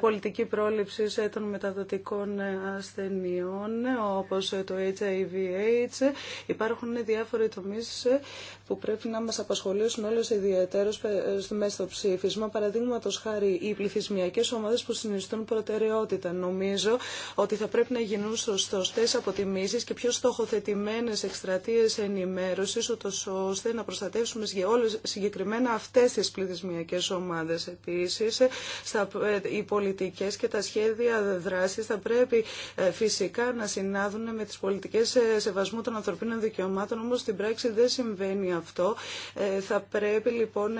B: πολιτική πρόληψη των μεταδοτικών ασθενειών, όπως το HIV-AIDS. Υπάρχουν διάφοροι τομείς που πρέπει να μας απασχολήσουν όλους ιδιαίτερως ε, μέσα στο ψήφισμα. Παραδείγματο χάρη οι πληθυσμιακές ομάδες που συνιστούν προτεραιότητα. Νομίζω ότι θα πρέπει να γίνουν σωστές αποτιμήσεις και πιο στοχοθετημένες εκστρατείες ενημέρωσης, ώστε να προστατεύσουμε συγκεκριμένα αυτές τις πληθυσμιακές ομάδες. Επίσης, ε, οι πολιτικές και τα σχέδια δράσης θα πρέπει ε, φυσικά να συνάδουν με τις πολιτικές ε, σεβασμού των ανθρωπίνων δικαιωμάτων, όμως στην πράξη δεν συμβαίνει αυτό. Θα πρέπει λοιπόν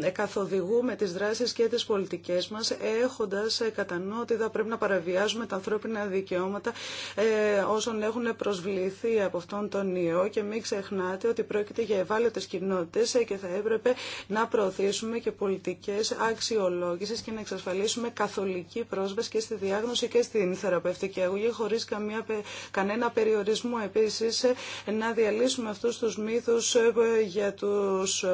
B: να καθοδηγούμε τις δράσεις και τις πολιτικές μας έχοντας ε, κατά ότι θα πρέπει να παραβιάζουμε τα ανθρώπινα δικαιώματα ε, όσων έχουν προσβληθεί από αυτόν τον ιό και μην ξεχνάτε ότι πρόκειται για ευάλωτες κοινότητες ε, και θα έπρεπε να προωθήσουμε και πολιτικές αξιολόγησης και να εξασφαλίσουμε καθολική πρόσβαση και στη διάγνωση και στην θεραπευτική αγωγή χωρίς καμία, κανένα περιορισμό. Επίσης να διαλύσουμε αυτούς τους μύθους για, τους,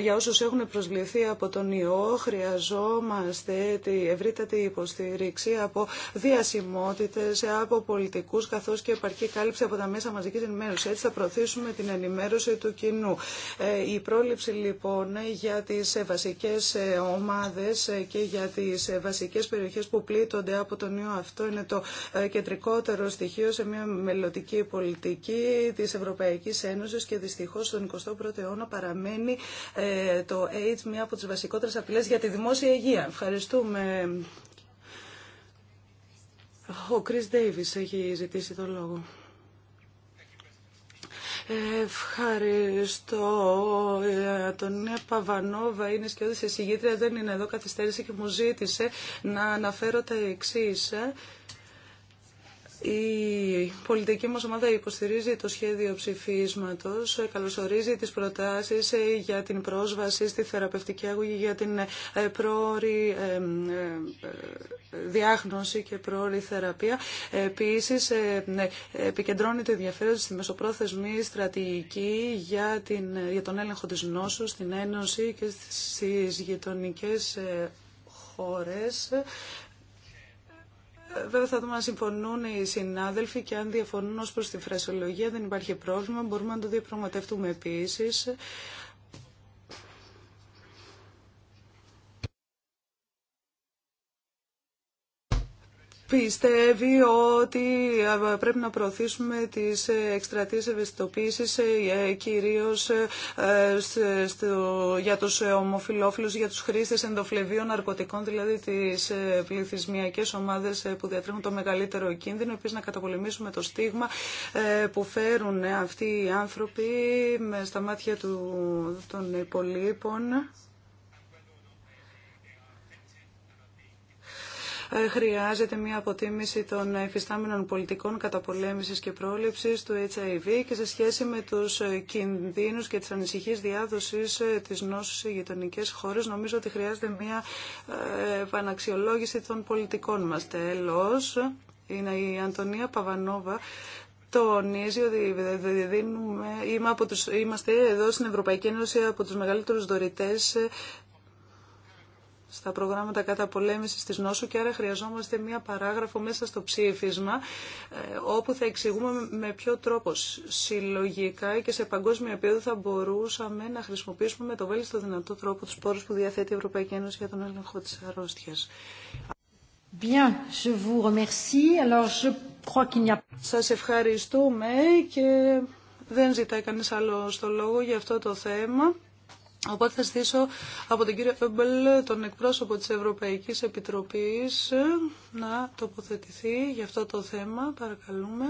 B: για όσους έχουν προσβληθεί από τον ιό χρειαζόμαστε τη ευρύτατη υποστήριξη από διασημότητες, από πολιτικούς καθώς και επαρκή κάλυψη από τα μέσα μαζικής ενημέρωσης. Έτσι θα προωθήσουμε την ενημέρωση του κοινού. Ε, η πρόληψη λοιπόν για τις βασικές ε, ομάδες ε, και για τις βασικές περιοχές που πλήττονται από τον ιό αυτό είναι το κεντρικότερο στοιχείο σε μια μελλοντική πολιτική της Ευρωπαϊκής Ένωσης και δυστυχώς στον 21ο αιώνα παραμένει το AIDS μια από τις βασικότερες απειλέ για τη δημόσια υγεία. Ευχαριστούμε. Ο Κρίς Ντέιβις έχει ζητήσει το λόγο. Ευχαριστώ. Ε, Τον Παβανόβα είναι σκιώδης εισηγήτρια, δεν είναι εδώ, καθυστέρησε και μου ζήτησε να αναφέρω τα εξής. Η πολιτική μας ομάδα υποστηρίζει το σχέδιο ψηφίσματος, καλωσορίζει τις προτάσεις για την πρόσβαση στη θεραπευτική αγωγή, για την ε, πρόορη ε, ε, διάγνωση και πρόορη θεραπεία. Επίσης, ναι, επικεντρώνει το ενδιαφέρον στη μεσοπρόθεσμη στρατηγική για, την, για τον έλεγχο της νόσου στην Ένωση και στις γειτονικές χώρες Βέβαια θα δούμε αν συμφωνούν οι συνάδελφοι και αν διαφωνούν ως προς τη φρασιολογία δεν υπάρχει πρόβλημα. Μπορούμε να το διαπραγματευτούμε επίσης. πιστεύει ότι ε, πρέπει να προωθήσουμε τις ε, εκστρατείες ευαισθητοποίησης ε, κυρίως για τους ομοφιλόφιλους, για τους χρήστες ενδοφλεβίων ναρκωτικών, δηλαδή τις πληθυσμιακές ομάδες που διατρέχουν το μεγαλύτερο κίνδυνο. Επίσης να καταπολεμήσουμε το στίγμα που φέρουν αυτοί οι άνθρωποι στα μάτια των υπολείπων. Ε, χρειάζεται μια αποτίμηση των εφιστάμενων πολιτικών καταπολέμησης και πρόληψης του HIV και σε σχέση με τους ε, κινδύνους και τις ανησυχίες διάδοσης ε, της νόσου σε γειτονικέ χώρες. Νομίζω ότι χρειάζεται μια επαναξιολόγηση των πολιτικών μας. Τέλος, είναι η Αντωνία Παβανόβα, τονίζει ότι δίνουμε, είμαστε εδώ στην Ευρωπαϊκή Ένωση από τους μεγαλύτερους δωρητές στα προγράμματα καταπολέμησης της νόσου και άρα χρειαζόμαστε μία παράγραφο μέσα στο ψήφισμα ε, όπου θα εξηγούμε με ποιο τρόπο συλλογικά και σε παγκόσμιο επίπεδο θα μπορούσαμε να χρησιμοποιήσουμε με το βέλτιστο δυνατό τρόπο τους πόρους που διαθέτει η Ευρωπαϊκή Ένωση για τον έλεγχο της αρρώστιας. Bien, je vous remercie. Alors, je crois qu'il n'y a... Σας ευχαριστούμε και δεν ζητάει κανείς άλλο στο λόγο για αυτό το θέμα. Οπότε θα στήσω από τον κύριο Έμπελ, τον εκπρόσωπο της Ευρωπαϊκής Επιτροπής, να τοποθετηθεί για αυτό το θέμα. Παρακαλούμε.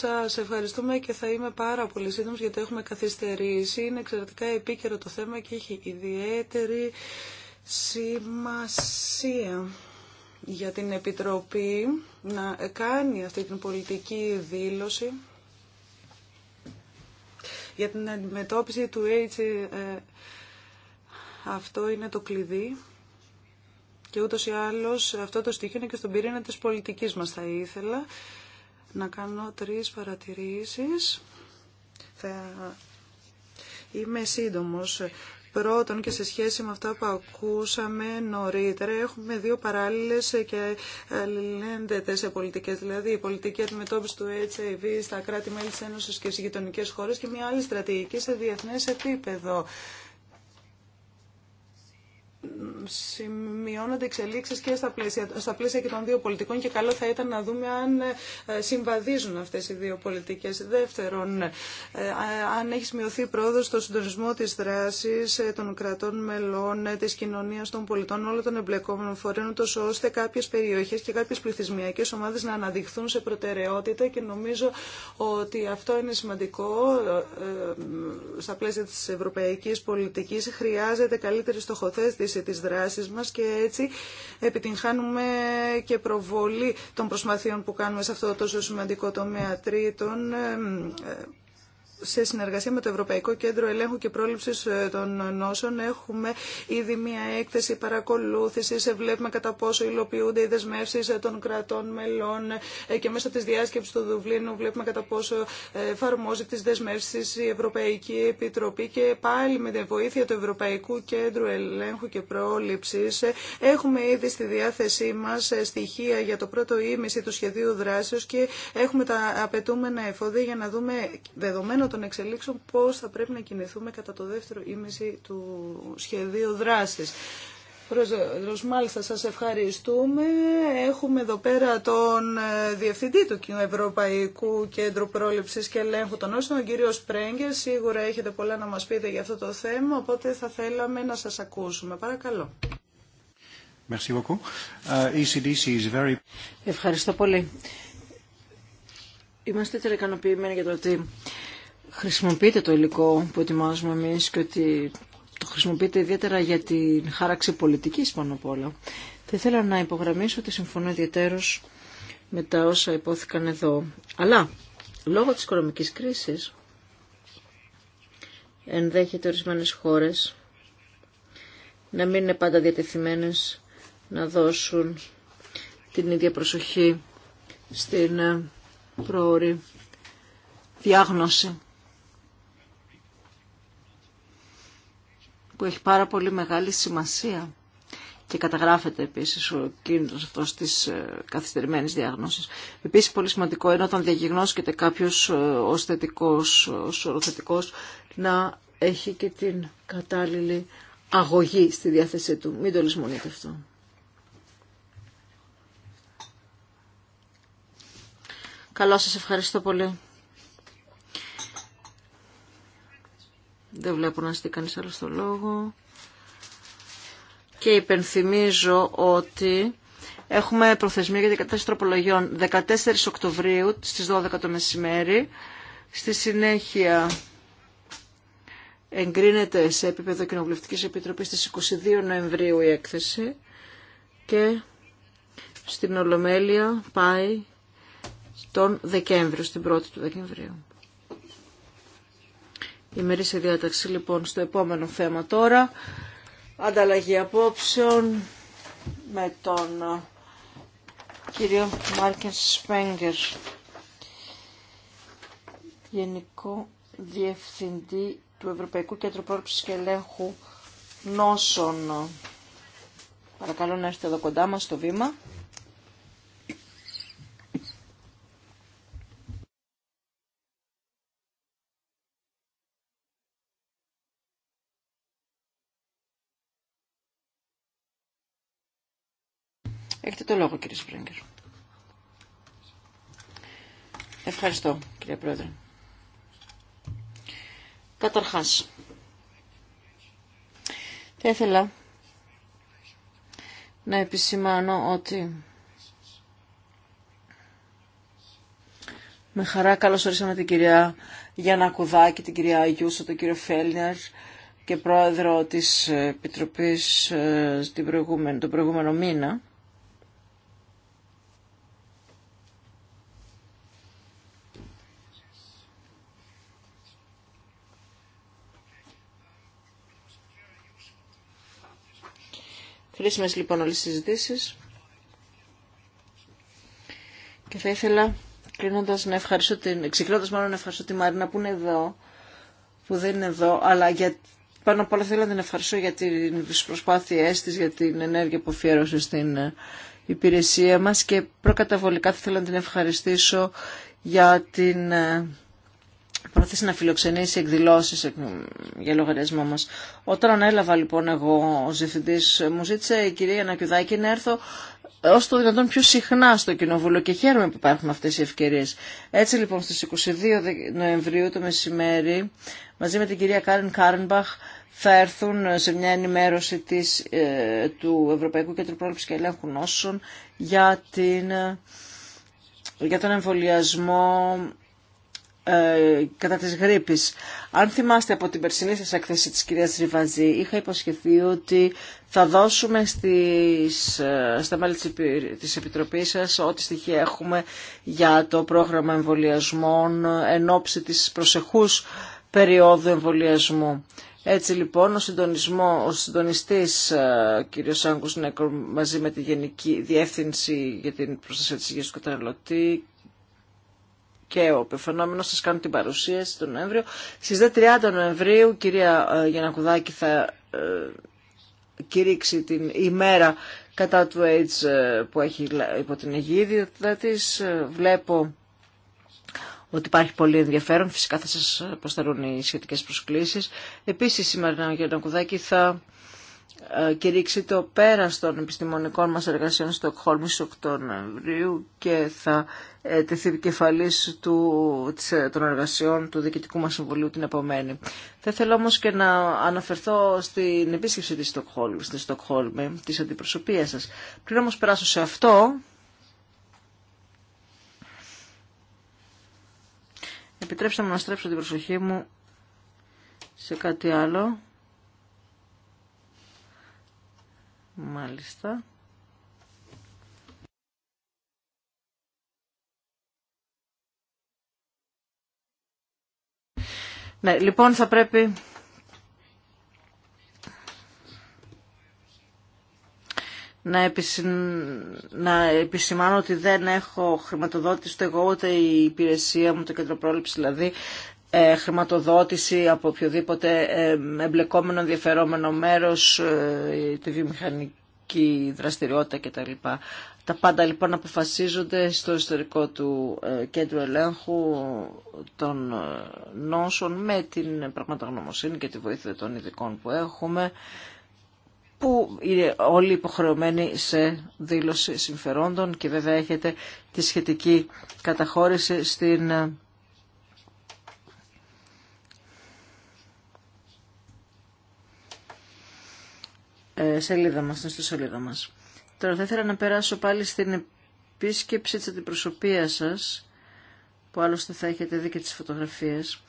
B: Σας ευχαριστούμε και θα είμαι πάρα πολύ σύντομος γιατί έχουμε καθυστερήσει. Είναι εξαιρετικά επίκαιρο το θέμα και έχει ιδιαίτερη σημασία για την Επιτροπή να κάνει αυτή την πολιτική δήλωση για την αντιμετώπιση του AIDS. Ε, αυτό είναι το κλειδί. Και ούτως ή άλλως αυτό το στοιχείο είναι και στον πυρήνα της πολιτικής μας θα ήθελα να κάνω τρεις παρατηρήσεις. Θα... Είμαι σύντομος. Πρώτον και σε σχέση με αυτά που ακούσαμε νωρίτερα, έχουμε δύο παράλληλες και αλληλένδετες πολιτικές, δηλαδή η πολιτική αντιμετώπιση του HIV στα κράτη-μέλη της Ένωσης και στις γειτονικές χώρες και μια άλλη στρατηγική σε διεθνές επίπεδο σημειώνονται εξελίξεις και στα πλαίσια, στα πλαίσια και των δύο πολιτικών και καλό θα ήταν να δούμε αν ε, συμβαδίζουν αυτές οι δύο πολιτικές. Δεύτερον, ε, αν έχει σημειωθεί πρόοδος στο συντονισμό της δράσης ε, των κρατών μελών, της κοινωνίας των πολιτών, όλων των εμπλεκόμενων φορέων, τόσο ώστε κάποιες περιοχές και κάποιες πληθυσμιακές ομάδες να αναδειχθούν σε προτεραιότητα και νομίζω ότι αυτό είναι σημαντικό στα πλαίσια της ευρωπαϊκής πολιτικής. Χρειάζεται καλύτερη στοχοθέτηση της μας και έτσι επιτυγχάνουμε και προβολή των προσπαθειών που κάνουμε σε αυτό το τόσο σημαντικό τομέα τρίτον σε συνεργασία με το Ευρωπαϊκό Κέντρο Ελέγχου και πρόληψη ε, των Νόσων έχουμε ήδη μία έκθεση παρακολούθηση. Ε, βλέπουμε κατά πόσο υλοποιούνται οι δεσμεύσει ε, των κρατών μελών και μέσω τη διάσκεψη του Δουβλίνου βλέπουμε κατά πόσο εφαρμόζει τι δεσμεύσει η Ευρωπαϊκή Επιτροπή και πάλι με τη βοήθεια του Ευρωπαϊκού Κέντρου Ελέγχου και πρόληψη. έχουμε ήδη στη διάθεσή μα στοιχεία για το πρώτο ήμιση του σχεδίου δράσεω και έχουμε τα απαιτούμενα εφόδια για να δούμε δεδομένο των εξελίξεων πώς θα πρέπει να κινηθούμε κατά το δεύτερο ήμιση του σχεδίου δράσης. Πρόεδρος, μάλιστα σας ευχαριστούμε. Έχουμε εδώ πέρα τον ε, Διευθυντή του Ευρωπαϊκού Κέντρου Πρόληψης και Ελέγχου των Όσων, τον κύριο Σπρέγγερ. Σίγουρα έχετε πολλά να μας πείτε για αυτό το θέμα, οπότε θα θέλαμε να σας ακούσουμε. Παρακαλώ. Ε, e
A: Ευχαριστώ πολύ. Είμαστε τελικανοποιημένοι για το ότι χρησιμοποιείτε το υλικό που ετοιμάζουμε εμείς και ότι το χρησιμοποιείται ιδιαίτερα για την χάραξη πολιτικής πάνω απ' όλα. Θα ήθελα να υπογραμμίσω ότι συμφωνώ ιδιαίτερως με τα όσα υπόθηκαν εδώ. Αλλά, λόγω της οικονομικής κρίσης, ενδέχεται ορισμένε χώρες να μην είναι πάντα διατεθειμένες να δώσουν την ίδια προσοχή στην ε, πρόορη διάγνωση που έχει πάρα πολύ μεγάλη σημασία και καταγράφεται επίσης ο κίνδυνος αυτός της ε, καθυστερημένης διάγνωσης. Επίσης πολύ σημαντικό είναι όταν διαγνώσκεται κάποιος ε, ως θετικός, να έχει και την κατάλληλη αγωγή στη διάθεσή του. Μην το λησμονείτε αυτό. Καλώς σας ευχαριστώ πολύ. Δεν βλέπω να στεί κανείς άλλο στο λόγο. Και υπενθυμίζω ότι έχουμε προθεσμία για την κατάσταση τροπολογιών 14 Οκτωβρίου στις 12 το μεσημέρι. Στη συνέχεια εγκρίνεται σε επίπεδο Κοινοβουλευτικής Επιτροπής στις 22 Νοεμβρίου η έκθεση και στην Ολομέλεια πάει τον Δεκέμβριο, στην 1η του Δεκεμβρίου. Η σε διάταξη λοιπόν στο επόμενο θέμα τώρα. Ανταλλαγή απόψεων με τον ε, κύριο Μάρκεν Σπέγκερ, Γενικό Διευθυντή του Ευρωπαϊκού Κέντρου Πρόληψης και Ελέγχου Νόσων. Παρακαλώ να έρθετε εδώ κοντά μας στο βήμα. Έχετε το λόγο κύριε Σπρέγκερ. Ευχαριστώ κύριε Πρόεδρε. Καταρχάς, θα ήθελα να επισημάνω ότι με χαρά καλώς ορίσαμε την κυρία Γιάννα Κουδάκη, την κυρία Αγιούσο, τον κύριο Φέλνερ και πρόεδρο της Επιτροπής ε, τον προηγούμενο μήνα Χρήσιμες λοιπόν όλες τις συζητήσεις. Και θα ήθελα να ευχαριστώ την, ξεκινώντας μάλλον να ευχαριστώ τη Μαρίνα που είναι εδώ, που δεν είναι εδώ, αλλά για, πάνω απ' όλα θέλω να την ευχαριστώ για τις προσπάθειές της, για την ενέργεια που αφιέρωσε στην ε, υπηρεσία μας και προκαταβολικά θα ήθελα να την ευχαριστήσω για την ε, προσπαθήσει να φιλοξενήσει εκδηλώσεις για λογαριασμό μας. Όταν έλαβα, λοιπόν εγώ ως διευθυντής μου ζήτησε η κυρία Νακιουδάκη να έρθω ως ε, το δυνατόν πιο συχνά στο Κοινοβούλιο και χαίρομαι που υπάρχουν αυτές οι ευκαιρίες. Έτσι λοιπόν στις 22 Νοεμβρίου το μεσημέρι μαζί με την κυρία Κάριν Κάρνμπαχ θα έρθουν σε μια ενημέρωση της, ε, του Ευρωπαϊκού Κέντρου Πρόληψης και Ελέγχου Νόσων για, την, ε, για τον εμβολιασμό ε, κατά της γρήπης. Αν θυμάστε από την περσινή σας έκθεση της κυρίας Ριβαζή, είχα υποσχεθεί ότι θα δώσουμε στις, ε, στα μέλη της Επιτροπής σας ό,τι στοιχεία έχουμε για το πρόγραμμα εμβολιασμών εν ώψη της προσεχούς περίοδου εμβολιασμού. Έτσι λοιπόν ο, συντονισμό, ο συντονιστής ε, κ. Σάγκος μαζί με τη Γενική Διεύθυνση για την Προστασία της Υγείας του Καταναλωτή και ο φαινόμενο σα κάνω την παρουσίαση τον Νοέμβριο. Στι 30 Νοεμβρίου, κυρία ε, Γιανακουδάκη θα ε, κηρύξει την ημέρα κατά του AIDS ε, που έχει υπό την αιγίδια της. Βλέπω ότι υπάρχει πολύ ενδιαφέρον. Φυσικά θα σας προσταρούν οι σχετικές προσκλήσεις. Επίσης σήμερα, ο Γιάννα θα ε, κηρύξει το πέρα των επιστημονικών μας εργασιών στο Κχόλμις 8 Νοεμβρίου και θα ε, τεθεί επικεφαλής του, ε, των εργασιών του Διοικητικού μας Συμβουλίου την επομένη. Θα ήθελα όμως και να αναφερθώ στην επίσκεψη της Στοκχόλμη, στη Στοκχόλμη, της αντιπροσωπείας σας. Πριν όμως περάσω σε αυτό, επιτρέψτε μου να στρέψω την προσοχή μου σε κάτι άλλο Μάλιστα. Ναι, λοιπόν θα πρέπει να, επισημάνω ότι δεν έχω χρηματοδότηση ούτε εγώ ούτε η υπηρεσία μου, το κέντρο πρόληψη δηλαδή, ε, χρηματοδότηση από οποιοδήποτε ε, εμπλεκόμενο ενδιαφερόμενο μέρος, ε, τη βιομηχανική δραστηριότητα κτλ. Τα πάντα λοιπόν αποφασίζονται στο ιστορικό του κέντρου ελέγχου των νόσων με την πραγματογνωμοσύνη και τη βοήθεια των ειδικών που έχουμε που είναι όλοι υποχρεωμένοι σε δήλωση συμφερόντων και βέβαια έχετε τη σχετική καταχώρηση στην Ε, σελίδα μας, στην ιστοσελίδα μας. Τώρα θα ήθελα να περάσω πάλι στην επίσκεψη της αντιπροσωπείας σας, που άλλωστε θα έχετε δει και τις φωτογραφίες.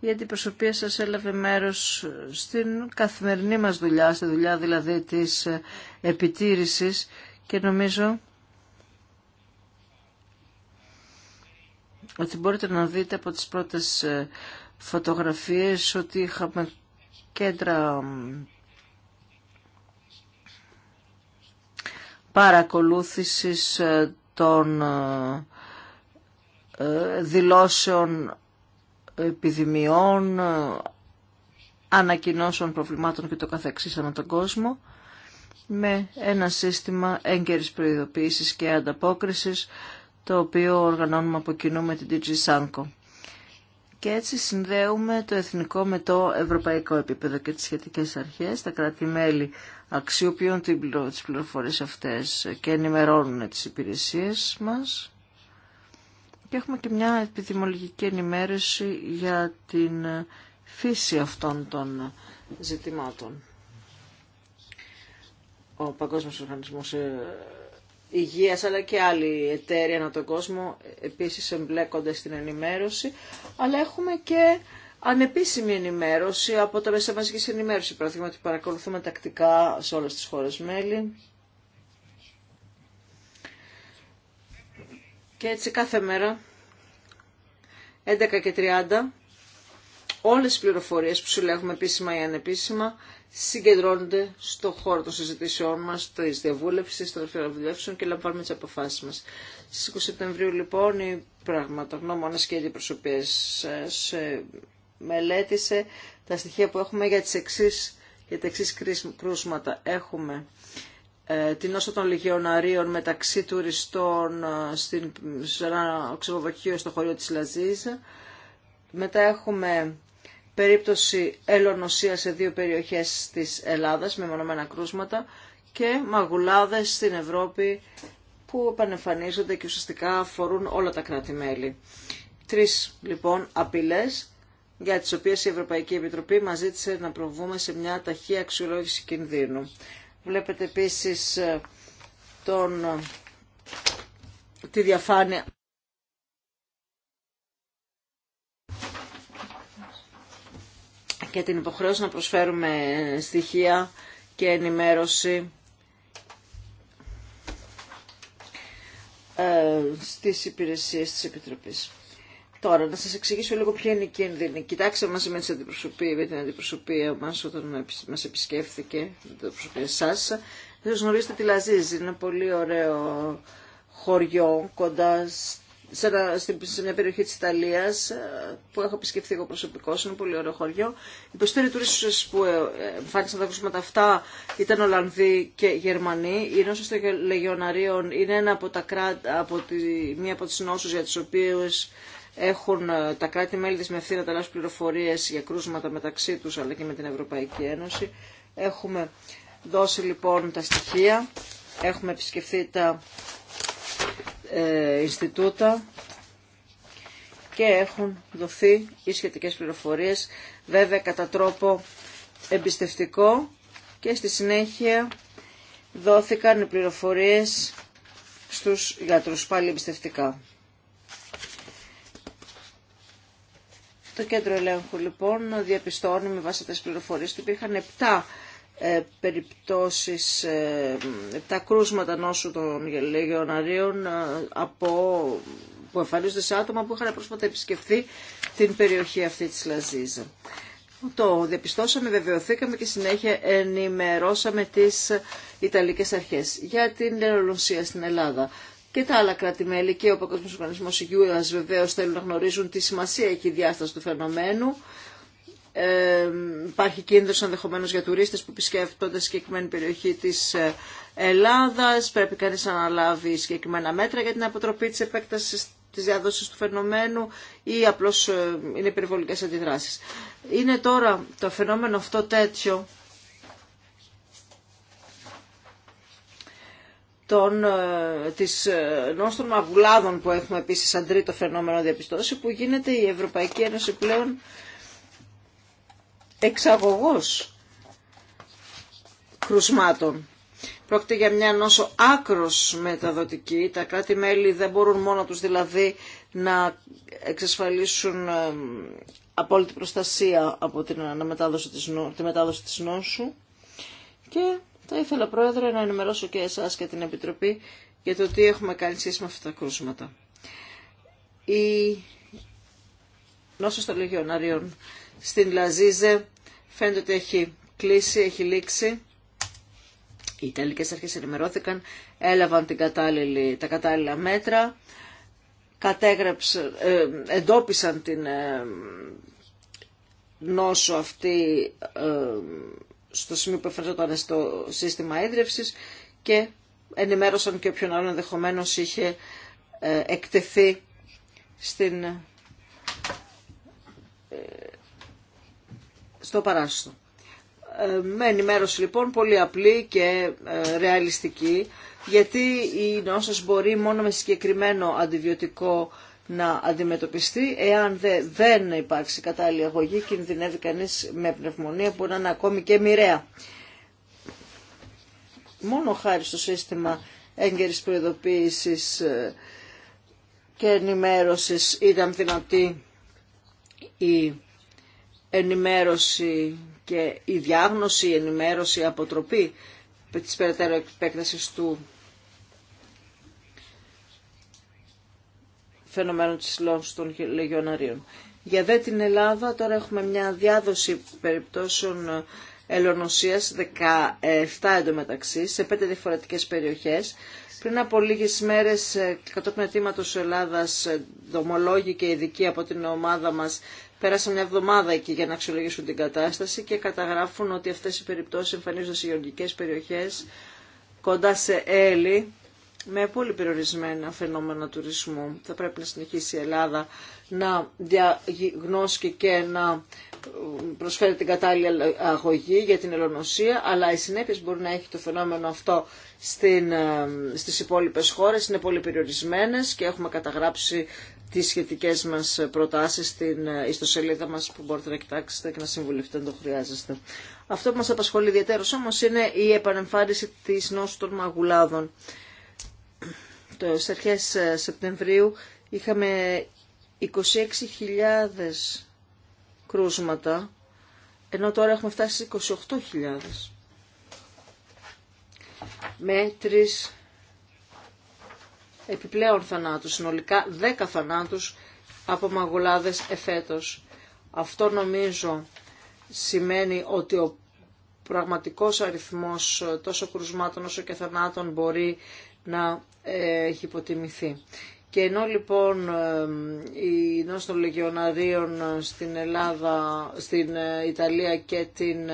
A: Η αντιπροσωπεία σας έλαβε μέρος στην καθημερινή μας δουλειά, στη δουλειά δηλαδή της ε, επιτήρησης και νομίζω ότι μπορείτε να δείτε από τις πρώτες ε, φωτογραφίες ότι είχαμε κέντρα παρακολούθησης ε, των ε, ε, δηλώσεων επιδημιών, ανακοινώσεων προβλημάτων και το καθεξής ανά τον κόσμο με ένα σύστημα έγκαιρης προειδοποίησης και ανταπόκρισης το οποίο οργανώνουμε από κοινού με την DG Sanko και έτσι συνδέουμε το εθνικό με το ευρωπαϊκό επίπεδο και τις σχετικές αρχές. Τα κράτη-μέλη αξιοποιούν τις πληροφορίες αυτές και ενημερώνουν τις υπηρεσίες μας. Και έχουμε και μια επιδημολογική ενημέρωση για την φύση αυτών των ζητημάτων. Ο Παγκόσμιος Οργανισμός ε, υγεία αλλά και άλλοι εταίροι ανά τον κόσμο επίση εμπλέκονται στην ενημέρωση, αλλά έχουμε και ανεπίσημη ενημέρωση από τα μέσα μαζική ενημέρωση. Παραδείγματι, παρακολουθούμε τακτικά σε όλε τι χώρε μέλη. Και έτσι κάθε μέρα, 11 και 30, όλες τις πληροφορίες που συλλέγουμε επίσημα ή ανεπίσημα, συγκεντρώνονται στο χώρο των συζητήσεών μας, τη διαβούλευση, των διαβουλεύσεων και λαμβάνουμε τις αποφάσεις μας. Στις 20 Σεπτεμβρίου λοιπόν οι πραγματογνωμόνα και οι ε, μελέτησε τα στοιχεία που έχουμε για, τις εξή για τα εξή κρούσματα. Έχουμε ε, την όσο των λιγιοναρίων μεταξύ τουριστών ε, στην, σε ένα στο χωριό της Λαζίζα. Μετά έχουμε περίπτωση ελονοσία σε δύο περιοχές της Ελλάδας με μονομένα κρούσματα και μαγουλάδες στην Ευρώπη που επανεμφανίζονται και ουσιαστικά αφορούν όλα τα κράτη-μέλη. Τρεις λοιπόν απειλές για τις οποίες η Ευρωπαϊκή Επιτροπή μας ζήτησε να προβούμε σε μια ταχεία αξιολόγηση κινδύνου. Βλέπετε επίσης ε, τον... Ε, τη διαφάνεια και την υποχρέωση να προσφέρουμε στοιχεία και ενημέρωση ε, στις υπηρεσίες της Επιτροπής. Τώρα, να σας εξηγήσω λίγο ποια είναι η κίνδυνη. Κοιτάξτε μαζί με, με την αντιπροσωπεία μας όταν μας επισκέφθηκε, με την αντιπροσωπεία σας. Δεν γνωρίζετε τη Λαζίζη, είναι ένα πολύ ωραίο χωριό κοντά σε μια περιοχή της Ιταλίας ε, που έχω επισκεφθεί εγώ προσωπικό είναι πολύ ωραίο χωριό. Οι περισσότεροι τουρίστες που ε, εμφάνισαν τα κρούσματα αυτά ήταν Ολλανδοί και Γερμανοί. Η νόσος των λεγιοναρίων είναι ένα από τα κράτη, από τη, μία από τις νόσους για τις οποίες έχουν ε, τα κράτη-μέλη της με να πληροφορίες για κρούσματα μεταξύ τους αλλά και με την Ευρωπαϊκή Ένωση. Έχουμε δώσει λοιπόν τα στοιχεία, έχουμε επισκεφθεί τα ε, Ινστιτούτα και έχουν δοθεί οι σχετικές πληροφορίες βέβαια κατά τρόπο εμπιστευτικό και στη συνέχεια δόθηκαν οι πληροφορίες στους γιατρούς πάλι εμπιστευτικά. Το κέντρο ελέγχου λοιπόν διαπιστώνει με βάση τις πληροφορίες ότι υπήρχαν 7 ε, περιπτώσεις, ε, τα κρούσματα νόσου των λεγεωναρίων ε, από, που εμφανίζονται σε άτομα που είχαν πρόσφατα επισκεφθεί την περιοχή αυτή της Λαζίζα. Το διαπιστώσαμε, βεβαιωθήκαμε και συνέχεια ενημερώσαμε τις Ιταλικές αρχές για την νερολουσία στην Ελλάδα. Και τα άλλα κράτη-μέλη και ο Παγκόσμιος Οργανισμός Υγείας βεβαίως θέλουν να γνωρίζουν τη σημασία και η διάσταση του φαινομένου ε, υπάρχει κίνδυνος ενδεχομένω για τουρίστες που επισκέπτονται συγκεκριμένη περιοχή της ε, Ελλάδας. Πρέπει κανείς να αναλάβει συγκεκριμένα μέτρα για την αποτροπή της επέκτασης της διάδοσης του φαινομένου ή απλώς ε, είναι περιβολικές αντιδράσεις. Είναι τώρα το φαινόμενο αυτό τέτοιο των, ε, της νόστων αυγουλάδων που έχουμε επίσης σαν τρίτο φαινόμενο διαπιστώσει που γίνεται η Ευρωπαϊκή Ένωση πλέον εξαγωγός κρουσμάτων. Πρόκειται για μια νόσο άκρος μεταδοτική. Τα κράτη-μέλη δεν μπορούν μόνο τους δηλαδή να εξασφαλίσουν ε, απόλυτη προστασία από την μετάδοση της, τη μετάδοση της νόσου. Και θα ήθελα, Πρόεδρε, να ενημερώσω και εσάς και την Επιτροπή για το τι έχουμε κάνει σχέση αυτά τα κρούσματα. Η νόσο των Λεγιοναρίων στην Λαζίζε. Φαίνεται ότι έχει κλείσει, έχει λήξει. Οι Ιταλικές αρχέ ενημερώθηκαν, έλαβαν την τα κατάλληλα μέτρα, ε, εντόπισαν την ε, νόσο αυτή ε, στο σημείο που εφαρμοζόταν στο σύστημα ίδρυυσης και ενημέρωσαν και όποιον άλλο ενδεχομένω είχε εκτεθεί στην στο παράστο. Ε, με ενημέρωση λοιπόν πολύ απλή και ε, ρεαλιστική, γιατί η νόσος μπορεί μόνο με συγκεκριμένο αντιβιωτικό να αντιμετωπιστεί. Εάν δεν υπάρξει κατάλληλη αγωγή, κινδυνεύει κανείς με πνευμονία, μπορεί να είναι ακόμη και μοιραία. Μόνο χάρη στο σύστημα έγκαιρης προειδοποίησης ε, και ενημέρωσης ήταν δυνατή η ενημέρωση και η διάγνωση, η ενημέρωση, η αποτροπή της περαιτέρω επέκτασης του φαινομένου της λόγου των λεγιοναρίων. Για δε την Ελλάδα τώρα έχουμε μια διάδοση περιπτώσεων ελονοσίας 17 εντωμεταξύ σε πέντε διαφορετικές περιοχές. Πριν από λίγες μέρες ε, κατόπιν αιτήματος Ελλάδας ε, δομολόγοι και ειδικοί από την ομάδα μας Πέρασε μια εβδομάδα εκεί για να αξιολογήσουν την κατάσταση και καταγράφουν ότι αυτές οι περιπτώσεις εμφανίζονται σε γεωργικές περιοχές κοντά σε έλλη με πολύ περιορισμένα φαινόμενα τουρισμού. Θα πρέπει να συνεχίσει η Ελλάδα να διαγνώσκει και να ε, προσφέρει την κατάλληλη αγωγή για την ελονοσία, αλλά οι συνέπειες μπορεί να έχει το φαινόμενο αυτό στην, ε, στις υπόλοιπες χώρες είναι πολύ περιορισμένες και έχουμε καταγράψει τις σχετικές μας προτάσεις στην ε, ιστοσελίδα μας που μπορείτε να κοιτάξετε και να συμβουλευτείτε αν το χρειάζεστε. Αυτό που μας απασχολεί ιδιαίτερο όμως είναι η επανεμφάνιση της νόσου των μαγουλάδων. Το αρχές ε, Σεπτεμβρίου είχαμε 26.000 κρούσματα, ενώ τώρα έχουμε φτάσει στις 28.000. Με τρεις επιπλέον θανάτους, συνολικά 10 θανάτους από μαγουλάδες εφέτος. Αυτό νομίζω σημαίνει ότι ο πραγματικός αριθμός τόσο κρουσμάτων όσο και θανάτων μπορεί να ε, έχει υποτιμηθεί. Και ενώ λοιπόν ε, η νόση των στην Ελλάδα, στην ε, Ιταλία και, την,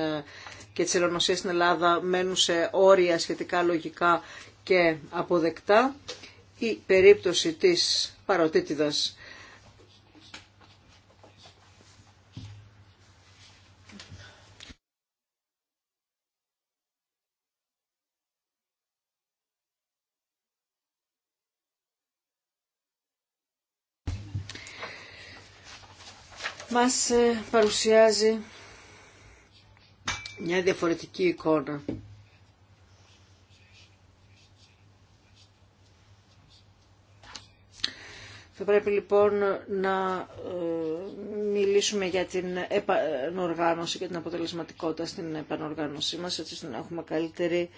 A: και τις στην Ελλάδα μένουν σε όρια σχετικά λογικά και αποδεκτά, η περίπτωση της παροτίτιδας μας ε, παρουσιάζει μια διαφορετική εικόνα Θα πρέπει λοιπόν να ε, μιλήσουμε για την επανοργάνωση και την αποτελεσματικότητα στην επανοργάνωσή μας, έτσι ώστε να έχουμε καλύτερη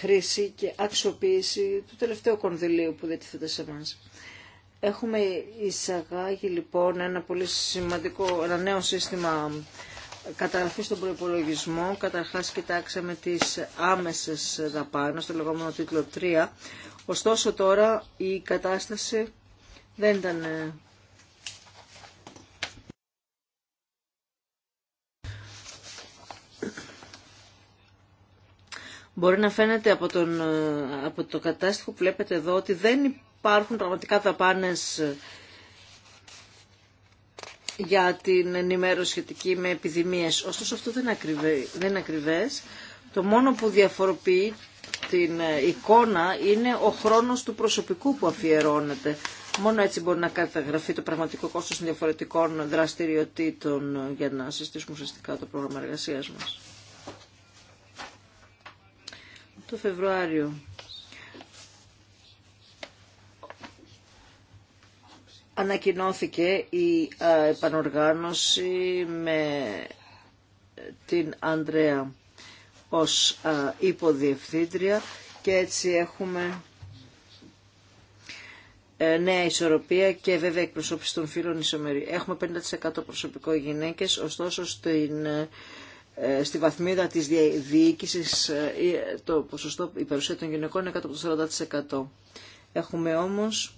A: χρήση και αξιοποίηση του τελευταίου κονδυλίου που διατίθεται σε εμάς. Έχουμε εισαγάγει λοιπόν ένα πολύ σημαντικό, ένα νέο σύστημα καταγραφή στον προπολογισμό, καταρχάς κοιτάξαμε τι άμεσες δαπάνες, το λεγόμενο τίτλο 3. Ωστόσο τώρα η κατάσταση δεν ήταν ε, Μπορεί να φαίνεται από, τον, ε, από το κατάστοιχο που βλέπετε εδώ ότι δεν υπάρχουν πραγματικά δαπάνες για την ενημέρωση σχετική με επιδημίες. Ωστόσο αυτό δεν, ακριβέ, δεν είναι ακριβές. Το μόνο που διαφοροποιεί την ε, εικόνα είναι ο χρόνος του προσωπικού που αφιερώνεται. Μόνο έτσι μπορεί να καταγραφεί το πραγματικό κόστος των διαφορετικών δραστηριοτήτων για να συστήσουμε ουσιαστικά το πρόγραμμα εργασίας μας. Το Φεβρουάριο ανακοινώθηκε η επανοργάνωση με την Ανδρέα ως υποδιευθύντρια και έτσι έχουμε ε, νέα ισορροπία και βέβαια εκπροσώπηση των φίλων ισομερή. Έχουμε 50% προσωπικό γυναίκες, ωστόσο ε, στη βαθμίδα της διοίκησης ε, το ποσοστό, η παρουσία των γυναικών είναι κάτω από το 40%. Έχουμε όμως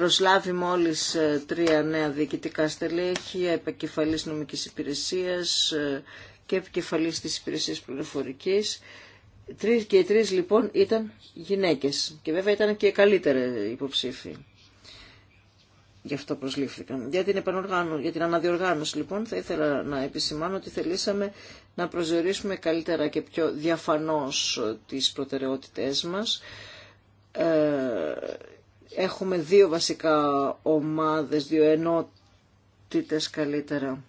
A: προσλάβει μόλις ε, τρία νέα διοικητικά στελέχη, επικεφαλής νομικής υπηρεσίας ε, και επικεφαλής της υπηρεσίας πληροφορικής. Τρεις και οι τρεις λοιπόν ήταν γυναίκες και βέβαια ήταν και καλύτεροι υποψήφοι. Γι' αυτό προσλήφθηκαν. Για την, για αναδιοργάνωση λοιπόν θα ήθελα να επισημάνω ότι θελήσαμε να προσδιορίσουμε καλύτερα και πιο διαφανώς ε, τις προτεραιότητές μας Έχουμε δύο βασικά ομάδες, δύο ενότητες καλύτερα.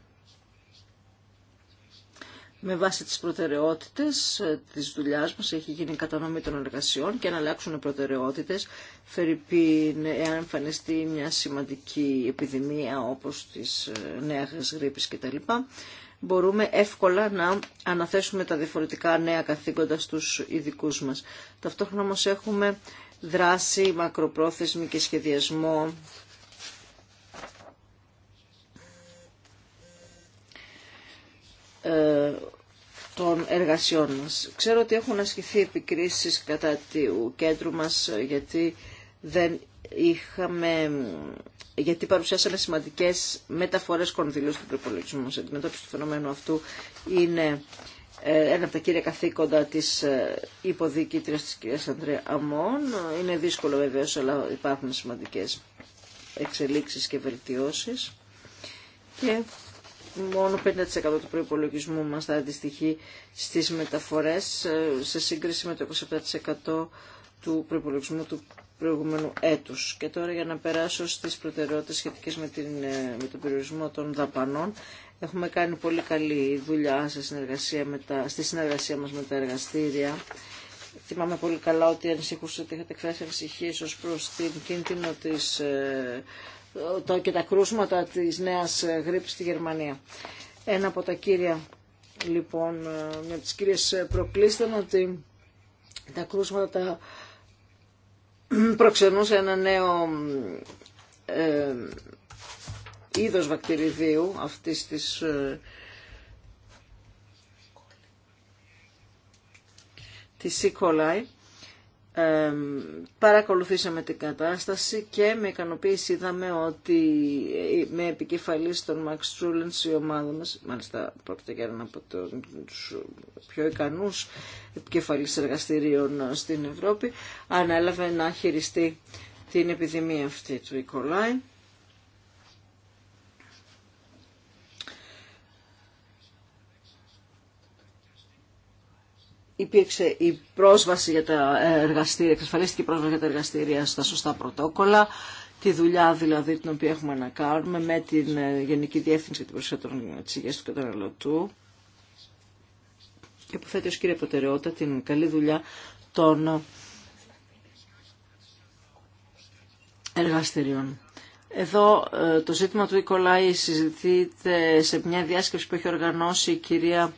A: Με βάση τις προτεραιότητες της δουλειάς μας έχει γίνει κατανομή των εργασιών και αν αλλάξουν οι προτεραιότητες, εάν εμφανιστεί μια σημαντική επιδημία όπως της ε, νέας γρήπης κτλ, μπορούμε εύκολα να αναθέσουμε τα διαφορετικά νέα καθήκοντα στους ειδικούς μας. Ταυτόχρονα όμως έχουμε δράση, μακροπρόθεσμη και σχεδιασμό. Ε, των εργασιών μας. Ξέρω ότι έχουν ασκηθεί επικρίσεις κατά του κέντρου μας γιατί δεν είχαμε γιατί παρουσιάσαμε σημαντικές μεταφορές κονδυλίων στον προπολογισμό μας. Η αντιμετώπιση του φαινομένου αυτού είναι ε, ένα από τα κύρια καθήκοντα της ε, υποδικήτριας της κυρίας Ανδρέα Αμών. Είναι δύσκολο βεβαίως, αλλά υπάρχουν σημαντικές εξελίξεις και βελτιώσεις. Και μόνο 50% του προϋπολογισμού μας θα αντιστοιχεί στις μεταφορές ε, σε σύγκριση με το 27% του προϋπολογισμού του προηγούμενου έτους. Και τώρα για να περάσω στις προτεραιότητες σχετικές με, με τον περιορισμό των δαπανών, Έχουμε κάνει πολύ καλή δουλειά σε συνεργασία με τα, στη συνεργασία μας με τα εργαστήρια. Θυμάμαι πολύ καλά ότι ανησυχούσατε, ότι είχατε εκφράσει ανησυχίες ως προς την κίνδυνο της, ε, το, και τα κρούσματα της νέας ε, γρήπης στη Γερμανία. Ένα από τα κύρια, λοιπόν, ε, μια από τις κύριες προκλήσεων ότι τα κρούσματα προξενούσε ένα νέο είδος βακτηριδίου αυτής της ε, της E. coli. Ε, παρακολουθήσαμε την κατάσταση και με ικανοποίηση είδαμε ότι ε, με επικεφαλής των Max Trulens η ομάδα μας, μάλιστα πρόκειται για ένα από τους πιο ικανούς επικεφαλής εργαστηρίων στην Ευρώπη, ανέλαβε να χειριστεί την επιδημία αυτή του E. coli υπήρξε η πρόσβαση για τα εργαστήρια, εξασφαλίστηκε η πρόσβαση για τα εργαστήρια στα σωστά πρωτόκολλα, τη δουλειά δηλαδή την οποία έχουμε να κάνουμε με την ε, Γενική Διεύθυνση για την Προστασία ε, της Υγείας του Καταναλωτού και που θέτει ως κύρια προτεραιότητα την καλή δουλειά των εργαστηριών. Εδώ ε, το ζήτημα του E. συζητείται σε μια διάσκεψη που έχει οργανώσει η κυρία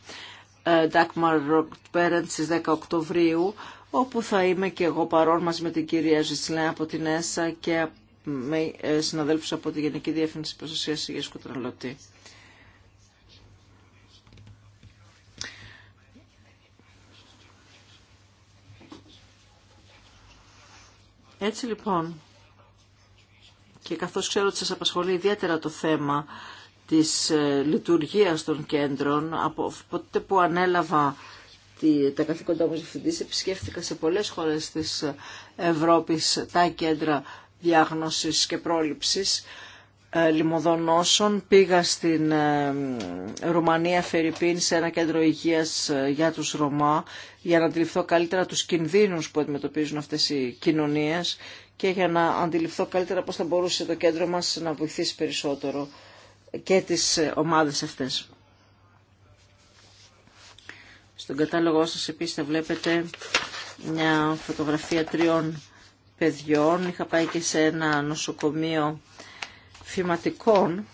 A: ε, Dagmar ΠΕΡΕΝΤ στις 10 Οκτωβρίου, όπου θα είμαι και εγώ παρόν μαζί με την κυρία Ζησλέα από την ΕΣΑ και με ε, συναδέλφους από τη Γενική Διεύθυνση Προστασίας Υγείας Κουτραλωτή. Έτσι λοιπόν, και καθώς ξέρω ότι σας απασχολεί ιδιαίτερα το θέμα της ε, λειτουργίας των κέντρων. Από ποτέ που ανέλαβα τα καθήκοντά μου διευθυντής, επισκέφθηκα σε πολλές χώρες της ε, Ευρώπης τα κέντρα διάγνωσης και πρόληψης ε, λιμοδονώσεων Πήγα στην Ρουμανία Φερρυπίν σε ένα κέντρο υγείας για τους Ρωμά για να αντιληφθώ καλύτερα τους κινδύνους που αντιμετωπίζουν αυτές οι κοινωνίες και για να αντιληφθώ καλύτερα πώς θα μπορούσε το κέντρο μας να βοηθήσει περισσότερο και τις ομάδες αυτές. Στον κατάλογό σας επίσης θα βλέπετε μια φωτογραφία τριών παιδιών. Είχα πάει και σε ένα νοσοκομείο φυματικών,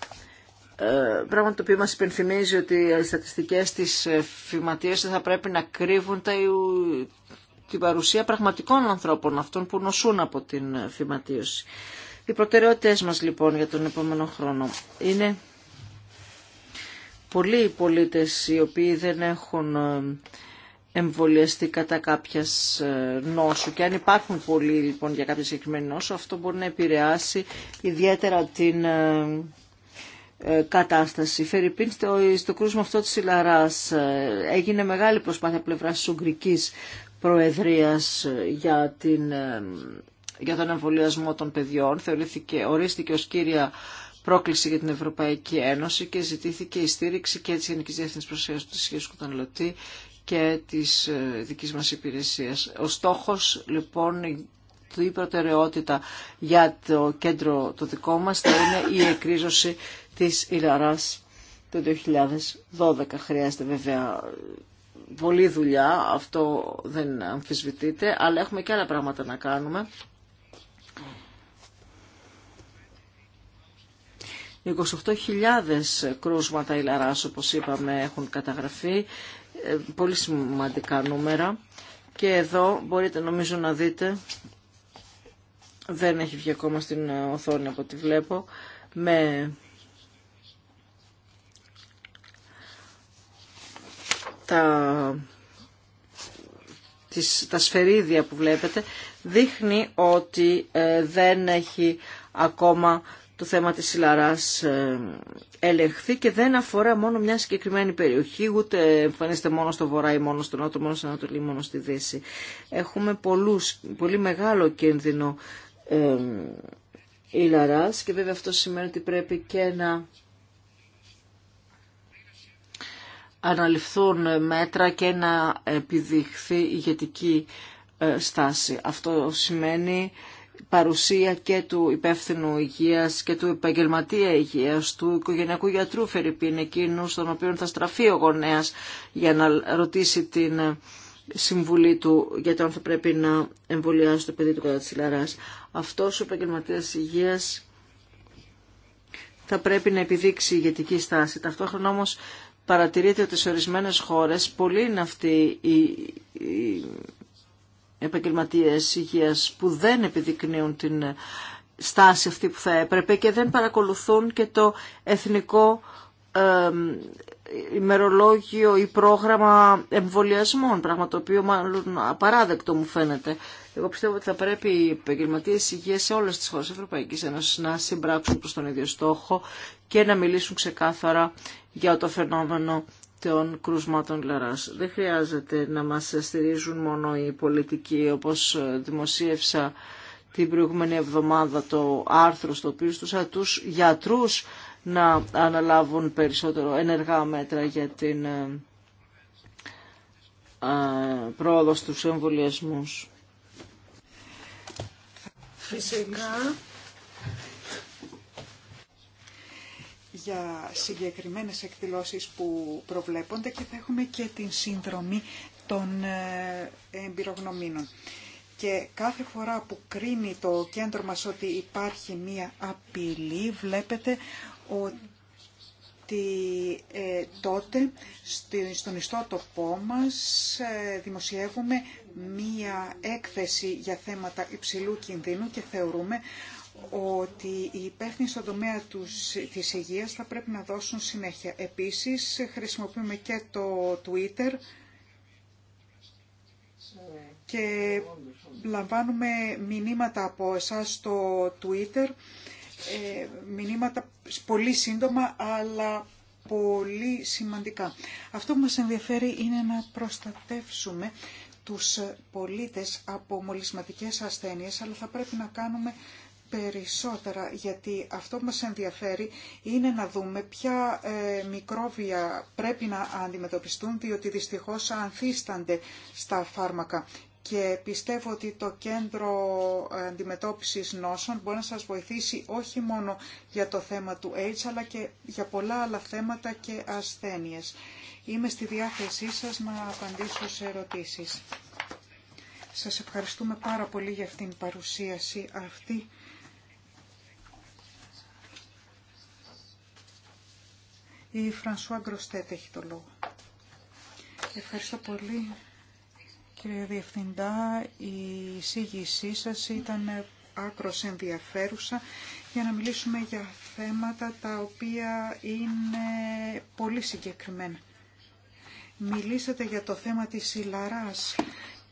A: ε, πράγμα το οποίο μας υπενθυμίζει ότι οι στατιστικές της φυματίας θα πρέπει να κρύβουν τα, την παρουσία πραγματικών ανθρώπων, αυτών που νοσούν από την φυματίωση. Οι προτεραιότητες μας λοιπόν για τον επόμενο χρόνο είναι πολλοί πολίτες οι οποίοι δεν έχουν ε, εμβολιαστεί κατά κάποια ε, νόσου και αν υπάρχουν πολλοί λοιπόν για κάποια συγκεκριμένη νόσο αυτό μπορεί να επηρεάσει ιδιαίτερα την ε, κατάσταση. Φερρυπίν στο, στο κρούσμα αυτό της Ιλαράς έγινε μεγάλη προσπάθεια πλευράς της Ουγγρικής Προεδρίας για, την, για τον εμβολιασμό των παιδιών. Θεωρήθηκε, ορίστηκε ως κύρια πρόκληση για την Ευρωπαϊκή Ένωση και ζητήθηκε η στήριξη και της Γενικής Διεθνή Προσέγγισης του Σχέσου και της ε, δικής μας υπηρεσία. Ο στόχος λοιπόν η προτεραιότητα για το κέντρο το δικό μας θα είναι η εκρίζωση της Ιραράς το 2012. Χρειάζεται βέβαια ε, πολλή δουλειά, αυτό δεν αμφισβητείται, αλλά έχουμε και άλλα πράγματα να κάνουμε. 28.000 κρούσματα ηλαράς, όπως είπαμε, έχουν καταγραφεί. Ε, πολύ σημαντικά νούμερα. Και εδώ μπορείτε νομίζω να δείτε, δεν έχει βγει ακόμα στην οθόνη από ό,τι βλέπω, με τα, τις, τα σφαιρίδια που βλέπετε δείχνει ότι ε, δεν έχει ακόμα το θέμα της Σιλαράς ε, ελεγχθεί και δεν αφορά μόνο μια συγκεκριμένη περιοχή, ούτε εμφανίζεται μόνο στο βορρά ή μόνο στο νότο, μόνο στο Ανατολή, μόνο στη Δύση. Έχουμε πολλούς, πολύ μεγάλο κίνδυνο ε, και βέβαια αυτό σημαίνει ότι πρέπει και να αναλυφθούν μέτρα και να επιδειχθεί ηγετική ε, στάση. Αυτό σημαίνει παρουσία και του υπεύθυνου υγείας και του επαγγελματία υγείας, του οικογενειακού γιατρού Φερρυπίν, εκείνου στον οποίο θα στραφεί ο γονέας για να ρωτήσει την ε, συμβουλή του για το αν θα πρέπει να εμβολιάσει το παιδί του κατά τη λαράς. Αυτός ο επαγγελματίας υγείας θα πρέπει να επιδείξει ηγετική στάση. Ταυτόχρονα όμως παρατηρείται ότι σε ορισμένες χώρες πολλοί είναι αυτοί οι επαγγελματίες υγείας που δεν επιδεικνύουν την στάση αυτή που θα έπρεπε και δεν παρακολουθούν και το εθνικό ημερολόγιο ή πρόγραμμα εμβολιασμών, πράγμα το οποίο μάλλον απαράδεκτο μου φαίνεται. Εγώ πιστεύω ότι θα πρέπει οι επαγγελματίε υγεία σε όλε τι χώρε τη Ευρωπαϊκή Ένωση να συμπράξουν προ τον ίδιο στόχο και να μιλήσουν ξεκάθαρα για το φαινόμενο των κρουσμάτων Λαράς. Δεν χρειάζεται να μας στηρίζουν μόνο οι πολιτικοί, όπως δημοσίευσα την προηγούμενη εβδομάδα το άρθρο στο οποίο στους τους γιατρούς να αναλάβουν περισσότερο ενεργά μέτρα για την ε, ε, πρόοδο στους εμβολιασμούς.
B: για συγκεκριμένες εκδηλώσεις που προβλέπονται και θα έχουμε και την σύνδρομη των ε, εμπειρογνωμίνων. Και κάθε φορά που κρίνει το κέντρο μας ότι υπάρχει μία απειλή, βλέπετε ότι ε, τότε στον ιστότοπό μας ε, δημοσιεύουμε μία έκθεση για θέματα υψηλού κινδύνου και θεωρούμε ότι οι υπεύθυνοι στον τομέα τους, της υγείας θα πρέπει να δώσουν συνέχεια. Επίσης, χρησιμοποιούμε και το Twitter και λαμβάνουμε μηνύματα από εσάς στο Twitter, ε, μηνύματα πολύ σύντομα, αλλά πολύ σημαντικά. Αυτό που μας ενδιαφέρει είναι να προστατεύσουμε τους πολίτες από μολυσματικές ασθένειες, αλλά θα πρέπει να κάνουμε περισσότερα, γιατί αυτό που μας ενδιαφέρει είναι να δούμε ποια ε, μικρόβια πρέπει να αντιμετωπιστούν, διότι δυστυχώς ανθίστανται στα φάρμακα. Και πιστεύω ότι το Κέντρο ε, Αντιμετώπισης Νόσων μπορεί να σας βοηθήσει όχι μόνο για το θέμα του AIDS, αλλά και για πολλά άλλα θέματα και ασθένειες. Είμαι στη διάθεσή σας να απαντήσω σε ερωτήσεις. Σας ευχαριστούμε πάρα πολύ για αυτήν την παρουσίαση αυτή Η Φρανσουά Γκροστέτ έχει το λόγο. Ευχαριστώ πολύ. Κύριε Διευθυντά, η εισήγησή σας ήταν άκρος ενδιαφέρουσα για να μιλήσουμε για θέματα τα οποία είναι πολύ συγκεκριμένα. Μιλήσατε για το θέμα της Ιλαράς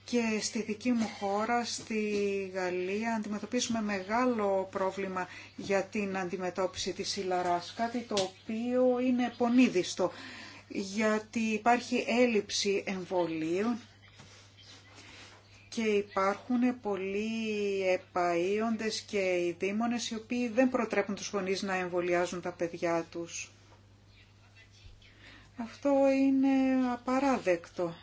B: και στη δική μου χώρα, στη Γαλλία, αντιμετωπίσουμε μεγάλο πρόβλημα για την αντιμετώπιση της ηλαράς, κάτι το οποίο είναι πονίδιστο, γιατί υπάρχει έλλειψη εμβολίων και υπάρχουν πολλοί επαΐοντες και οι δήμονες οι οποίοι δεν προτρέπουν τους γονείς να εμβολιάζουν τα παιδιά τους. Αυτό είναι απαράδεκτο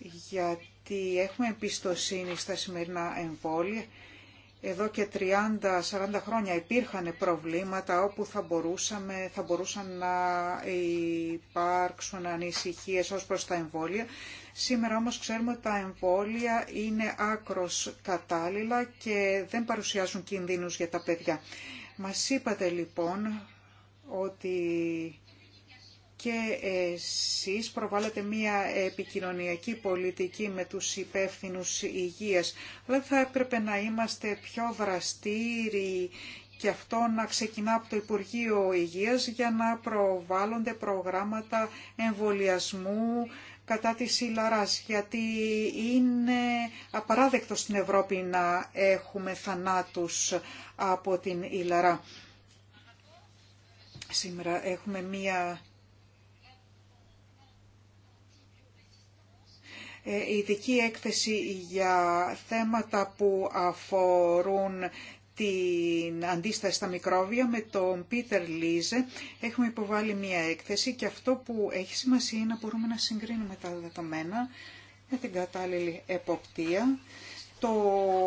B: γιατί έχουμε εμπιστοσύνη στα σημερινά εμβόλια. Εδώ και 30-40 χρόνια υπήρχαν προβλήματα όπου θα, μπορούσαμε, θα μπορούσαν να υπάρξουν ανησυχίες ως προς τα εμβόλια. Σήμερα όμως ξέρουμε ότι τα εμβόλια είναι άκρος κατάλληλα και δεν παρουσιάζουν κινδύνους για τα παιδιά. Μας είπατε λοιπόν ότι και εσείς προβάλλετε μία επικοινωνιακή πολιτική με τους υπεύθυνου υγείας. Αλλά θα έπρεπε να είμαστε πιο δραστήριοι και αυτό να ξεκινά από το Υπουργείο Υγείας για να προβάλλονται προγράμματα εμβολιασμού κατά της Ιλαράς, γιατί είναι απαράδεκτο στην Ευρώπη να έχουμε θανάτους από την Ιλαρά. Σήμερα έχουμε μία Ε, ειδική έκθεση για θέματα που αφορούν την αντίσταση στα μικρόβια με τον Πίτερ Λίζε. Έχουμε υποβάλει μία έκθεση και αυτό που έχει σημασία είναι να μπορούμε να συγκρίνουμε τα δεδομένα με την κατάλληλη εποπτεία. Το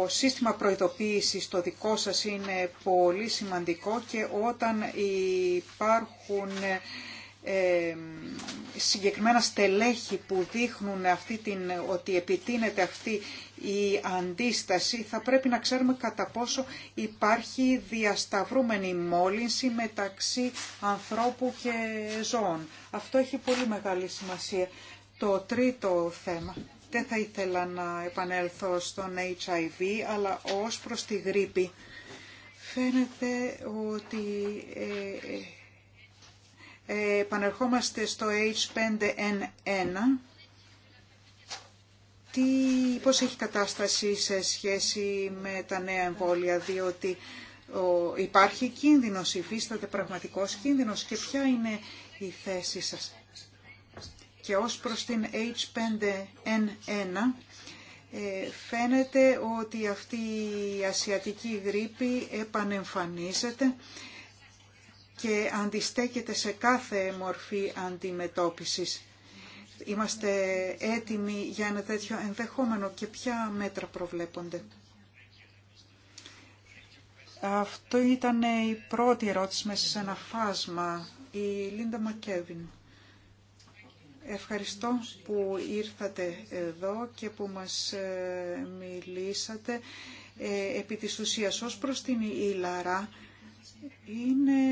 B: σύστημα προειδοποίησης το δικό σας είναι πολύ σημαντικό και όταν υπάρχουν ε, συγκεκριμένα στελέχη που δείχνουν αυτή την, ότι επιτείνεται αυτή η αντίσταση, θα πρέπει να ξέρουμε κατά πόσο υπάρχει διασταυρούμενη μόλυνση μεταξύ ανθρώπου και ζώων. Αυτό έχει πολύ μεγάλη σημασία. Το τρίτο θέμα. Δεν θα ήθελα να επανέλθω στον HIV, αλλά ως προς τη γρήπη. Φαίνεται ότι ε, ε, ε, επανερχόμαστε στο H5N1. Τι, πώς έχει κατάσταση σε σχέση με τα νέα εμβόλια, διότι ο, υπάρχει κίνδυνος, υφίσταται πραγματικός κίνδυνος και ποια είναι η θέση σας. Και ως προς την H5N1 ε, φαίνεται ότι αυτή η ασιατική γρήπη επανεμφανίζεται και αντιστέκεται σε κάθε μορφή αντιμετώπισης. Είμαστε έτοιμοι για ένα τέτοιο ενδεχόμενο και ποια μέτρα προβλέπονται. Αυτό ήταν η πρώτη ερώτηση μέσα σε ένα φάσμα, η Λίντα Μακέβιν. Ευχαριστώ που ήρθατε εδώ και που μας ε, μιλήσατε ε, επί της ουσίας ως προς την Ήλαρα είναι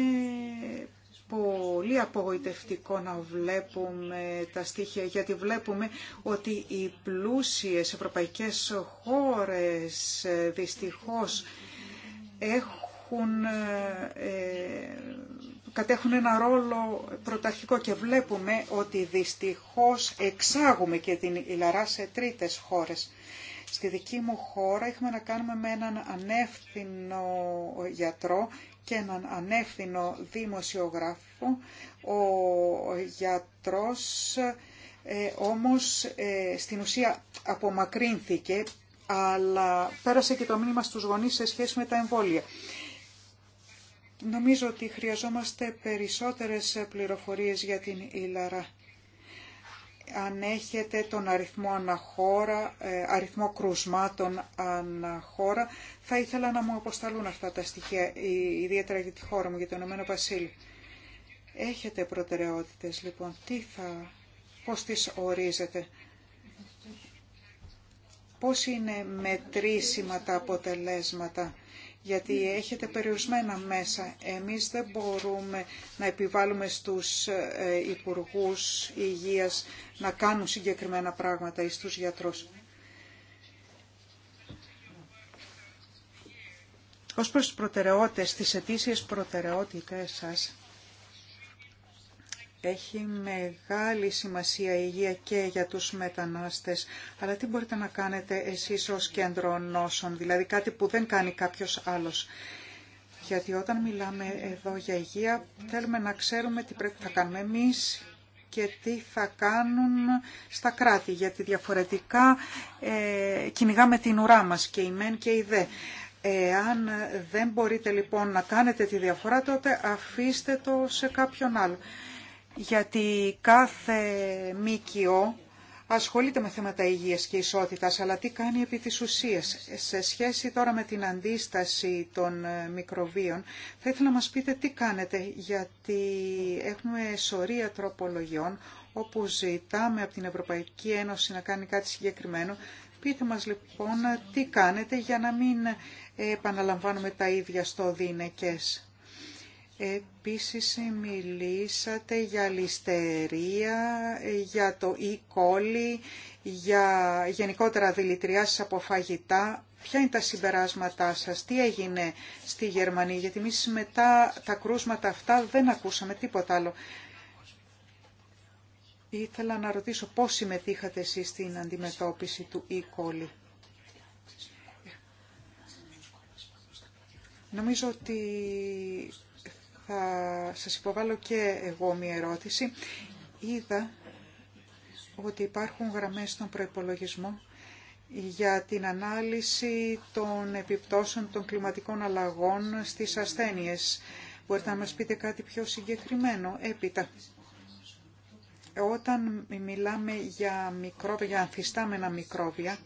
B: πολύ απογοητευτικό να βλέπουμε τα στοιχεία, γιατί βλέπουμε ότι οι πλούσιες ευρωπαϊκές χώρες ε, δυστυχώς έχουν, ε, ε, κατέχουν ένα ρόλο πρωταρχικό και βλέπουμε ότι δυστυχώς εξάγουμε και την ηλαρά σε τρίτες χώρες. Στη δική μου χώρα είχαμε να κάνουμε με έναν ανεύθυνο γιατρό και έναν ανεύθυνο δημοσιογράφο. Ο γιατρός ε, όμως ε, στην ουσία απομακρύνθηκε, αλλά πέρασε και το μήνυμα στους γονείς σε σχέση με τα εμβόλια. Νομίζω ότι χρειαζόμαστε περισσότερες πληροφορίες για την Ήλαρα αν έχετε τον αριθμό αναχώρα, ε, αριθμό κρουσμάτων αναχώρα. Θα ήθελα να μου αποσταλούν αυτά τα στοιχεία, ιδιαίτερα για τη χώρα μου, για το Ηνωμένο Βασίλειο. Έχετε προτεραιότητες, λοιπόν. Τι θα, πώς τις ορίζετε. Πώς είναι μετρήσιμα τα αποτελέσματα γιατί έχετε περιορισμένα μέσα. Εμείς δεν μπορούμε να επιβάλλουμε στους ε, υπουργούς υγείας να κάνουν συγκεκριμένα πράγματα ή στους γιατρούς. Ως προς τις προτεραιότητες, τις αιτήσιες προτεραιότητες σας, έχει μεγάλη σημασία η υγεία και για τους μετανάστες. Αλλά τι μπορείτε να κάνετε εσείς ως κέντρο νόσων, δηλαδή κάτι που δεν κάνει κάποιος άλλος. Γιατί όταν μιλάμε εδώ για υγεία θέλουμε να ξέρουμε τι πρέπει να κάνουμε εμείς και τι θα κάνουν στα κράτη. Γιατί διαφορετικά ε, κυνηγάμε την ουρά μας και η μεν και η δε. Εάν δεν μπορείτε λοιπόν να κάνετε τη διαφορά τότε αφήστε το σε κάποιον άλλο γιατί κάθε Μίκιο ασχολείται με θέματα υγείας και ισότητας, αλλά τι κάνει επί της ουσίας. Σε σχέση τώρα με την αντίσταση των ε, μικροβίων, θα ήθελα να μας πείτε τι κάνετε, γιατί έχουμε σωρία τροπολογιών όπου ζητάμε από την Ευρωπαϊκή Ένωση να κάνει κάτι συγκεκριμένο. Πείτε μας λοιπόν τι κάνετε για να μην επαναλαμβάνουμε τα ίδια στο δίνεκες. Επίσης μιλήσατε για ληστερία, για το e-coli, για γενικότερα δηλητηριάσεις από φαγητά. Ποια είναι τα συμπεράσματά σας, τι έγινε στη Γερμανία, γιατί εμεί μετά τα κρούσματα αυτά δεν ακούσαμε τίποτα άλλο. Ήθελα να ρωτήσω πώς συμμετείχατε εσείς στην αντιμετώπιση του e-coli. Νομίζω ότι θα σας υποβάλω και εγώ μία ερώτηση. Είδα ότι υπάρχουν γραμμές στον προϋπολογισμό για την ανάλυση των επιπτώσεων των κλιματικών αλλαγών στις ασθένειες. Μπορείτε να μας πείτε κάτι πιο συγκεκριμένο έπειτα. Όταν μιλάμε για μικρόβια, για ανθιστάμενα μικρόβια,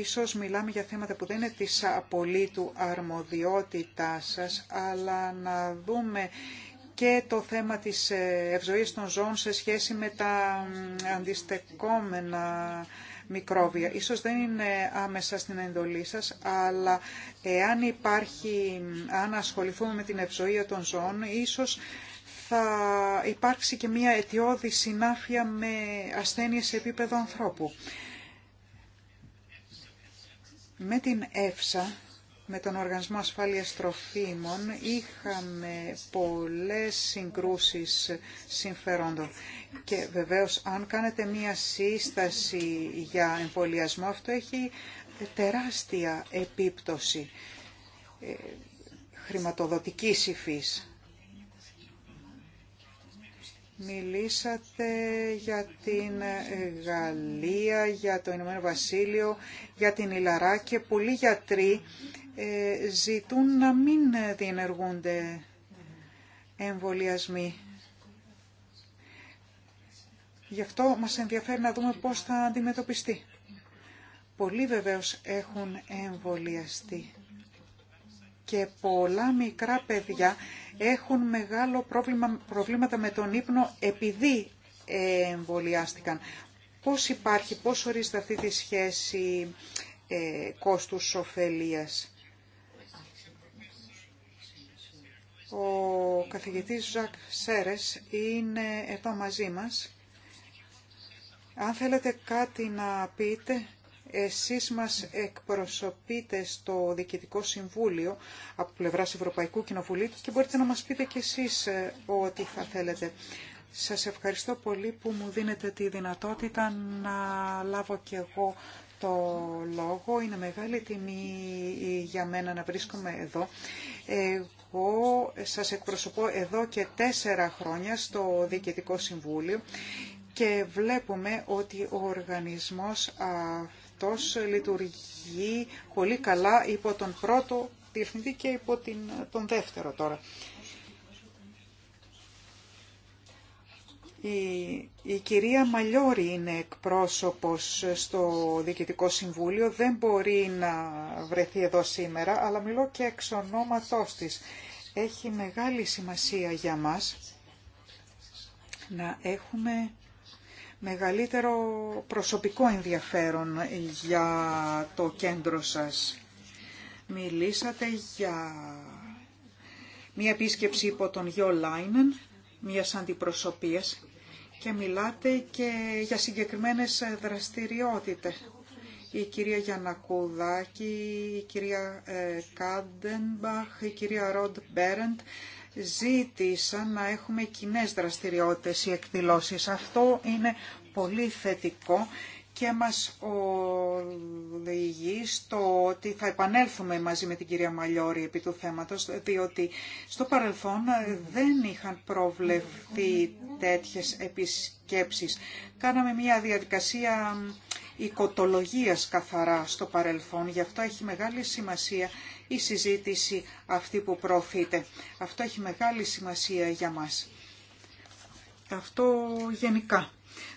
B: Ίσως μιλάμε για θέματα που δεν είναι της απολύτου αρμοδιότητάς σας, αλλά να δούμε και το θέμα της ε, ευζοίας των ζώων σε σχέση με τα αντιστεκόμενα μικρόβια. Ίσως δεν είναι άμεσα στην εντολή σας, αλλά εάν υπάρχει, αν ασχοληθούμε με την ευζοία των ζώων, ίσως θα υπάρξει και μια αιτιώδη συνάφεια με ασθένειες σε επίπεδο ανθρώπου. Με την ΕΦΣΑ, με τον Οργανισμό Ασφάλειας Τροφίμων, είχαμε πολλές συγκρούσεις συμφερόντων. Και βεβαίως, αν κάνετε μία σύσταση για εμβολιασμό, αυτό έχει τεράστια επίπτωση ε, χρηματοδοτικής υφής. Μιλήσατε για την Γαλλία, για το Ηνωμένο Βασίλειο, για την Ιλαρά και πολλοί γιατροί ε, ζητούν να μην διενεργούνται εμβολιασμοί. Γι' αυτό μας ενδιαφέρει να δούμε πώς θα αντιμετωπιστεί. Πολλοί βεβαίως έχουν εμβολιαστεί και πολλά μικρά παιδιά έχουν μεγάλο πρόβλημα, προβλήματα με τον ύπνο επειδή ε, εμβολιάστηκαν. Πώς υπάρχει, πώς ορίζεται αυτή τη σχέση ε, κόστους ωφελίας. Ο καθηγητής Ζακ Σέρες είναι εδώ μαζί μας. Αν θέλετε κάτι να πείτε, εσείς μας εκπροσωπείτε στο Διοικητικό Συμβούλιο από πλευράς Ευρωπαϊκού Κοινοβουλίου και μπορείτε να μας πείτε κι εσείς ε, ό,τι θα θέλετε. Σας ευχαριστώ πολύ που μου δίνετε τη δυνατότητα να λάβω κι εγώ το λόγο. Είναι μεγάλη τιμή για μένα να βρίσκομαι εδώ. Εγώ σας εκπροσωπώ εδώ και τέσσερα χρόνια στο Διοικητικό Συμβούλιο και βλέπουμε ότι ο οργανισμός αυτός λειτουργεί πολύ καλά υπό τον πρώτο διευθυντή και υπό την, τον δεύτερο τώρα. Η, κυρία Μαλιόρη είναι εκπρόσωπος στο Διοικητικό Συμβούλιο, δεν μπορεί να βρεθεί εδώ σήμερα, αλλά μιλώ και εξ ονόματός της. Έχει μεγάλη σημασία για μας να έχουμε μεγαλύτερο προσωπικό ενδιαφέρον για το κέντρο σας. Μιλήσατε για μία επίσκεψη υπό τον Γιώ Λάινεν, μίας αντιπροσωπείας και μιλάτε και για συγκεκριμένες δραστηριότητες. Η κυρία Γιανακούδάκη, η κυρία ε, Κάντενμπαχ, η κυρία Ροντ Μπέρεντ ζήτησαν να έχουμε κοινέ δραστηριότητες ή εκδηλώσεις. Αυτό είναι πολύ θετικό και μας οδηγεί στο ότι θα επανέλθουμε μαζί με την κυρία Μαλιόρη επί του θέματος, διότι στο παρελθόν δεν είχαν προβλεφθεί τέτοιες επισκέψεις. Κάναμε μια διαδικασία οικοτολογίας καθαρά στο παρελθόν, γι' αυτό έχει μεγάλη σημασία η συζήτηση αυτή που προφέιτε Αυτό έχει μεγάλη σημασία για μας. Αυτό γενικά.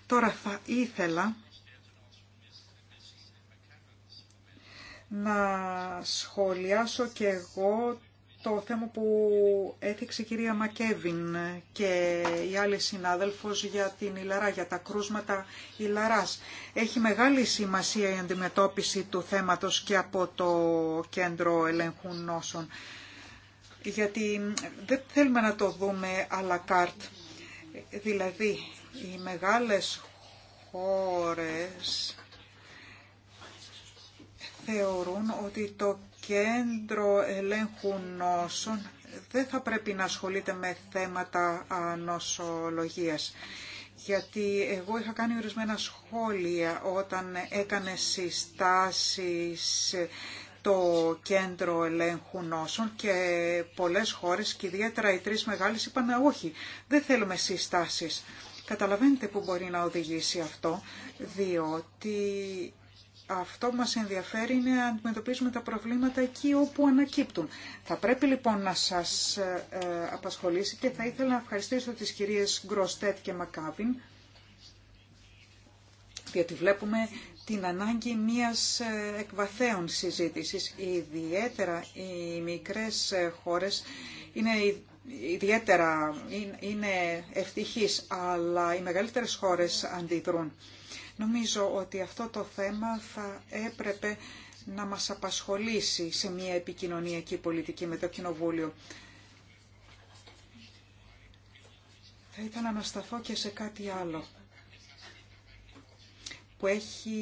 B: Τώρα θα ήθελα να σχολιάσω και εγώ το θέμα που έθιξε η κυρία Μακέβιν και η άλλη συνάδελφος για την Ιλαρά, για τα κρούσματα Ιλαράς. Έχει μεγάλη σημασία η αντιμετώπιση του θέματος και από το Κέντρο Ελέγχου Νόσων. Γιατί δεν θέλουμε να το δούμε à la Δηλαδή, οι μεγάλες χώρες θεωρούν ότι το κέντρο ελέγχου νόσων δεν θα πρέπει να ασχολείται με θέματα νοσολογίας. Γιατί εγώ είχα κάνει ορισμένα σχόλια όταν έκανε συστάσεις το κέντρο ελέγχου νόσων και πολλές χώρες και ιδιαίτερα οι τρεις μεγάλες είπαν όχι, δεν θέλουμε συστάσεις. Καταλαβαίνετε που μπορεί να οδηγήσει αυτό, διότι αυτό που μας ενδιαφέρει είναι να αντιμετωπίσουμε τα προβλήματα εκεί όπου ανακύπτουν. Θα πρέπει λοιπόν να σας ε, ε, απασχολήσει και θα ήθελα να ευχαριστήσω τις κυρίες Γκροστέτ και Μακάβιν, γιατί βλέπουμε την ανάγκη μιας ε, εκβαθέων συζήτησης. Ιδιαίτερα οι μικρές χώρες είναι ιδιαίτερα είναι ευτυχείς, αλλά οι μεγαλύτερες χώρες αντιδρούν. Νομίζω ότι αυτό το θέμα θα έπρεπε να μας απασχολήσει σε μια επικοινωνιακή πολιτική με το Κοινοβούλιο. Θα ήθελα να σταθώ και σε κάτι άλλο που έχει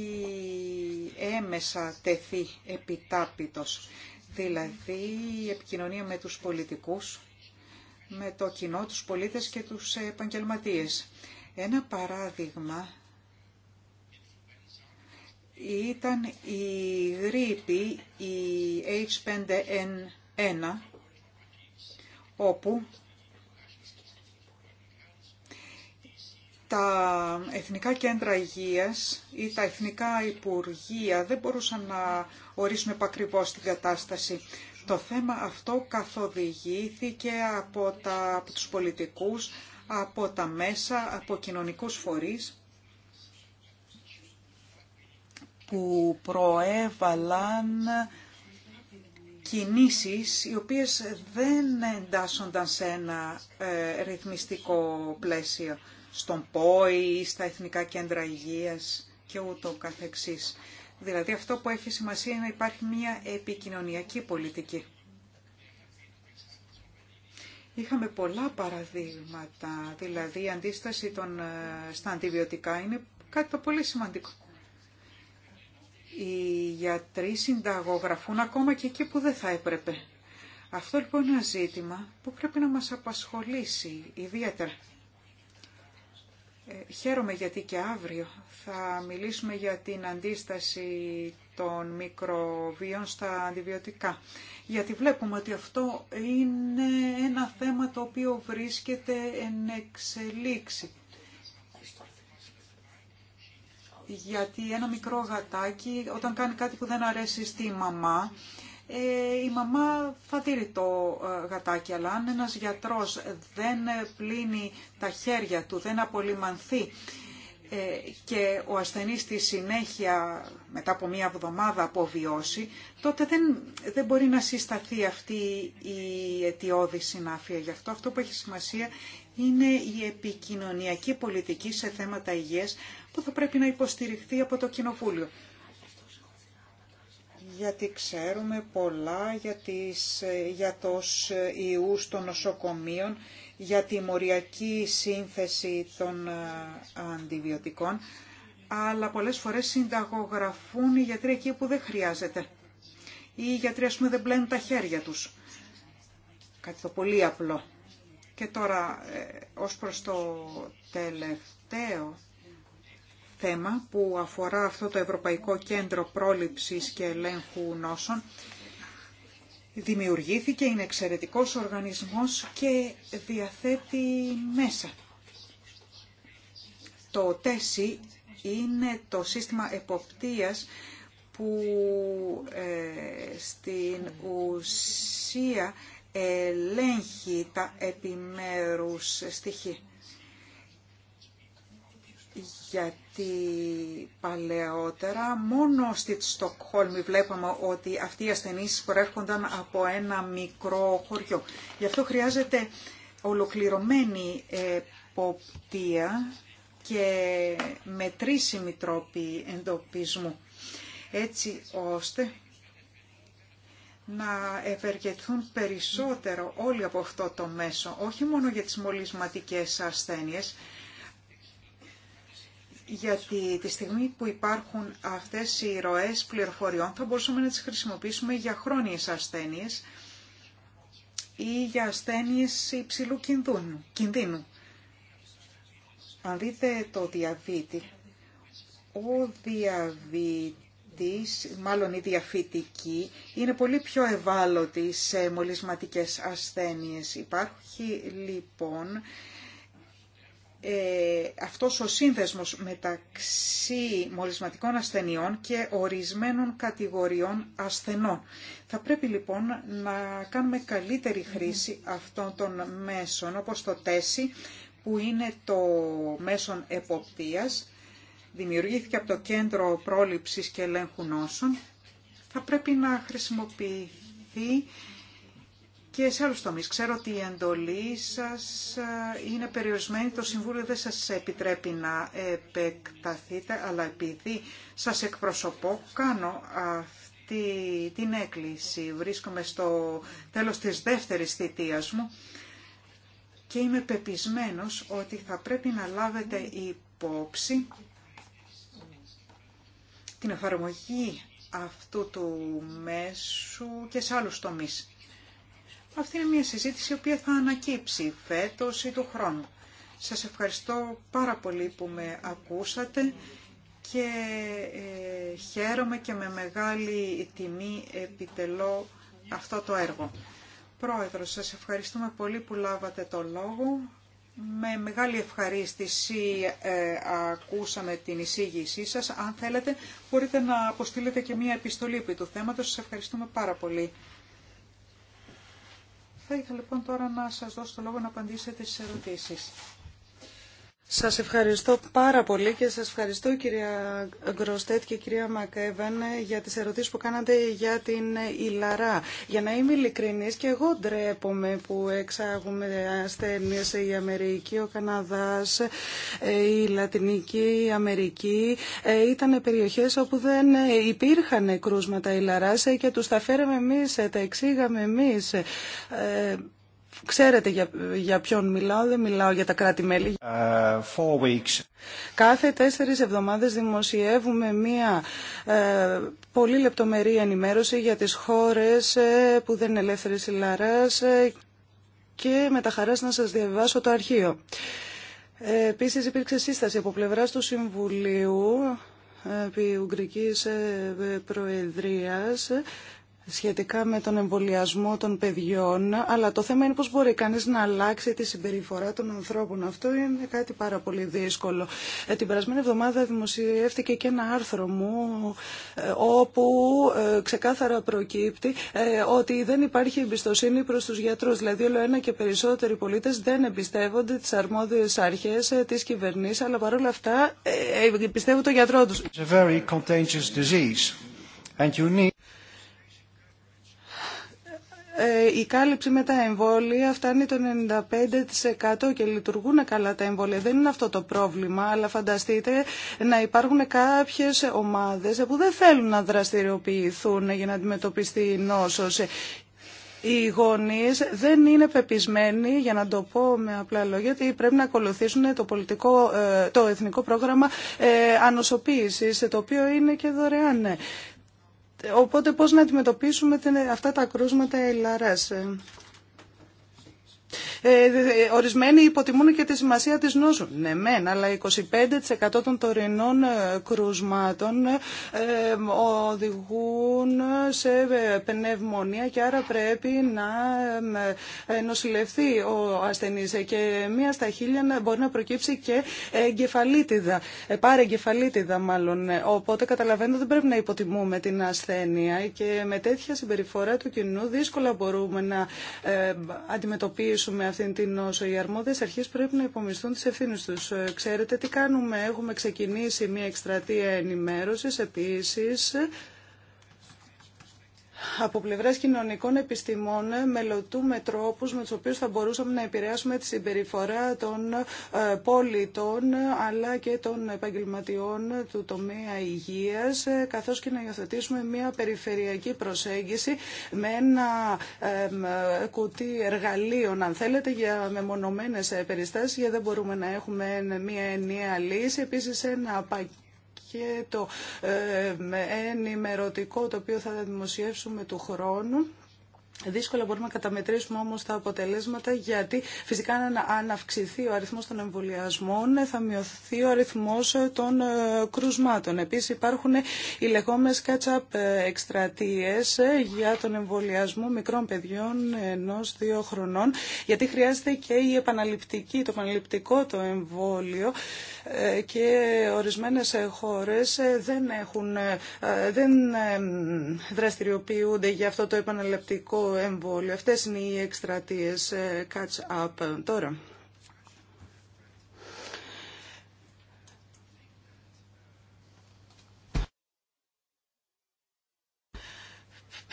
B: έμεσα τεθεί επιτάπητος, δηλαδή η επικοινωνία με τους πολιτικούς, με το κοινό, τους πολίτες και τους επαγγελματίες. Ένα παράδειγμα ήταν η γρήπη, η H5N1, όπου τα Εθνικά Κέντρα Υγείας ή τα Εθνικά Υπουργεία δεν μπορούσαν να ορίσουν επακριβώς την κατάσταση. Το θέμα αυτό καθοδηγήθηκε από, τα, από τους πολιτικούς, από τα μέσα, από κοινωνικούς φορείς που προέβαλαν κινήσεις οι οποίες δεν εντάσσονταν σε ένα ε, ρυθμιστικό πλαίσιο στον ΠΟΗ, στα Εθνικά Κέντρα Υγείας και ούτω καθεξής. Δηλαδή αυτό που έχει σημασία είναι να υπάρχει μια επικοινωνιακή πολιτική. Είχαμε πολλά παραδείγματα, δηλαδή η αντίσταση των, ε, στα αντιβιωτικά είναι κάτι το πολύ σημαντικό. Οι γιατροί συνταγογραφούν ακόμα και εκεί που δεν θα έπρεπε. Αυτό λοιπόν είναι ένα ζήτημα που πρέπει να μας απασχολήσει ιδιαίτερα. Ε, χαίρομαι γιατί και αύριο θα μιλήσουμε για την αντίσταση των μικροβίων στα αντιβιωτικά. Γιατί βλέπουμε ότι αυτό είναι ένα θέμα το οποίο βρίσκεται εν εξελίξη. γιατί ένα μικρό γατάκι όταν κάνει κάτι που δεν αρέσει στη μαμά, ε, η μαμά θα τήρει το ε, γατάκι, αλλά αν ένας γιατρός δεν πλύνει τα χέρια του, δεν απολυμανθεί ε, και ο ασθενής στη συνέχεια μετά από μία εβδομάδα αποβιώσει, τότε δεν, δεν μπορεί να συσταθεί αυτή η αιτιώδη συνάφεια. Γι' αυτό αυτό που έχει σημασία είναι η επικοινωνιακή πολιτική σε θέματα υγείας που θα πρέπει να υποστηριχθεί από το Κοινοβούλιο. Γιατί ξέρουμε πολλά για, τις, για τους ιούς των νοσοκομείων, για τη μοριακή σύνθεση των ε, αντιβιωτικών, αλλά πολλές φορές συνταγογραφούν οι γιατροί εκεί που δεν χρειάζεται. Οι γιατροί, ας πούμε, δεν μπλένουν τα χέρια τους. Κάτι το πολύ απλό. Και τώρα, ε, ως προς το τελευταίο θέμα που αφορά αυτό το Ευρωπαϊκό Κέντρο Πρόληψης και Ελέγχου Νόσων, δημιουργήθηκε, είναι εξαιρετικός οργανισμός και διαθέτει μέσα. Το ΤΕΣΥ είναι το σύστημα εποπτείας που ε, στην ουσία ελέγχει τα επιμέρους στοιχεία. Γιατί παλαιότερα μόνο στη Στοκχόλμη βλέπαμε ότι αυτοί οι ασθενείς προέρχονταν από ένα μικρό χωριό. Γι' αυτό χρειάζεται ολοκληρωμένη εποπτεία και μετρήσιμη τρόπη εντοπισμού έτσι ώστε να ευεργεθούν περισσότερο όλοι από αυτό το μέσο, όχι μόνο για τις μολυσματικές ασθένειες, γιατί τη στιγμή που υπάρχουν αυτές οι ροές πληροφοριών θα μπορούσαμε να τις χρησιμοποιήσουμε για χρόνιες ασθένειες ή για ασθένειες υψηλού κινδύνου. Αν δείτε το διαβήτη, ο διαβήτη μάλλον η διαφυτικοί, είναι πολύ πιο ευαλωτή σε μολυσματικές ασθένειες. Υπάρχει λοιπόν ε, αυτός ο σύνδεσμος μεταξύ μολυσματικών ασθενειών και ορισμένων κατηγοριών ασθενών. Θα πρέπει λοιπόν να κάνουμε καλύτερη χρήση αυτών των μέσων, όπως το τέσι, που είναι το μέσον εποπτείας, δημιουργήθηκε από το Κέντρο Πρόληψης και Ελέγχου Νόσων, θα πρέπει να χρησιμοποιηθεί και σε άλλους τομείς. Ξέρω ότι η εντολή σας ε, είναι περιορισμένη, το Συμβούλιο δεν σας επιτρέπει να επεκταθείτε, αλλά επειδή σας εκπροσωπώ, κάνω αυτή την έκκληση. Βρίσκομαι στο τέλος της δεύτερης θητείας μου και είμαι πεπισμένος ότι θα πρέπει να λάβετε υπόψη την εφαρμογή αυτού του μέσου και σε άλλους τομείς. Αυτή είναι μια συζήτηση η οποία θα ανακύψει φέτος ή του χρόνου. Σας ευχαριστώ πάρα πολύ που με ακούσατε και ε, χαίρομαι και με μεγάλη τιμή επιτελώ αυτό το έργο. Πρόεδρο, σας ευχαριστούμε πολύ που λάβατε το λόγο. Με μεγάλη ευχαρίστηση ε, ακούσαμε την εισήγησή σας. Αν θέλετε μπορείτε να αποστείλετε και μία επιστολή επί του θέματος. Σας ευχαριστούμε πάρα πολύ. Θα ήθελα λοιπόν τώρα να σας δώσω το λόγο να απαντήσετε στις ερωτήσεις. Σας ευχαριστώ πάρα πολύ και σας ευχαριστώ κυρία Γκροστέτ και κυρία Μακέβεν για τις ερωτήσεις που κάνατε για την Ιλαρά. Για να είμαι ειλικρινής και εγώ ντρέπομαι που εξάγουμε ασθένειες η Αμερική, ο Καναδάς, ε, η Λατινική η Αμερική. Ε, Ήταν περιοχές όπου δεν υπήρχαν κρούσματα Ιλαράς και τους τα φέραμε εμείς, ε, τα εξήγαμε εμείς. Ξέρετε για, για ποιον μιλάω, δεν μιλάω για τα κράτη-μέλη. Ε, Κάθε τέσσερις εβδομάδες δημοσιεύουμε μία ε, πολύ λεπτομερή ενημέρωση για τις χώρες ε, που δεν είναι ελεύθερες ηλαράς και με τα χαράς να σας διαβάσω το αρχείο. Ε, επίσης υπήρξε σύσταση από πλευράς του Συμβουλίου επί Ουγγρικής Προεδρίας σχετικά με τον εμβολιασμό των παιδιών, αλλά το θέμα είναι πώς μπορεί κανείς να αλλάξει τη συμπεριφορά των ανθρώπων. Αυτό είναι κάτι πάρα πολύ δύσκολο. Ε, την περασμένη εβδομάδα δημοσιεύτηκε και ένα άρθρο μου, ε, όπου ε, ξεκάθαρα προκύπτει ότι δεν υπάρχει εμπιστοσύνη προς τους γιατρούς. Δηλαδή, όλο ένα και περισσότεροι πολίτες δεν εμπιστεύονται τις αρμόδιες αρχές ε, της αλλά παρόλα αυτά εμπιστεύουν τον γιατρό τους. a very contagious ε, η κάλυψη με τα εμβόλια φτάνει το 95% και λειτουργούν καλά τα εμβόλια. Δεν είναι αυτό το πρόβλημα, αλλά φανταστείτε να υπάρχουν κάποιες ομάδες που δεν θέλουν να δραστηριοποιηθούν για να αντιμετωπιστεί η νόσος. Οι γονείς δεν είναι πεπισμένοι, για να το πω με απλά λόγια, ότι πρέπει να ακολουθήσουν το, πολιτικό, ε, το εθνικό πρόγραμμα ε, ανοσοποίησης, το οποίο είναι και δωρεάν. Οπότε πώς να αντιμετωπίσουμε αυτά τα κρούσματα ελαράς. Ε, ε, ορισμένοι υποτιμούν και τη σημασία της νόσου. Ναι, μεν, αλλά 25% των τωρινών ε, κρούσματων ε, οδηγούν σε πνευμονία και άρα πρέπει να νοσηλευθεί ο ασθενής και μία στα χίλια μπορεί να προκύψει και εγκεφαλίτιδα, πάρε εγκεφαλίτιδα μάλλον. Οπότε καταλαβαίνετε δεν πρέπει να υποτιμούμε την ασθένεια και με τέτοια συμπεριφορά του κοινού δύσκολα μπορούμε να αντιμετωπίσουμε αυτήν την Οι αρμόδιες αρχές πρέπει να υπομισθούν τις ευθύνες τους. Ε, ξέρετε τι κάνουμε. Έχουμε ξεκινήσει μια εκστρατεία ενημέρωσης. Επίσης, από πλευρά κοινωνικών επιστημών μελετούμε τρόπου με τους οποίους θα μπορούσαμε να επηρεάσουμε τη συμπεριφορά των ε, πολιτών αλλά και των επαγγελματιών του τομέα υγείας ε, καθώς και να υιοθετήσουμε μια περιφερειακή προσέγγιση με ένα ε, κουτί εργαλείων αν θέλετε για μεμονωμένε περιστάσει. γιατί δεν μπορούμε να έχουμε μια ενιαία λύση. Επίση, ένα πακέτο και το ε, ενημερωτικό το οποίο θα δημοσιεύσουμε του χρόνου. Δύσκολα μπορούμε να καταμετρήσουμε όμως τα αποτελέσματα γιατί φυσικά αν αυξηθεί ο αριθμός των εμβολιασμών θα μειωθεί ο αριθμός των ε, κρουσμάτων. Επίσης υπάρχουν οι λεγόμενες catch-up ε, εκστρατείες ε, για τον εμβολιασμό μικρών παιδιών ενός δύο χρονών γιατί χρειάζεται και η επαναληπτική, το επαναληπτικό το εμβόλιο και ορισμένες χώρες δεν, έχουν, δεν δραστηριοποιούνται για αυτό το επαναληπτικό εμβόλιο. Αυτές είναι οι εκστρατείες ε, catch-up. Τώρα,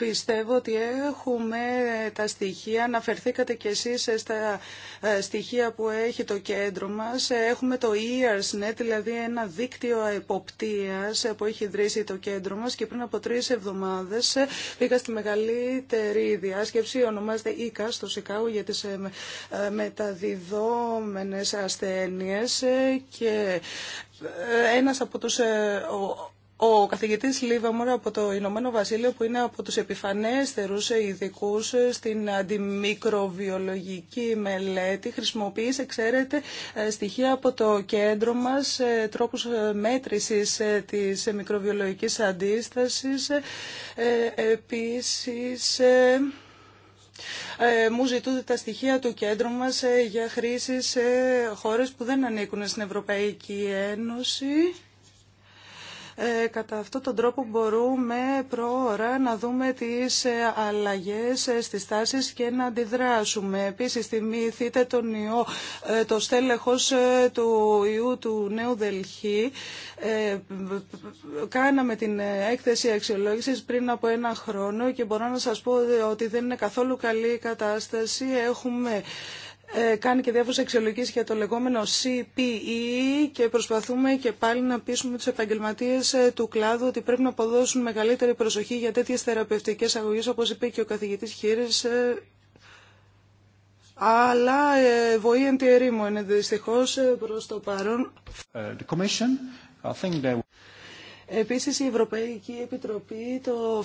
B: Πιστεύω ότι έχουμε τα στοιχεία, αναφερθήκατε κι εσείς στα ε, στοιχεία που έχει το κέντρο μας. Ε, έχουμε το EARSNET, δηλαδή ένα δίκτυο εποπτείας ε, που έχει ιδρύσει το κέντρο μας και πριν από τρεις εβδομάδες πήγα στη μεγαλύτερη διάσκεψη, ονομάζεται ICA στο Σικάγο για τις μεταδιδόμενες ασθένειες και ένας από τους ο Καθηγητή Λίβαμορ από το Ηνωμένο Βασίλειο που είναι από του επιφανέστερού ειδικού στην αντιμικροβιολογική μελέτη χρησιμοποίησε, ξέρετε, ε, στοιχεία από το κέντρο μας, ε, τρόπους ε, μέτρησης της μικροβιολογικής αντίστασης. Επίσης, μου ζητούνται τα στοιχεία του κέντρου μας για χρήση σε χώρες που δεν ανήκουν στην Ευρωπαϊκή Ένωση. Ε, κατά αυτόν τον τρόπο μπορούμε προώρα να δούμε τις ε, αλλαγές ε, στις τάσεις και να αντιδράσουμε. Επίσης θυμηθείτε τον ιό, το στέλεχος του ιού του Νέου Δελχή. Κάναμε την έκθεση αξιολόγησης πριν από ένα χρόνο και μπορώ να σας πω ότι δεν είναι καθόλου καλή η κατάσταση. Έχουμε ε, κάνει και διάφορε αξιολογίες για το λεγόμενο CPE και προσπαθούμε και πάλι να πείσουμε του επαγγελματίε ε, του κλάδου ότι πρέπει να αποδώσουν μεγαλύτερη προσοχή για τέτοιε θεραπευτικές αγωγέ, όπως είπε και ο καθηγητής Χίρης ε, αλλά ε, βοή εν είναι δυστυχώς προς το παρόν. Επίσης η Ευρωπαϊκή Επιτροπή το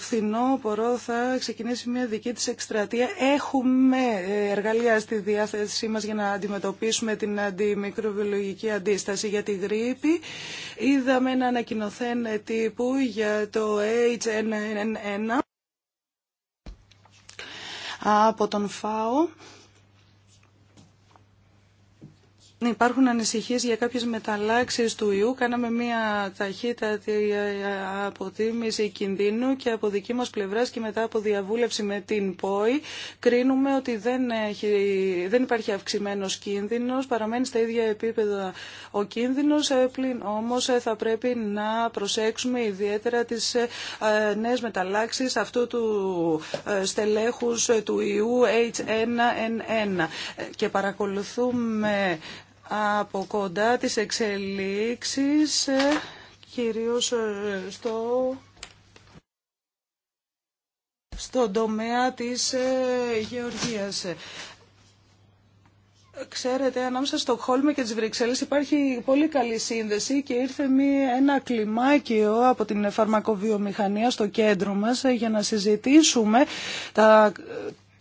B: πορό θα ξεκινήσει μια δική της εκστρατεία. Έχουμε ε, εργαλεία στη διάθεσή μας για να αντιμετωπίσουμε την αντιμικροβιολογική αντίσταση για τη γρήπη. Είδαμε ένα ανακοινωθέν τύπου για το H1N1 από τον ΦΑΟ. Ναι, υπάρχουν ανησυχίες για κάποιες μεταλλάξεις του ιού. Κάναμε μια ταχύτατη ε, ε, αποτίμηση κινδύνου και από δική μας πλευράς και μετά από διαβούλευση με την ΠΟΗ κρίνουμε ότι δεν, δεν υπάρχει αυξημένος κίνδυνος, παραμένει στα ίδια επίπεδα ο κίνδυνος, ε, πλην όμως θα πρέπει να προσέξουμε ιδιαίτερα τις νέες μεταλλάξεις αυτού του στελέχους του ιού H1N1 και παρακολουθούμε από κοντά τις εξελίξεις, ε, κυρίως ε, στο στον τομέα της ε, γεωργίας. Ξέρετε, ανάμεσα στο Χόλμη και τις Βρυξέλλες υπάρχει πολύ καλή σύνδεση και ήρθε ένα κλιμάκιο από την φαρμακοβιομηχανία στο κέντρο μας για να συζητήσουμε τα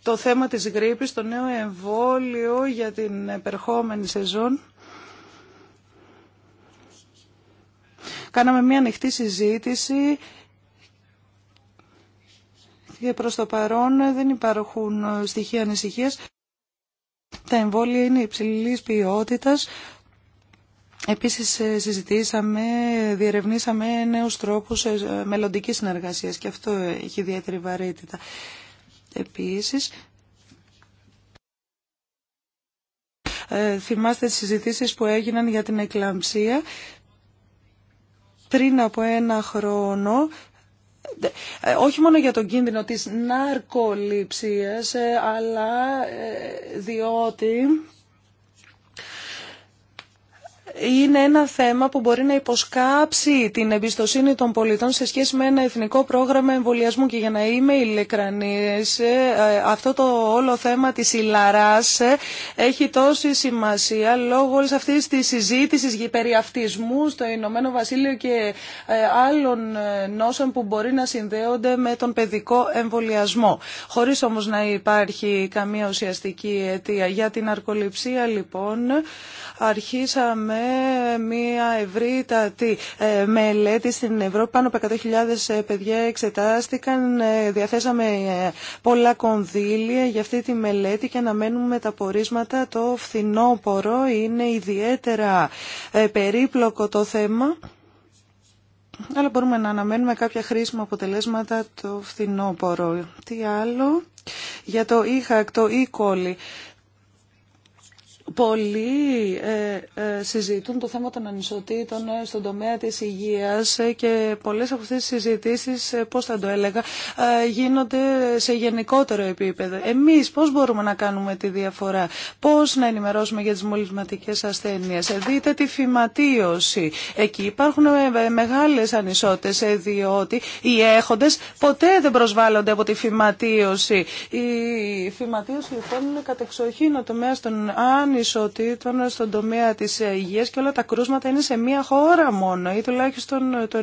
B: το θέμα της γρήπης, το νέο εμβόλιο για την επερχόμενη σεζόν. Κάναμε μια ανοιχτή συζήτηση και προς το παρόν δεν υπάρχουν στοιχεία ανησυχίας. Τα εμβόλια είναι υψηλής ποιότητας. Επίσης ε, συζητήσαμε, διερευνήσαμε νέους τρόπους ε, μελλοντικής συνεργασίας και αυτό έχει ιδιαίτερη βαρύτητα. Επίσης, ε, θυμάστε τις συζητήσεις που έγιναν για την εκλαμψία πριν από ένα χρόνο ε, όχι μόνο για τον κίνδυνο της ναρκοληψίας ε, αλλά διότι είναι ένα θέμα που μπορεί να υποσκάψει την εμπιστοσύνη των πολιτών σε σχέση με ένα εθνικό πρόγραμμα εμβολιασμού. Και για να είμαι ειλικρανής, ε, αυτό το όλο θέμα τη ηλαρά ε, έχει τόση σημασία λόγω όλη αυτή της συζήτηση περί αυτισμού στο Ηνωμένο Βασίλειο και ε, άλλων νόσων που μπορεί να συνδέονται με τον παιδικό εμβολιασμό. Χωρί όμω να υπάρχει καμία ουσιαστική αιτία. Για την αρκοληψία λοιπόν αρχίσαμε μια ευρύτατη ε, μελέτη στην Ευρώπη. Πάνω από 100.000 ε, παιδιά εξετάστηκαν. Ε, διαθέσαμε πολλά κονδύλια για αυτή τη μελέτη και αναμένουμε τα πορίσματα. Το φθινόπωρο είναι ιδιαίτερα περίπλοκο το θέμα. Αλλά μπορούμε να αναμένουμε κάποια χρήσιμα αποτελέσματα το φθινόπωρο Τι άλλο. Για το ΙΧΑΚ, το e Πολλοί ε, ε, συζητούν το θέμα των ανισοτήτων ε, στον τομέα της υγείας και πολλές από αυτές τις συζητήσεις, πώς θα το έλεγα, γίνονται σε γενικότερο επίπεδο. Εμείς πώς μπορούμε να κάνουμε τη διαφορά, πώς να ενημερώσουμε για τις μολυσματικές ασθένειες. Δείτε τη φυματίωση. Εκεί υπάρχουν μεγάλες ανισότητες, διότι οι έχοντες ποτέ δεν προσβάλλονται από τη φυματίωση. Η φυματίωση λοιπόν είναι κατεξοχήν ο τομέας των αν ισοτήτων στον τομέα της υγείας και όλα τα κρούσματα είναι σε μία χώρα μόνο ή τουλάχιστον το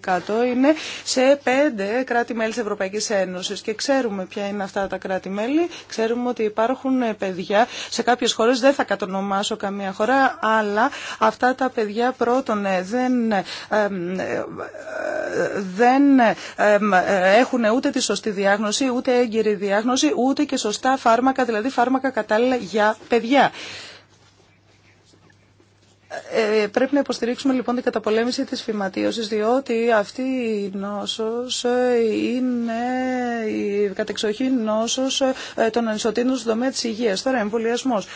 B: 90% είναι σε πέντε κράτη-μέλη της Ευρωπαϊκής Ένωσης και ξέρουμε ποια είναι αυτά τα κράτη-μέλη, ξέρουμε ότι υπάρχουν παιδιά σε κάποιες χώρες, δεν θα κατονομάσω καμία χώρα, αλλά αυτά τα παιδιά πρώτον ε, δεν, ε, ε, δεν έχουν ούτε τη σωστή διάγνωση, ούτε έγκυρη διάγνωση, ούτε και σωστά φάρμακα, δηλαδή φάρμακα κατάλληλα για παιδιά παιδιά. Ε, πρέπει να υποστηρίξουμε λοιπόν την καταπολέμηση της φυματίωσης διότι αυτή η νόσος ε, είναι η κατεξοχή νόσος ε, των ανισοτήτων στον τομέα της υγείας. Τώρα εμβολιασμός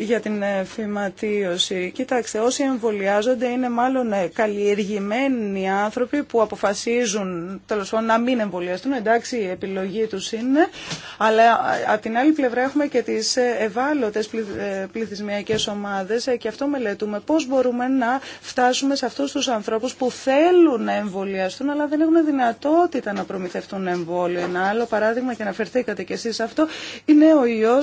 B: για την ε, φυματίωση. Κοιτάξτε, όσοι εμβολιάζονται είναι μάλλον ε, καλλιεργημένοι άνθρωποι που αποφασίζουν τέλο πάντων να μην εμβολιαστούν. Εντάξει, η επιλογή του είναι. Αλλά ε, από την άλλη πλευρά έχουμε και τι ευάλωτε πληθυσμιακέ ομάδε και αυτό μελετούμε. Πώ μπορούμε να φτάσουμε σε αυτού του ανθρώπου που θέλουν να εμβολιαστούν αλλά δεν έχουν δυνατότητα να προμηθευτούν εμβόλιο. Ένα άλλο παράδειγμα και αναφερθήκατε κι εσεί αυτό είναι ο ιό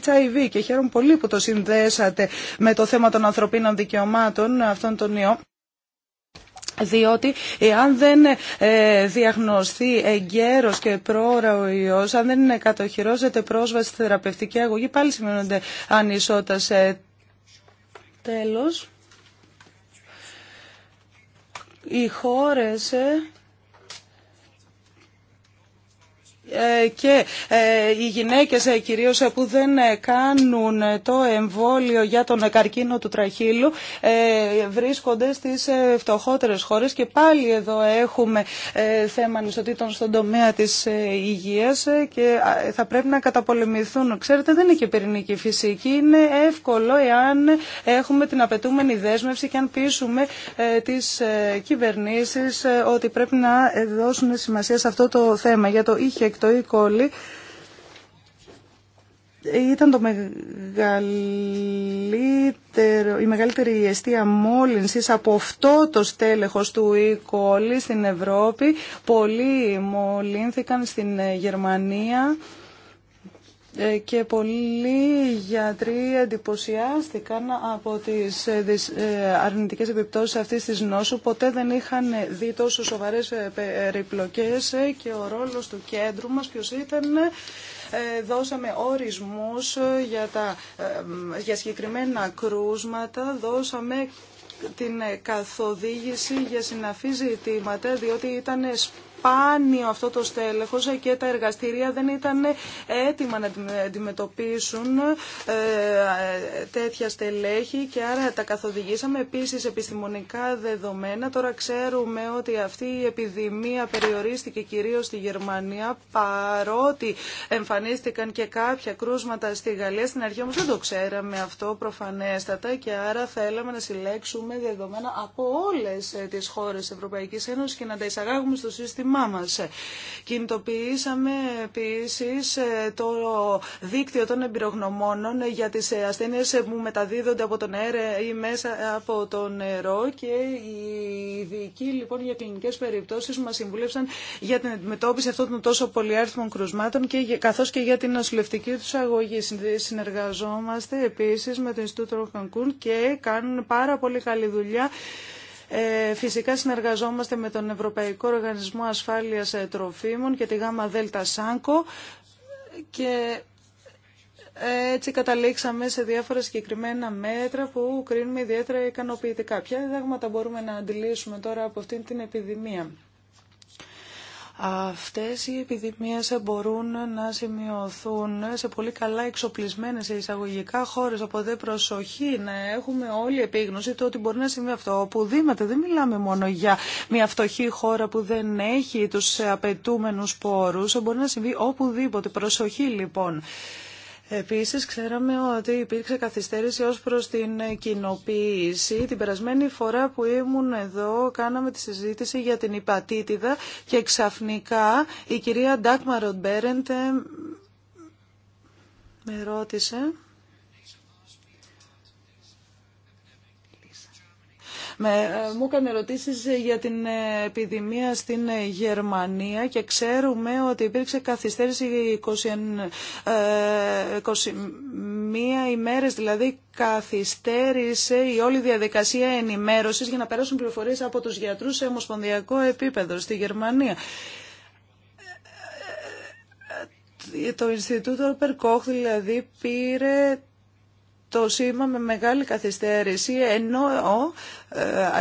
B: HIV και χαίρομαι πολύ που το συνδέσατε με το θέμα των ανθρωπίνων δικαιωμάτων αυτών των ιών διότι εάν δεν ε, διαγνωστεί εγκαίρος και πρόωρα ο ιός, αν δεν κατοχυρώζεται πρόσβαση στη θεραπευτική αγωγή, πάλι σημαίνονται ανισότητα ε, τέλος. Οι χώρες ε, Ε, και ε, οι γυναίκες ε, κυρίως που δεν κάνουν το εμβόλιο για τον καρκίνο του τραχύλου βρίσκονται στις φτωχότερες χώρες και πάλι εδώ έχουμε θέμα ανισοτήτων στον τομέα της υγείας και θα πρέπει να καταπολεμηθούν. Ξέρετε δεν είναι και πυρηνική φυσική, είναι εύκολο εάν έχουμε την απαιτούμενη δέσμευση και αν πείσουμε τις κυβερνήσεις ότι πρέπει να δώσουν σημασία σε αυτό το θέμα για το η κόλλη ήταν το μεγαλύτερο, η μεγαλύτερη αιστεία μόλυνσης από αυτό το στέλεχος του E. στην Ευρώπη. Πολλοί μολύνθηκαν στην Γερμανία. Ε, και πολλοί γιατροί εντυπωσιάστηκαν από τις ε, ε, αρνητικές επιπτώσεις αυτής της νόσου. Ποτέ δεν είχαν δει τόσο σοβαρές περιπλοκές και ο ρόλος του κέντρου μας ποιος ήταν δώσαμε ορισμούς για, τα, για συγκεκριμένα κρούσματα, δώσαμε την καθοδήγηση για συναφή ζητήματα, διότι ήταν σπάνιο αυτό το στέλεχος και τα εργαστηρία δεν ήταν έτοιμα να αντιμετωπίσουν ε, τέτοια στελέχη και άρα τα καθοδηγήσαμε επίσης επιστημονικά δεδομένα. Τώρα ξέρουμε ότι αυτή η επιδημία περιορίστηκε κυρίως στη Γερμανία παρότι εμφανίστηκαν και κάποια κρούσματα στη Γαλλία. Στην αρχή όμως δεν το ξέραμε αυτό προφανέστατα και άρα θέλαμε να συλλέξουμε δεδομένα από όλες ε, τις χώρες Ευρωπαϊκής Ένωσης και να τα εισαγάγουμε στο σύστημα σύστημά μας. Κινητοποιήσαμε επίσης ε, το δίκτυο των εμπειρογνωμόνων για τις ε, ασθένειες που μεταδίδονται από τον αέρα ή μέσα από το νερό και οι ειδικοί λοιπόν για κλινικές περιπτώσεις μας συμβούλευσαν για την αντιμετώπιση αυτών των τόσο πολυάριθμων κρουσμάτων και καθώς και για την νοσηλευτική τους αγωγή. Συνεργαζόμαστε επίσης με το Ινστιτούτο Ροχανκούν και κάνουν πάρα πολύ καλή δουλειά ε, φυσικά συνεργαζόμαστε με τον Ευρωπαϊκό Οργανισμό Ασφάλειας ε, Τροφίμων και τη ΓΑΜΑ ΔΕΛΤΑ ΣΑΝΚΟ και έτσι καταλήξαμε σε διάφορα συγκεκριμένα μέτρα που κρίνουμε ιδιαίτερα ικανοποιητικά. Ποια διδάγματα μπορούμε να αντιλήσουμε τώρα από αυτήν την επιδημία. Αυτές οι επιδημίες μπορούν να σημειωθούν σε πολύ καλά εξοπλισμένες σε εισαγωγικά χώρες, οπότε προσοχή να έχουμε όλη επίγνωση το ότι μπορεί να συμβεί αυτό. Οπουδήποτε δεν μιλάμε μόνο για μια φτωχή χώρα που δεν έχει τους απαιτούμενους πόρους, μπορεί να συμβεί οπουδήποτε. Προσοχή λοιπόν. Επίσης, ξέραμε ότι υπήρξε καθυστέρηση ως προς την κοινοποίηση. Την περασμένη φορά που ήμουν εδώ, κάναμε τη συζήτηση για την υπατήτηδα και ξαφνικά η κυρία Ντάκμαρον Μπέρεντε με ρώτησε Ε, μου έκανε ερωτήσει για την ε, επιδημία στην ε, Γερμανία και ξέρουμε ότι υπήρξε καθυστέρηση 21, 21 ημέρες, δηλαδή καθυστέρησε η όλη διαδικασία ενημέρωσης για να περάσουν πληροφορίες από τους γιατρούς σε ομοσπονδιακό επίπεδο στη Γερμανία το Ινστιτούτο Περκόχ δηλαδή πήρε το σήμα με μεγάλη καθυστέρηση ενώ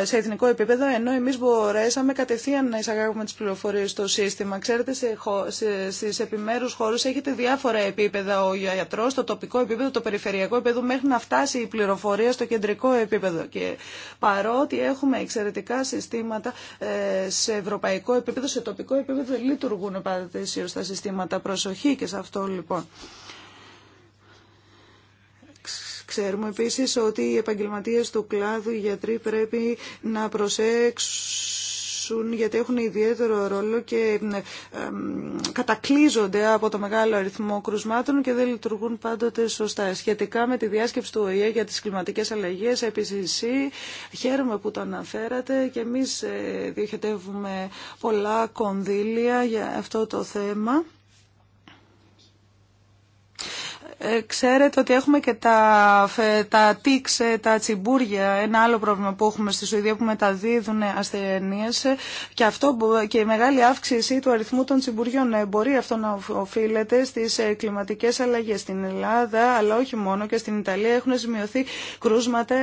B: ε, σε εθνικό επίπεδο, ενώ εμείς μπορέσαμε κατευθείαν να εισαγάγουμε τις πληροφορίες στο σύστημα. Ξέρετε, σε, επιμέρου στις επιμέρους χώρους έχετε διάφορα επίπεδα ο γιατρός, το τοπικό επίπεδο, το περιφερειακό επίπεδο, μέχρι να φτάσει η πληροφορία στο κεντρικό επίπεδο. Και παρότι έχουμε εξαιρετικά συστήματα ε, σε ευρωπαϊκό επίπεδο, σε τοπικό επίπεδο, λειτουργούν πάντα τα συστήματα. Προσοχή και σε αυτό λοιπόν. Ξέρουμε επίσης ότι οι επαγγελματίες του κλάδου, οι γιατροί πρέπει να προσέξουν γιατί έχουν ιδιαίτερο ρόλο και κατακλείζονται από το μεγάλο αριθμό κρουσμάτων και δεν λειτουργούν πάντοτε σωστά. Σχετικά με τη διάσκεψη του ΟΗΕ για τις κλιματικές αλλαγές, επίσης χαίρομαι που το αναφέρατε και εμείς ε, διοχετεύουμε πολλά κονδύλια για αυτό το θέμα. Ε, ξέρετε ότι έχουμε και τα, τα τίξ, ε, τα τσιμπούρια, ένα άλλο πρόβλημα που έχουμε στη Σουηδία που μεταδίδουν ασθενείες και, και η μεγάλη αύξηση του αριθμού των τσιμπουριών ε, μπορεί αυτό να οφείλεται στις κλιματικές αλλαγές στην Ελλάδα αλλά όχι μόνο και στην Ιταλία έχουν σημειωθεί κρούσματα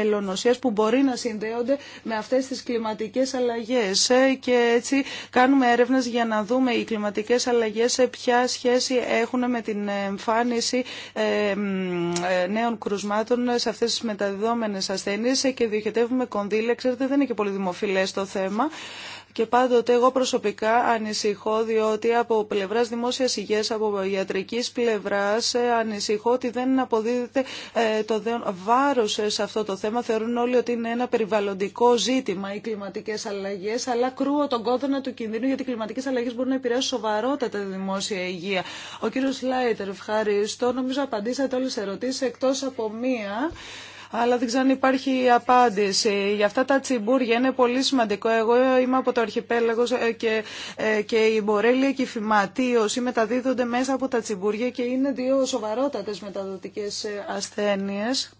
B: ελονοσίας που μπορεί να συνδέονται με αυτές τις κλιματικές αλλαγές και έτσι κάνουμε έρευνες για να δούμε οι κλιματικές αλλαγές σε ποια σχέση έχουν με την εμφάνιση ε, ε, νέων κρουσμάτων σε αυτές τις μεταδιδόμενες ασθένειες και διοχετεύουμε κονδύλια. Ξέρετε δεν είναι και πολύ δημοφιλές το θέμα και πάντοτε εγώ προσωπικά ανησυχώ διότι από πλευράς δημόσιας υγείας, από ιατρικής πλευράς ε, ανησυχώ ότι δεν αποδίδεται ε, το βάρος ε, σε αυτό το θέμα. Θεωρούν όλοι ότι είναι ένα περιβαλλοντικό ζήτημα οι κλιματικές αλλαγές αλλά κρούω τον κόδωνα του κινδύνου γιατί οι κλιματικές αλλαγές μπορούν να επηρεάσουν σοβαρότατα τη δημόσια υγεία. Ο κύριος Λάιτερ, ευχαριστώ. Νομίζω απαντήσατε όλες τις ερωτήσεις εκτός από μία αλλά δεν ξέρω αν υπάρχει απάντηση. Για αυτά τα τσιμπούρια είναι πολύ σημαντικό. Εγώ είμαι από το αρχιπέλαγο ε, και, ε, και η μπορέλια και η φυματίωση μεταδίδονται μέσα από τα τσιμπούρια και είναι δύο σοβαρότατες μεταδοτικές ε, ασθένειες.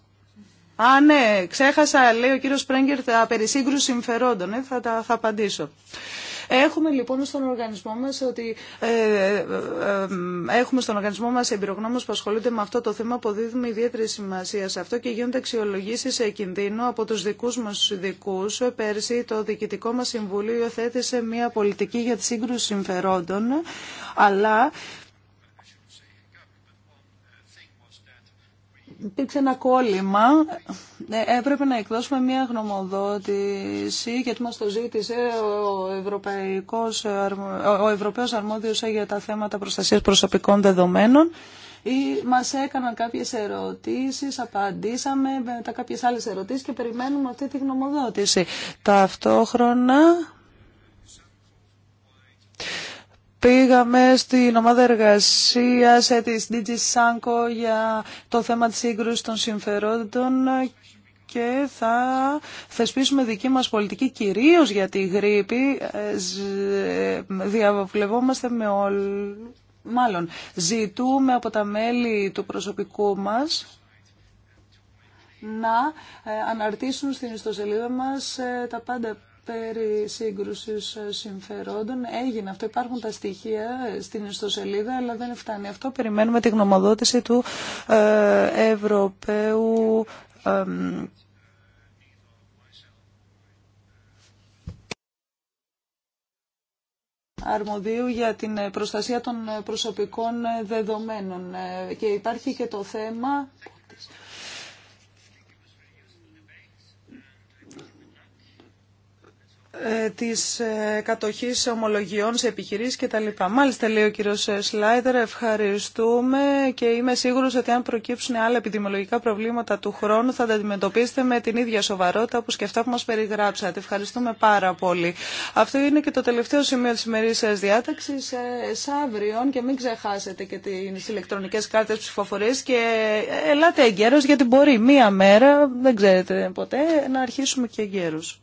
B: Α, ναι, ξέχασα, λέει ο κύριο Πρέγκερ, τα περισύγκρου συμφερόντων. θα, τα, θα απαντήσω. Έχουμε λοιπόν στον οργανισμό μας ότι ε, ε, ε, έχουμε στον οργανισμό μας εμπειρογνώμους που ασχολούνται με αυτό το θέμα που ιδιαίτερη σημασία σε αυτό και γίνονται αξιολογήσεις κίνδυνο από τους δικούς μας ειδικού. Πέρσι το Διοικητικό μας Συμβούλιο υιοθέτησε μια πολιτική για τη σύγκρουση συμφερόντων, αλλά υπήρξε ένα κόλλημα. Ε, έπρεπε να εκδώσουμε μια γνωμοδότηση γιατί μας το ζήτησε ο, Ευρωπαϊκός, ο Ευρωπαίος Αρμόδιος για τα θέματα προστασίας προσωπικών δεδομένων. Ή μας έκαναν κάποιες ερωτήσεις, απαντήσαμε μετά κάποιες άλλες ερωτήσεις και περιμένουμε αυτή τη γνωμοδότηση. Ταυτόχρονα Πήγαμε στην ομάδα εργασία τη DG Sanko για το θέμα της σύγκρουση των συμφερόντων και θα θεσπίσουμε δική μας πολιτική κυρίως για τη γρήπη. Ε, ε, Διαβολευόμαστε με όλους. Μάλλον, ζητούμε από τα μέλη του προσωπικού μας να ε, αναρτήσουν στην ιστοσελίδα μας τα πάντα περί σύγκρουσης ε, συμφερόντων. Έγινε αυτό. Υπάρχουν τα στοιχεία ε, στην ιστοσελίδα, αλλά δεν φτάνει αυτό. Περιμένουμε τη γνωμοδότηση του ε, Ευρωπαίου αρμοδίου για την προστασία των προσωπικών δεδομένων. Και υπάρχει και το θέμα Ε, της ε, κατοχής ομολογιών σε επιχειρήσεις κτλ. Μάλιστα λέει ο κύριος ε, Σλάιντερ, ευχαριστούμε και είμαι σίγουρος ότι αν προκύψουν άλλα επιδημιολογικά προβλήματα του χρόνου θα τα αντιμετωπίσετε με την ίδια σοβαρότητα που και αυτά που μας περιγράψατε. Ευχαριστούμε πάρα πολύ. Αυτό είναι και το τελευταίο σημείο της ημερής διάταξη διάταξης αύριο και μην ξεχάσετε και τις ηλεκτρονικές κάρτες ψηφοφορίες και ελάτε εγκαίρως γιατί μπορεί μία μέρα, δεν ξέρετε ποτέ, να αρχίσουμε και εγκαίρως.